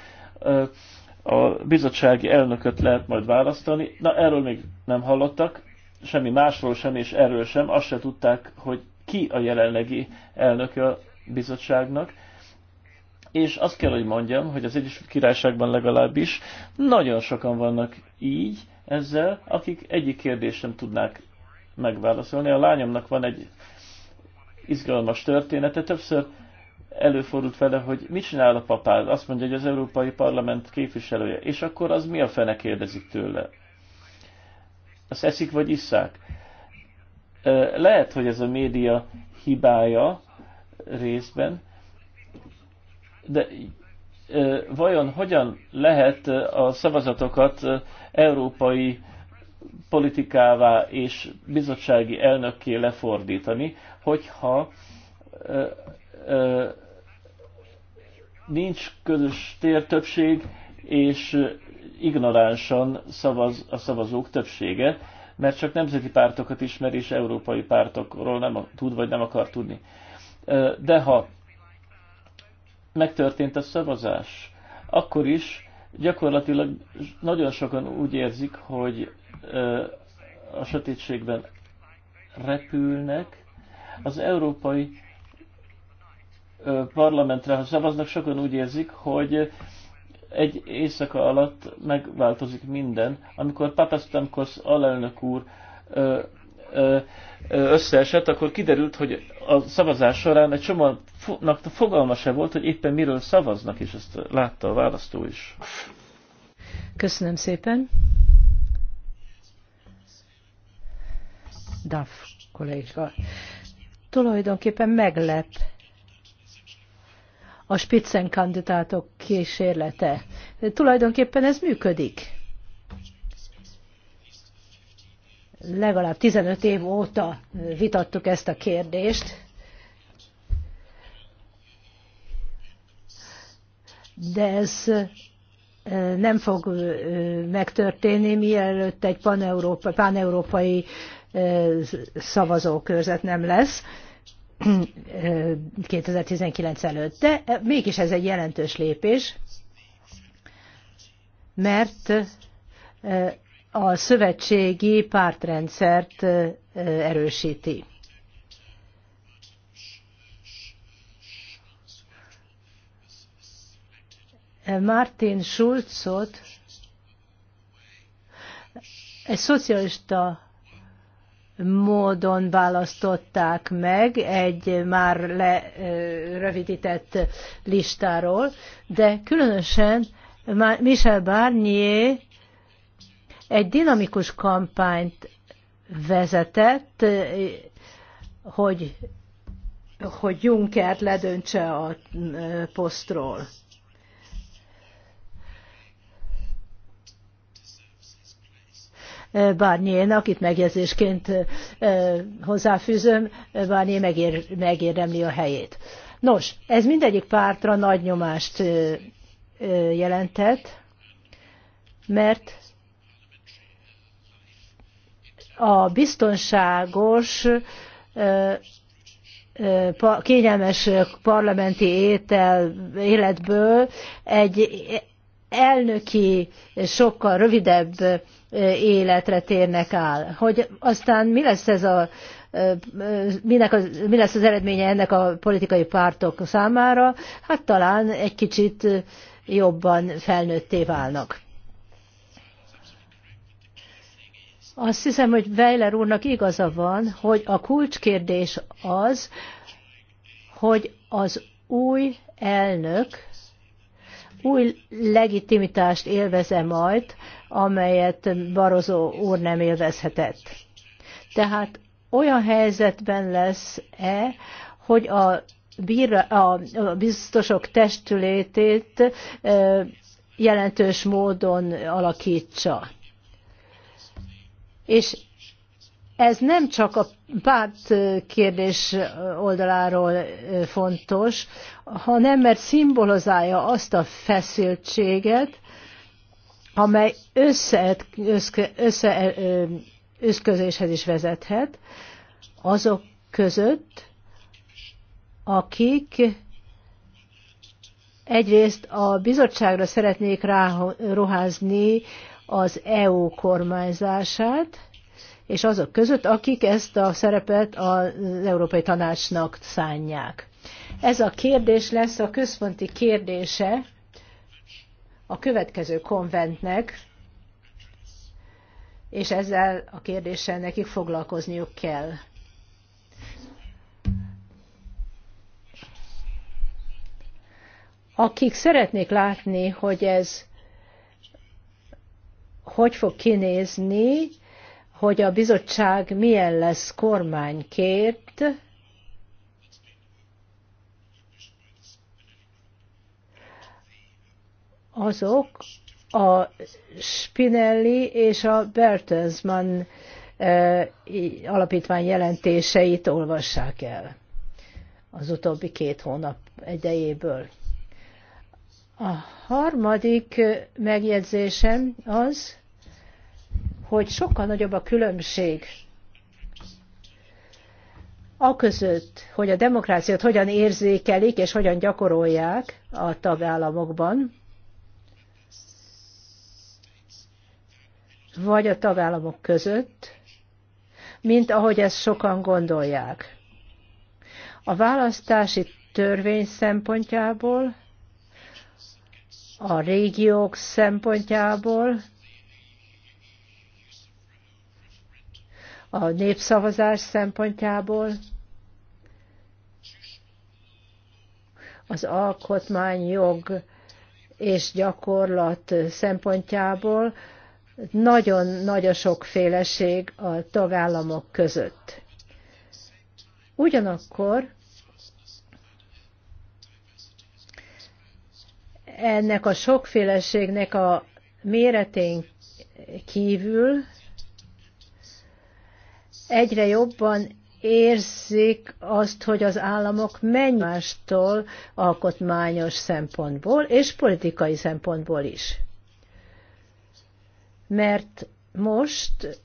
a bizottsági elnököt lehet majd választani. Na, erről még nem hallottak, semmi másról sem, és erről sem. Azt se tudták, hogy ki a jelenlegi elnöke a bizottságnak. És azt kell, hogy mondjam, hogy az Egyesült Királyságban legalábbis nagyon sokan vannak így ezzel, akik egyik kérdést sem tudnák megválaszolni. A lányomnak van egy izgalmas története. Többször előfordult vele, hogy mit csinál a papád? Azt mondja, hogy az Európai Parlament képviselője. És akkor az mi a fene kérdezik tőle? Azt eszik vagy isszák? Lehet, hogy ez a média hibája részben, de vajon hogyan lehet a szavazatokat európai politikává és bizottsági elnökké lefordítani, hogyha ö, ö, nincs közös tér többség, és ignoránsan szavaz a szavazók többsége, mert csak nemzeti pártokat ismer, és európai pártokról nem tud, vagy nem akar tudni. De ha megtörtént a szavazás, akkor is gyakorlatilag nagyon sokan úgy érzik, hogy a sötétségben repülnek. Az európai parlamentre, ha szavaznak, sokan úgy érzik, hogy egy éjszaka alatt megváltozik minden. Amikor Papastamkos alelnök úr összeesett, akkor kiderült, hogy a szavazás során egy csomónak fogalma se volt, hogy éppen miről szavaznak, és ezt látta a választó is. Köszönöm szépen. Duff kolléga. Tulajdonképpen meglep a Spitzen kandidátok kísérlete. Tulajdonképpen ez működik. Legalább 15 év óta vitattuk ezt a kérdést. De ez nem fog megtörténni, mielőtt egy paneurópai európai szavazókörzet nem lesz 2019 előtt, de mégis ez egy jelentős lépés, mert a szövetségi pártrendszert erősíti. Martin Schulzot egy szocialista módon választották meg egy már le, rövidített listáról, de különösen Michel Barnier egy dinamikus kampányt vezetett, hogy, hogy Junkert ledöntse a posztról. Bárnyénak, itt megjegyzésként hozzáfűzöm, Barnier megér, megérdemli a helyét. Nos, ez mindegyik pártra nagy nyomást jelentett, mert a biztonságos, kényelmes parlamenti étel életből egy elnöki, sokkal rövidebb életre térnek áll. Hogy aztán mi lesz ez a minek az, mi lesz az eredménye ennek a politikai pártok számára, hát talán egy kicsit jobban felnőtté válnak. Azt hiszem, hogy Weiler úrnak igaza van, hogy a kulcskérdés az, hogy az új elnök új legitimitást élveze majd, amelyet Barozó úr nem élvezhetett. Tehát olyan helyzetben lesz-e, hogy a, a biztosok testülétét jelentős módon alakítsa. És ez nem csak a párt kérdés oldaláról fontos, hanem mert szimbolizálja azt a feszültséget, amely összeösközéshez is vezethet azok között, akik egyrészt a bizottságra szeretnék ráruházni az EU kormányzását, és azok között, akik ezt a szerepet az Európai Tanácsnak szánják. Ez a kérdés lesz a központi kérdése a következő konventnek, és ezzel a kérdéssel nekik foglalkozniuk kell. Akik szeretnék látni, hogy ez hogy fog kinézni, hogy a bizottság milyen lesz kormánykért, azok a Spinelli és a Bertelsmann e, alapítvány jelentéseit olvassák el az utóbbi két hónap idejéből. A harmadik megjegyzésem az, hogy sokkal nagyobb a különbség a között, hogy a demokráciát hogyan érzékelik és hogyan gyakorolják a tagállamokban, vagy a tagállamok között, mint ahogy ezt sokan gondolják. A választási törvény szempontjából, a régiók szempontjából, a népszavazás szempontjából, az alkotmányjog és gyakorlat szempontjából nagyon nagy a sokféleség a tagállamok között. Ugyanakkor ennek a sokféleségnek a méretén kívül egyre jobban érzik azt, hogy az államok mennyi mástól alkotmányos szempontból és politikai szempontból is mert most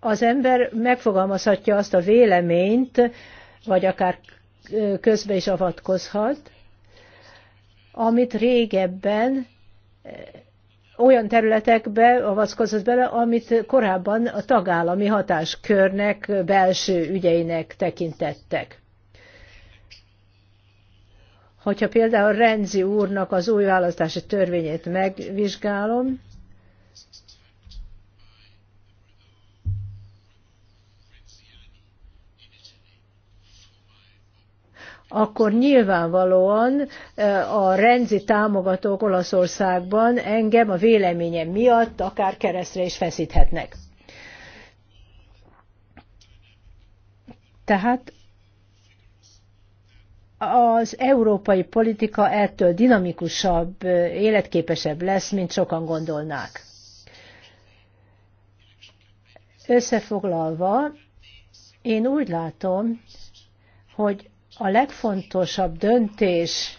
az ember megfogalmazhatja azt a véleményt, vagy akár közbe is avatkozhat, amit régebben olyan területekbe avatkozott bele, amit korábban a tagállami hatáskörnek, belső ügyeinek tekintettek. Hogyha például Renzi úrnak az új választási törvényét megvizsgálom, akkor nyilvánvalóan eh, a rendzi támogatók Olaszországban engem a véleményem miatt akár keresztre is feszíthetnek. Tehát az európai politika ettől dinamikusabb, eh, életképesebb lesz, mint sokan gondolnák. Összefoglalva, én úgy látom, hogy a legfontosabb döntés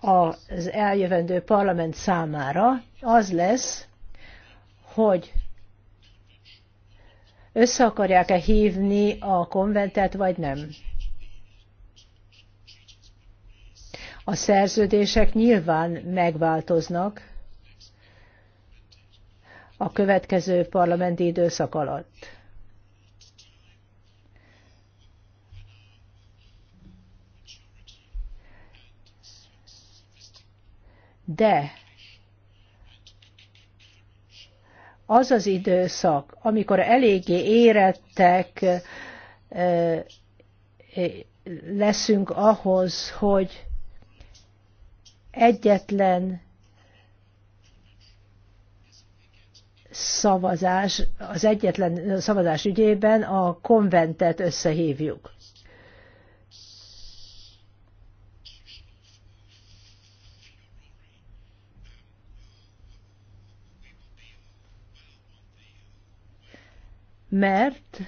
az eljövendő parlament számára az lesz, hogy össze akarják-e hívni a konventet, vagy nem. A szerződések nyilván megváltoznak a következő parlamenti időszak alatt. de az az időszak, amikor eléggé érettek leszünk ahhoz, hogy egyetlen szavazás, az egyetlen szavazás ügyében a konventet összehívjuk. mert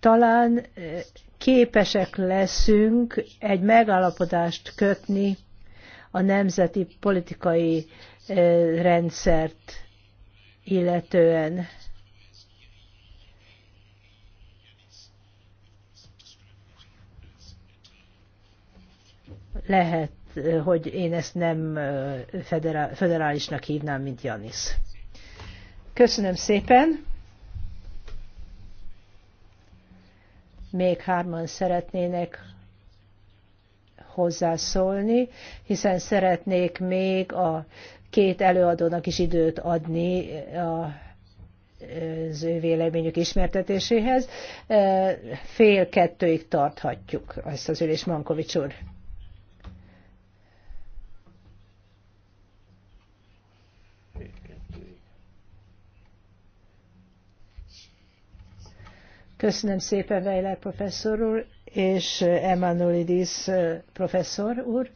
talán eh, képesek leszünk egy megállapodást kötni a nemzeti politikai eh, rendszert illetően. Lehet, eh, hogy én ezt nem federálisnak hívnám, mint Janis. Köszönöm szépen. Még hárman szeretnének hozzászólni, hiszen szeretnék még a két előadónak is időt adni a az ő véleményük ismertetéséhez. Fél kettőig tarthatjuk ezt az ülés, Mankovics úr. Köszönöm szépen Weiler professzor úr és Emanuelidis professzor úr.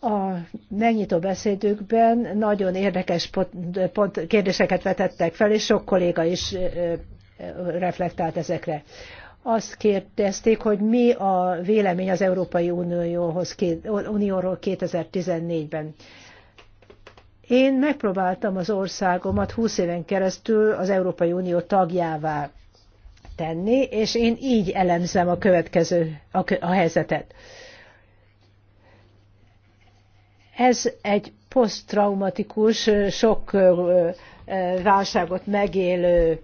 A megnyitó beszédükben nagyon érdekes pont, pont, kérdéseket vetettek fel, és sok kolléga is reflektált ezekre. Azt kérdezték, hogy mi a vélemény az Európai Unióhoz, Unióról 2014-ben. Én megpróbáltam az országomat 20 éven keresztül az Európai Unió tagjává tenni, és én így elemzem a következő a, a helyzetet. Ez egy poszttraumatikus, sok válságot megélő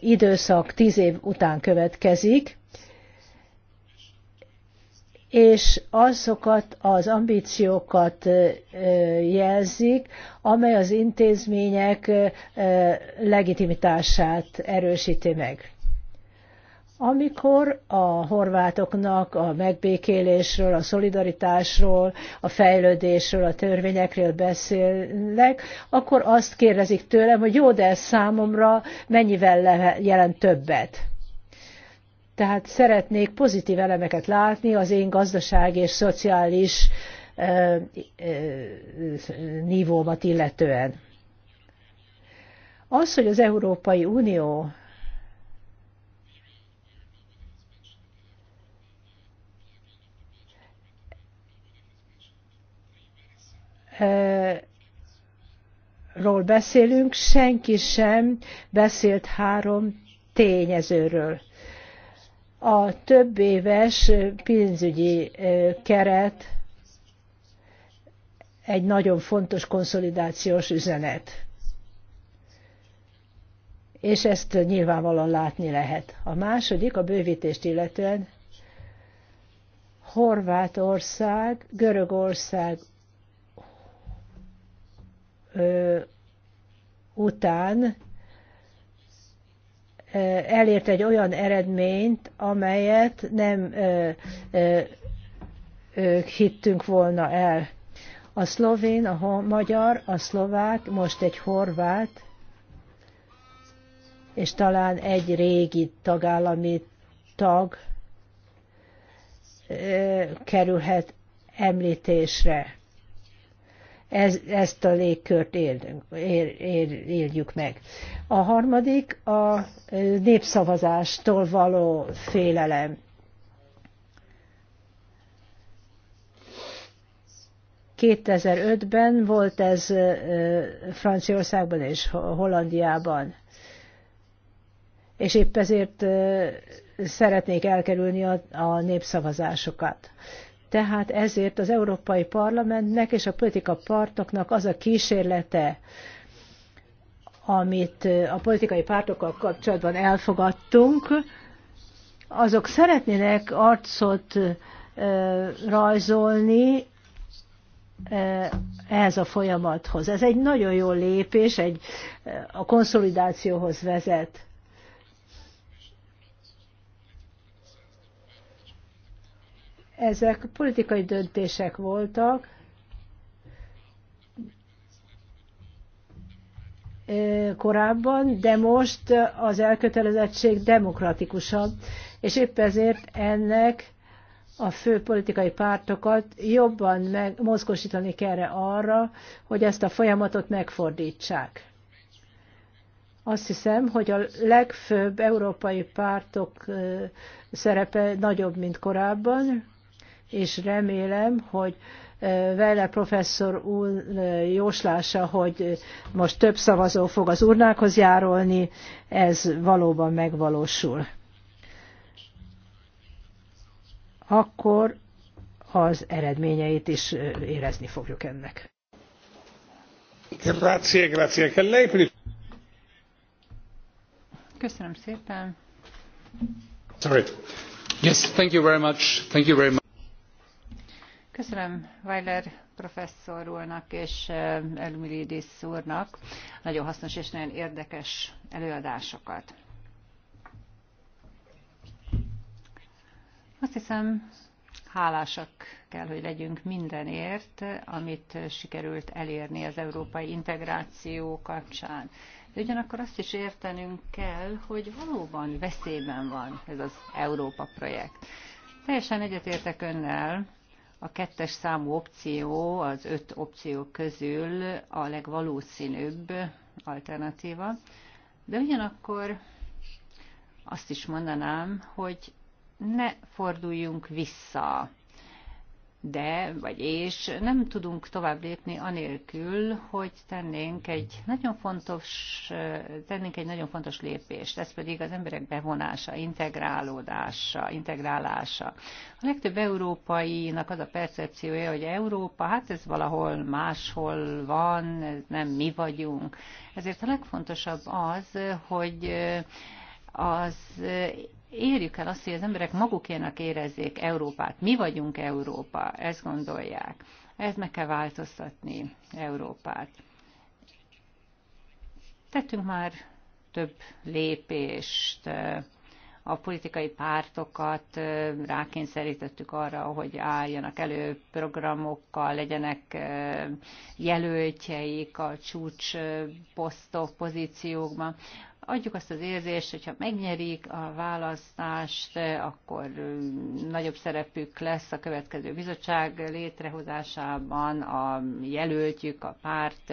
időszak tíz év után következik, és azokat az ambíciókat jelzik, amely az intézmények legitimitását erősíti meg. Amikor a horvátoknak a megbékélésről, a szolidaritásról, a fejlődésről, a törvényekről beszélnek, akkor azt kérdezik tőlem, hogy jó, de ez számomra mennyivel jelent többet tehát szeretnék pozitív elemeket látni az én gazdasági és szociális nívómat illetően. Az, hogy az Európai Unió ról beszélünk, senki sem beszélt három tényezőről. A több éves pénzügyi keret egy nagyon fontos konszolidációs üzenet. És ezt nyilvánvalóan látni lehet. A második, a bővítést illetően Horvátország, Görögország ö, után elért egy olyan eredményt, amelyet nem hittünk volna el. A szlovén, a magyar, a szlovák, most egy horvát, és talán egy régi tagállami tag kerülhet említésre ez, ezt a légkört élünk, él, él, éljük meg. A harmadik a népszavazástól való félelem. ...2005-ben volt ez Franciaországban és Hollandiában. És épp ezért szeretnék elkerülni a, a népszavazásokat. Tehát ezért az Európai Parlamentnek és a politika pártoknak az a kísérlete, amit a politikai pártokkal kapcsolatban elfogadtunk, azok szeretnének arcot rajzolni ehhez a folyamathoz. Ez egy nagyon jó lépés, egy, a konszolidációhoz vezet. Ezek politikai döntések voltak, korábban, de most az elkötelezettség demokratikusabb, és épp ezért ennek a fő politikai pártokat jobban mozgósítani mozgosítani kell arra, hogy ezt a folyamatot megfordítsák. Azt hiszem, hogy a legfőbb európai pártok szerepe nagyobb, mint korábban, és remélem, hogy Vele eh, professzor úr eh, jóslása, hogy eh, most több szavazó fog az urnákhoz járulni, ez valóban megvalósul. Akkor az eredményeit is érezni fogjuk ennek. Grazie, grazie. Köszönöm szépen. Sorry. Yes, thank you very much. Thank you very much. Köszönöm Weiler professzor úrnak és Elmiridis úrnak nagyon hasznos és nagyon érdekes előadásokat. Azt hiszem, hálásak kell, hogy legyünk mindenért, amit sikerült elérni az európai integráció kapcsán. De ugyanakkor azt is értenünk kell, hogy valóban veszélyben van ez az Európa projekt. Teljesen egyetértek önnel, a kettes számú opció az öt opció közül a legvalószínűbb alternatíva, de ugyanakkor azt is mondanám, hogy ne forduljunk vissza de, vagy és nem tudunk tovább lépni anélkül, hogy tennénk egy nagyon fontos, tennénk egy nagyon fontos lépést, ez pedig az emberek bevonása, integrálódása, integrálása. A legtöbb európainak az a percepciója, hogy Európa, hát ez valahol máshol van, ez nem mi vagyunk. Ezért a legfontosabb az, hogy az érjük el azt, hogy az emberek magukénak érezzék Európát. Mi vagyunk Európa, ezt gondolják. Ez meg kell változtatni Európát. Tettünk már több lépést, a politikai pártokat rákényszerítettük arra, hogy álljanak elő programokkal, legyenek jelöltjeik a csúcs posztok, pozíciókban adjuk azt az érzést, hogyha megnyerik a választást, akkor nagyobb szerepük lesz a következő bizottság létrehozásában, a jelöltjük, a párt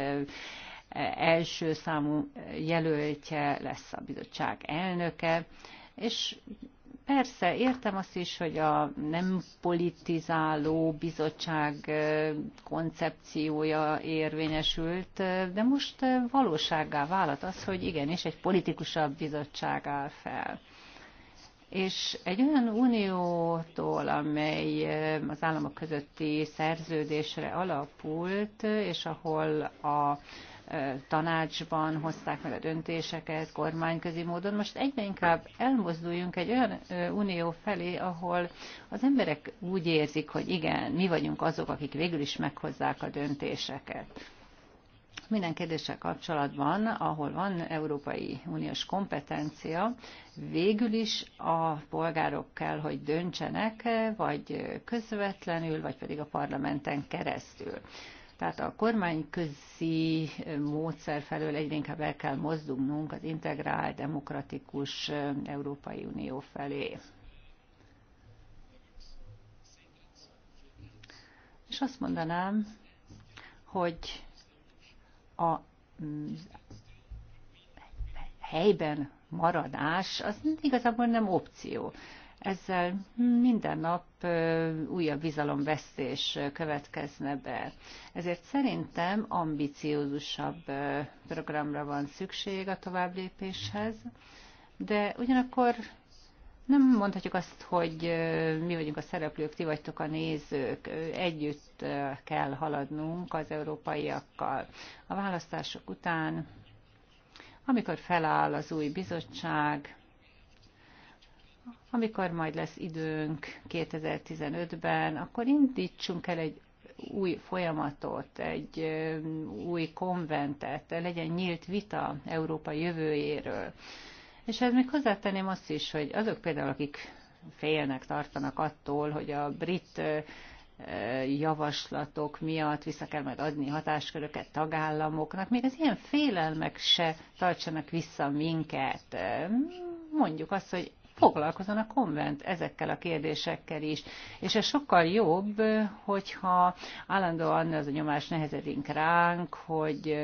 első számú jelöltje lesz a bizottság elnöke, és Persze, értem azt is, hogy a nem politizáló bizottság koncepciója érvényesült, de most valósággá vált az, hogy igenis egy politikusabb bizottság áll fel. És egy olyan uniótól, amely az államok közötti szerződésre alapult, és ahol a tanácsban hozták meg a döntéseket kormányközi módon. Most egyre inkább elmozduljunk egy olyan unió felé, ahol az emberek úgy érzik, hogy igen, mi vagyunk azok, akik végül is meghozzák a döntéseket minden kérdéssel kapcsolatban, ahol van Európai Uniós kompetencia, végül is a polgárok kell, hogy döntsenek, vagy közvetlenül, vagy pedig a parlamenten keresztül. Tehát a kormányközi módszer felől egyre inkább el kell mozdulnunk az integrált, demokratikus Európai Unió felé. És azt mondanám, hogy a mm, helyben maradás az igazából nem opció ezzel minden nap újabb bizalomvesztés következne be. Ezért szerintem ambiciózusabb programra van szükség a továbblépéshez, de ugyanakkor nem mondhatjuk azt, hogy mi vagyunk a szereplők, ti vagytok a nézők, együtt kell haladnunk az európaiakkal. A választások után, amikor feláll az új bizottság, amikor majd lesz időnk 2015-ben, akkor indítsunk el egy új folyamatot, egy új konventet, legyen nyílt vita Európa jövőjéről. És ez hát még hozzátenném azt is, hogy azok például, akik félnek, tartanak attól, hogy a brit javaslatok miatt vissza kell majd adni hatásköröket tagállamoknak, még az ilyen félelmek se tartsanak vissza minket. Mondjuk azt, hogy foglalkozon a konvent ezekkel a kérdésekkel is. És ez sokkal jobb, hogyha állandóan az a nyomás nehezedik ránk, hogy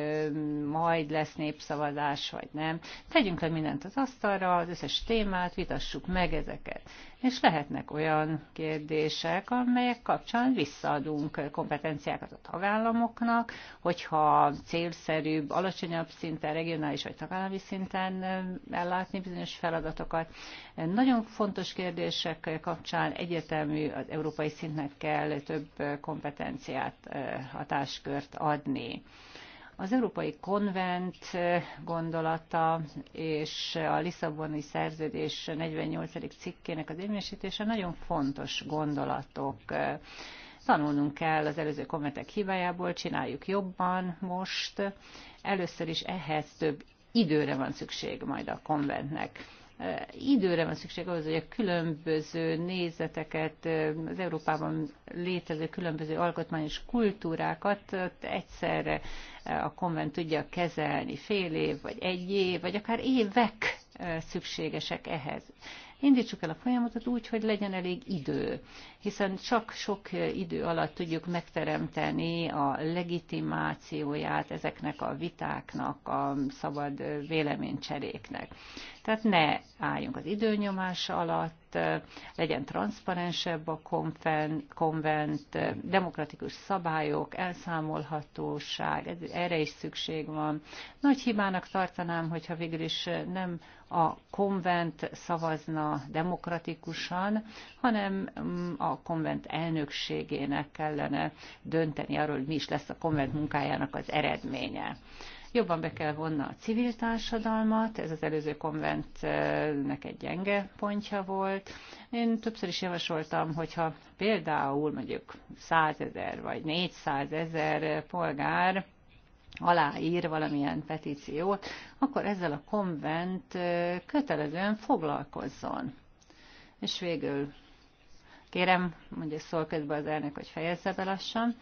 majd lesz népszavazás, vagy nem. Tegyünk le mindent az asztalra, az összes témát, vitassuk meg ezeket és lehetnek olyan kérdések, amelyek kapcsán visszaadunk kompetenciákat a tagállamoknak, hogyha célszerűbb, alacsonyabb szinten, regionális vagy tagállami szinten ellátni bizonyos feladatokat. Nagyon fontos kérdések kapcsán egyetemű az európai szintnek kell több kompetenciát, hatáskört adni. Az Európai Konvent gondolata és a Lisszaboni Szerződés 48. cikkének az érvényesítése nagyon fontos gondolatok. Tanulnunk kell az előző konventek hibájából, csináljuk jobban most. Először is ehhez több időre van szükség majd a konventnek időre van szükség ahhoz, hogy a különböző nézeteket, az Európában létező különböző alkotmányos kultúrákat egyszerre a konvent tudja kezelni fél év, vagy egy év, vagy akár évek szükségesek ehhez. Indítsuk el a folyamatot úgy, hogy legyen elég idő, hiszen csak sok idő alatt tudjuk megteremteni a legitimációját ezeknek a vitáknak, a szabad véleménycseréknek. Tehát ne álljunk az időnyomás alatt, legyen transzparensebb a konvent, demokratikus szabályok, elszámolhatóság, erre is szükség van. Nagy hibának tartanám, hogyha végül is nem a konvent szavazna demokratikusan, hanem mm, a konvent elnökségének kellene dönteni arról, hogy mi is lesz a konvent munkájának az eredménye jobban be kell vonna a civil társadalmat, ez az előző konventnek egy gyenge pontja volt. Én többször is javasoltam, hogyha például mondjuk 100 ezer vagy 400 ezer polgár aláír valamilyen petíciót, akkor ezzel a konvent kötelezően foglalkozzon. És végül kérem, mondja szól közben az elnök, hogy fejezze be lassan,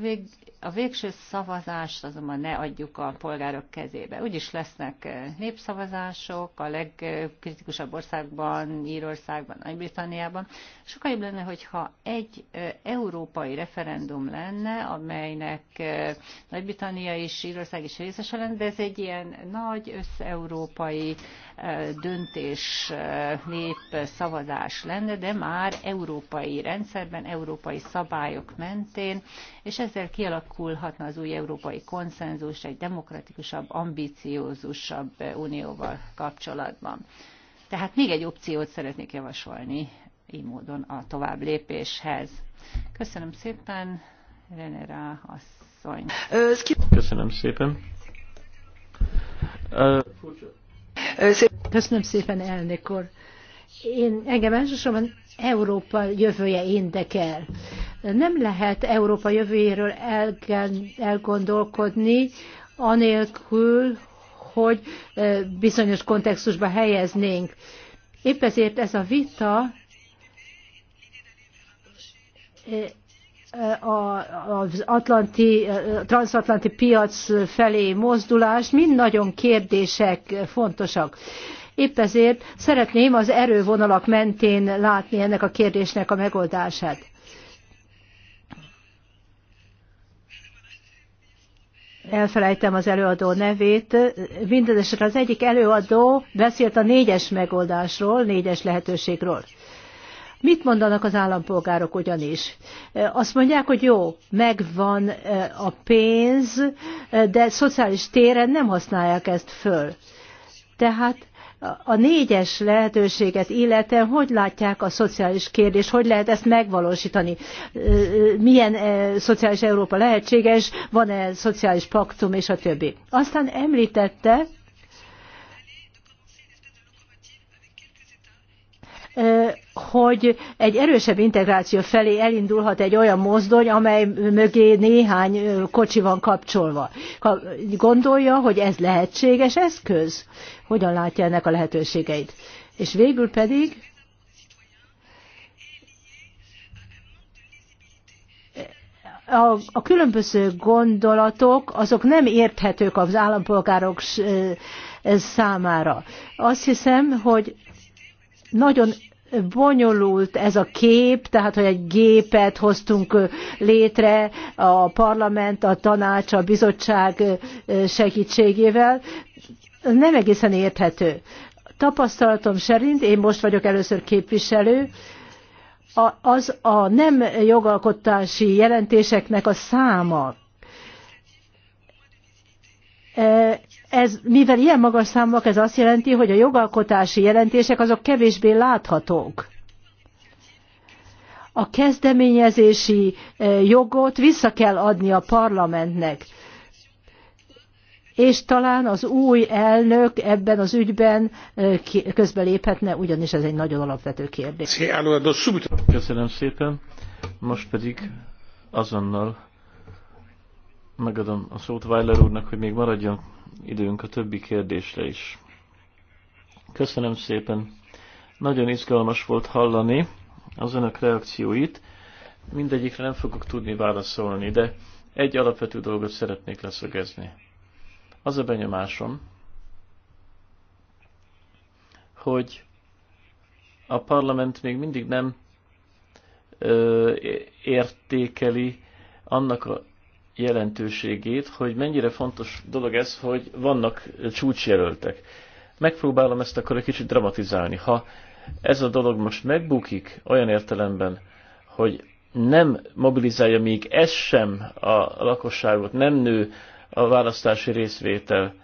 Vég, a végső szavazást azonban ne adjuk a polgárok kezébe. Úgyis lesznek eh, népszavazások a legkritikusabb országban, Írországban, Nagy-Britanniában. Sokkal jobb lenne, hogyha egy eh, európai referendum lenne, amelynek eh, Nagy-Britannia és Írország is részese lenne, de ez egy ilyen nagy összeurópai döntés népszavazás lenne, de már európai rendszerben, európai szabályok mentén, és és ezzel kialakulhatna az új európai konszenzus egy demokratikusabb, ambíciózusabb unióval kapcsolatban. Tehát még egy opciót szeretnék javasolni így módon a tovább lépéshez. Köszönöm szépen, Renera asszony. Köszönöm szépen. Köszönöm szépen, elnök úr. Én, engem elsősorban Európa jövője érdekel. Nem lehet Európa jövőjéről el kell elgondolkodni, anélkül, hogy bizonyos kontextusba helyeznénk. Épp ezért ez a vita az atlanti, transatlanti piac felé mozdulás mind nagyon kérdések fontosak. Épp ezért szeretném az erővonalak mentén látni ennek a kérdésnek a megoldását. elfelejtem az előadó nevét, mindesetre az egyik előadó beszélt a négyes megoldásról, négyes lehetőségről. Mit mondanak az állampolgárok ugyanis? Azt mondják, hogy jó, megvan eh, a pénz, eh, de szociális téren nem használják ezt föl. Tehát a négyes lehetőséget illetve hogy látják a szociális kérdést, hogy lehet ezt megvalósítani? Milyen szociális Európa lehetséges, van-e szociális paktum és a többi. Aztán említette, hogy egy erősebb integráció felé elindulhat egy olyan mozdony, amely mögé néhány kocsi van kapcsolva. Gondolja, hogy ez lehetséges eszköz? Hogyan látja ennek a lehetőségeit? És végül pedig a, a különböző gondolatok azok nem érthetők az állampolgárok számára. Azt hiszem, hogy nagyon bonyolult ez a kép, tehát hogy egy gépet hoztunk létre a parlament, a tanács, a bizottság segítségével, nem egészen érthető. Tapasztalatom szerint, én most vagyok először képviselő, az a nem jogalkotási jelentéseknek a száma ez, mivel ilyen magas számok, ez azt jelenti, hogy a jogalkotási jelentések azok kevésbé láthatók. A kezdeményezési e, jogot vissza kell adni a parlamentnek. És talán az új elnök ebben az ügyben e, közbeléphetne, ugyanis ez egy nagyon alapvető kérdés. Köszönöm szépen. Most pedig azonnal megadom a szót Weiler úrnak, hogy még maradjon időnk a többi kérdésre is. Köszönöm szépen. Nagyon izgalmas volt hallani az önök reakcióit. Mindegyikre nem fogok tudni válaszolni, de egy alapvető dolgot szeretnék leszögezni. Az a benyomásom, hogy a parlament még mindig nem ö, értékeli annak a jelentőségét, hogy mennyire fontos dolog ez, hogy vannak csúcsjelöltek. Megpróbálom ezt akkor egy kicsit dramatizálni. Ha ez a dolog most megbukik olyan értelemben, hogy nem mobilizálja még ez sem a lakosságot, nem nő a választási részvétel,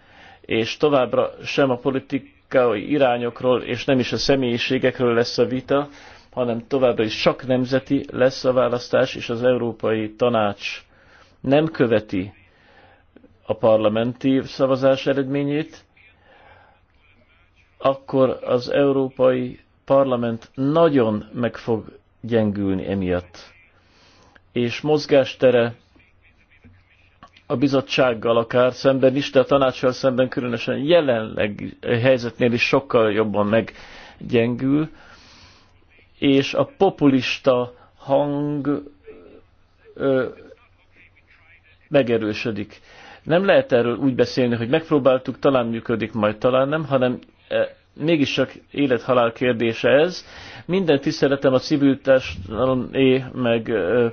és továbbra sem a politikai irányokról, és nem is a személyiségekről lesz a vita, hanem továbbra is csak nemzeti lesz a választás, és az Európai Tanács nem követi a parlamenti szavazás eredményét, akkor az Európai Parlament nagyon meg fog gyengülni emiatt. És mozgástere a bizottsággal akár szemben is, de a tanácssal szemben különösen jelenleg helyzetnél is sokkal jobban meggyengül, és a populista hang ö, megerősödik. Nem lehet erről úgy beszélni, hogy megpróbáltuk, talán működik, majd talán nem, hanem e, mégis csak élethalál kérdése ez. Minden tiszteletem a civil é meg e,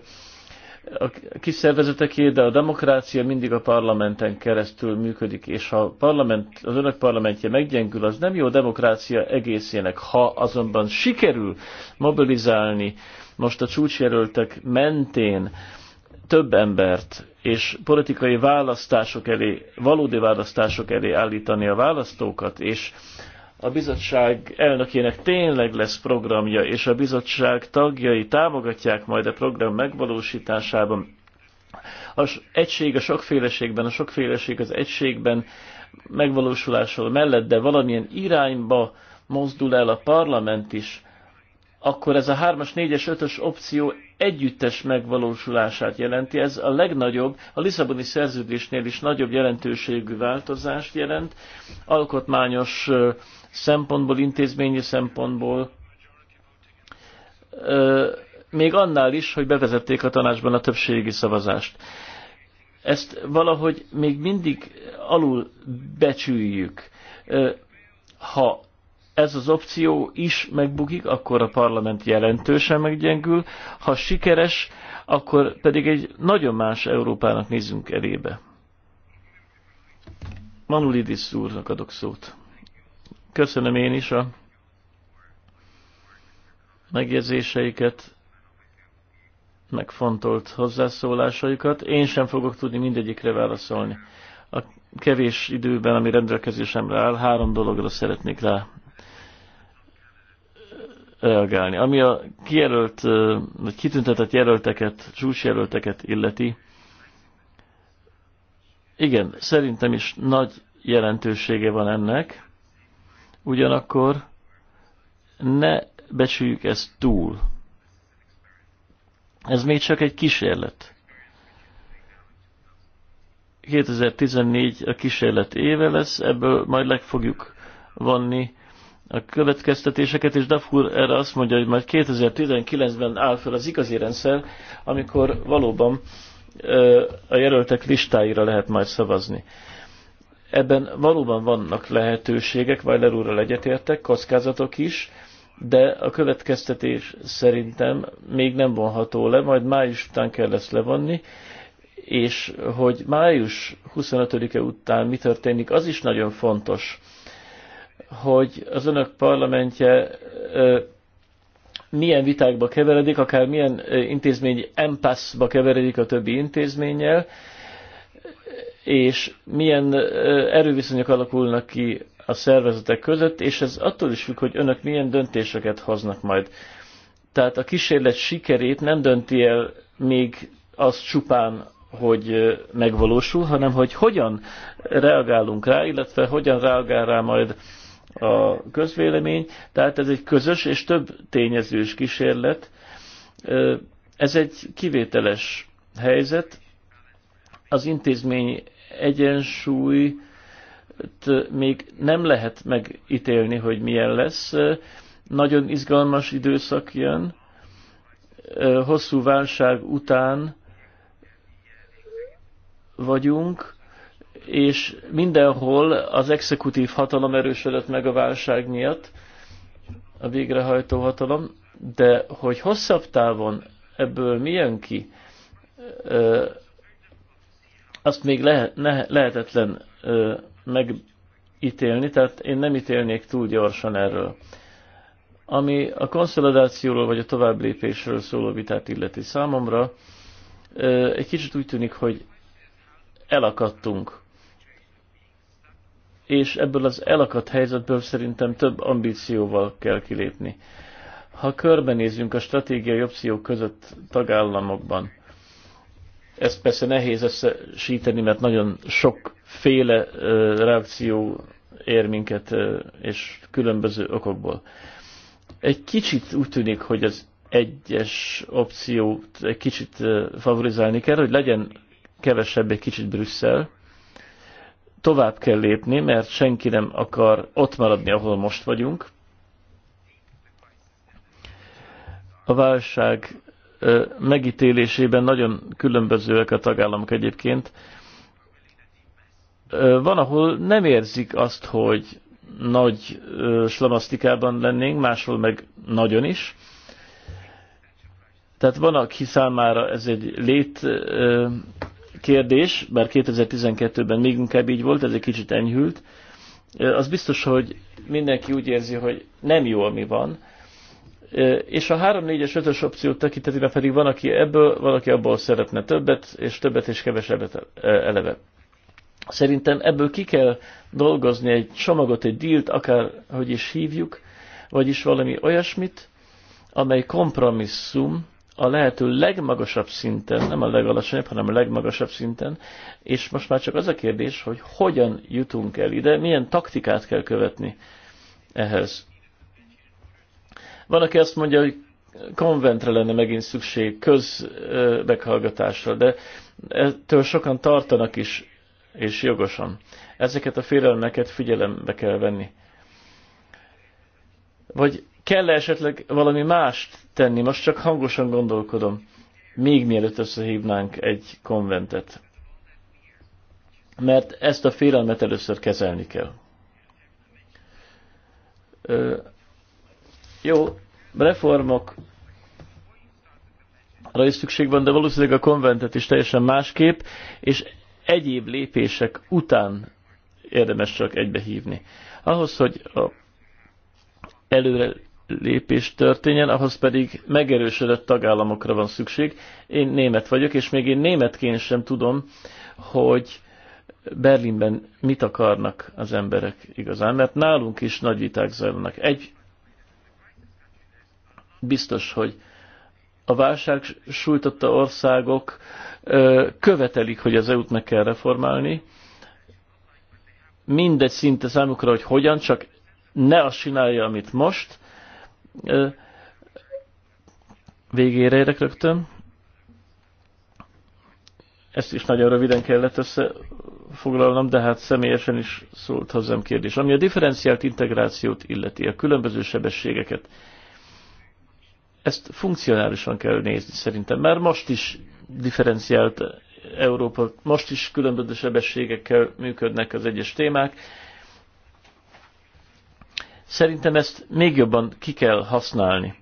a kis szervezeteké, de a demokrácia mindig a parlamenten keresztül működik, és ha a parlament, az önök parlamentje meggyengül, az nem jó demokrácia egészének. Ha azonban sikerül mobilizálni most a csúcsjelöltek mentén több embert és politikai választások elé, valódi választások elé állítani a választókat, és a bizottság elnökének tényleg lesz programja, és a bizottság tagjai támogatják majd a program megvalósításában. Az egység a sokféleségben, a sokféleség az egységben megvalósulással mellett, de valamilyen irányba mozdul el a parlament is, akkor ez a 3-as, 4-es, 5-ös opció együttes megvalósulását jelenti. Ez a legnagyobb, a Lisszaboni szerződésnél is nagyobb jelentőségű változást jelent, alkotmányos szempontból, intézményi szempontból, még annál is, hogy bevezették a tanácsban a többségi szavazást. Ezt valahogy még mindig alul becsüljük. Ha ez az opció is megbukik, akkor a parlament jelentősen meggyengül, ha sikeres, akkor pedig egy nagyon más Európának nézünk elébe. Manulidis úrnak adok szót. Köszönöm én is a megjegyzéseiket, megfontolt hozzászólásaikat. Én sem fogok tudni mindegyikre válaszolni. A kevés időben, ami rendelkezésemre áll, három dologra szeretnék rá reagálni. Ami a kijelölt, vagy kitüntetett jelölteket, csúcsjelölteket illeti, igen, szerintem is nagy jelentősége van ennek, ugyanakkor ne becsüljük ezt túl. Ez még csak egy kísérlet. 2014 a kísérlet éve lesz, ebből majd leg fogjuk a következtetéseket, és Dafur erre azt mondja, hogy majd 2019-ben áll fel az igazi rendszer, amikor valóban a jelöltek listáira lehet majd szavazni. Ebben valóban vannak lehetőségek, Weiler úrral egyetértek, kockázatok is, de a következtetés szerintem még nem vonható le, majd május után kell lesz levonni, és hogy május 25-e után mi történik, az is nagyon fontos hogy az önök parlamentje milyen vitákba keveredik, akár milyen intézmény empasszba keveredik a többi intézménnyel, és milyen erőviszonyok alakulnak ki a szervezetek között, és ez attól is függ, hogy önök milyen döntéseket hoznak majd. Tehát a kísérlet sikerét nem dönti el még az csupán, hogy megvalósul, hanem hogy hogyan reagálunk rá, illetve hogyan reagál rá majd a közvélemény, tehát ez egy közös és több tényezős kísérlet. Ez egy kivételes helyzet. Az intézmény egyensúly még nem lehet megítélni, hogy milyen lesz. Nagyon izgalmas időszak jön. Hosszú válság után vagyunk és mindenhol az exekutív hatalom erősödött meg a válság miatt, a végrehajtó hatalom, de hogy hosszabb távon ebből milyen ki, azt még ne, lehetetlen ö, megítélni, tehát én nem ítélnék túl gyorsan erről. Ami a konszolidációról vagy a tovább lépésről szóló vitát illeti számomra, ö, egy kicsit úgy tűnik, hogy elakadtunk és ebből az elakadt helyzetből szerintem több ambícióval kell kilépni. Ha körbenézünk a stratégiai opciók között tagállamokban, ezt persze nehéz összesíteni, mert nagyon sokféle reakció ér minket, és különböző okokból. Egy kicsit úgy tűnik, hogy az egyes opciót egy kicsit favorizálni kell, hogy legyen kevesebb egy kicsit Brüsszel, tovább kell lépni, mert senki nem akar ott maradni, ahol most vagyunk. A válság megítélésében nagyon különbözőek a tagállamok egyébként. Van, ahol nem érzik azt, hogy nagy slamasztikában lennénk, máshol meg nagyon is. Tehát van, aki számára ez egy lét kérdés, bár 2012-ben még inkább így volt, ez egy kicsit enyhült, az biztos, hogy mindenki úgy érzi, hogy nem jó, ami van, és a 3, 4-es, 5-ös opciót tekintetében pedig van, aki ebből, valaki abból szeretne többet, és többet és kevesebbet e, e, eleve. Szerintem ebből ki kell dolgozni egy csomagot, egy dílt, akárhogy is hívjuk, vagyis valami olyasmit, amely kompromisszum, a lehető legmagasabb szinten, nem a legalacsonyabb, hanem a legmagasabb szinten, és most már csak az a kérdés, hogy hogyan jutunk el ide, milyen taktikát kell követni ehhez. Van, aki azt mondja, hogy konventre lenne megint szükség közmeghallgatásra, de ettől sokan tartanak is, és jogosan. Ezeket a félelmeket figyelembe kell venni. Vagy kell -e esetleg valami mást tenni? Most csak hangosan gondolkodom. Még mielőtt összehívnánk egy konventet. Mert ezt a félelmet először kezelni kell. Ö, jó, reformok arra is szükség van, de valószínűleg a konventet is teljesen másképp, és egyéb lépések után érdemes csak egybehívni. Ahhoz, hogy a előre lépés történjen, ahhoz pedig megerősödött tagállamokra van szükség. Én német vagyok, és még én németként sem tudom, hogy Berlinben mit akarnak az emberek igazán, mert nálunk is nagy viták zajlanak. Egy biztos, hogy a válság sújtotta országok követelik, hogy az EU-t meg kell reformálni. Mindegy szinte számukra, hogy hogyan, csak ne azt csinálja, amit most, végére érek rögtön. Ezt is nagyon röviden kellett összefoglalnom, de hát személyesen is szólt hozzám kérdés. Ami a differenciált integrációt illeti, a különböző sebességeket, ezt funkcionálisan kell nézni szerintem. Már most is differenciált Európa, most is különböző sebességekkel működnek az egyes témák, Szerintem ezt még jobban ki kell használni.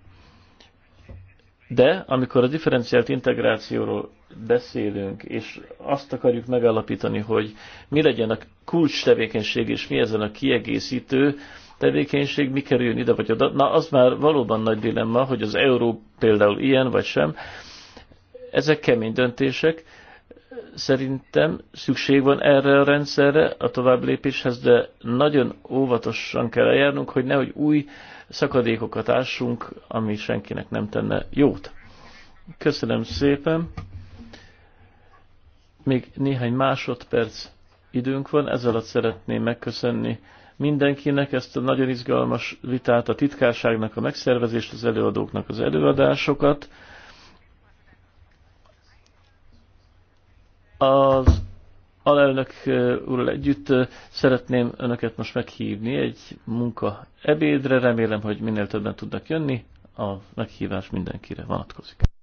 De amikor a differenciált integrációról beszélünk, és azt akarjuk megalapítani, hogy mi legyen a kulcs tevékenység, és mi ezen a kiegészítő tevékenység, mi kerüljön ide vagy oda, na az már valóban nagy dilemma, hogy az euró például ilyen vagy sem. Ezek kemény döntések, Szerintem szükség van erre a rendszerre a tovább lépéshez, de nagyon óvatosan kell eljárnunk, hogy nehogy új szakadékokat ássunk, ami senkinek nem tenne jót. Köszönöm szépen. Még néhány másodperc időnk van, ezzel alatt szeretném megköszönni mindenkinek ezt a nagyon izgalmas vitát, a titkárságnak a megszervezést, az előadóknak az előadásokat. Az alelnök úrral együtt szeretném önöket most meghívni egy munka ebédre. Remélem, hogy minél többen tudnak jönni. A meghívás mindenkire vonatkozik.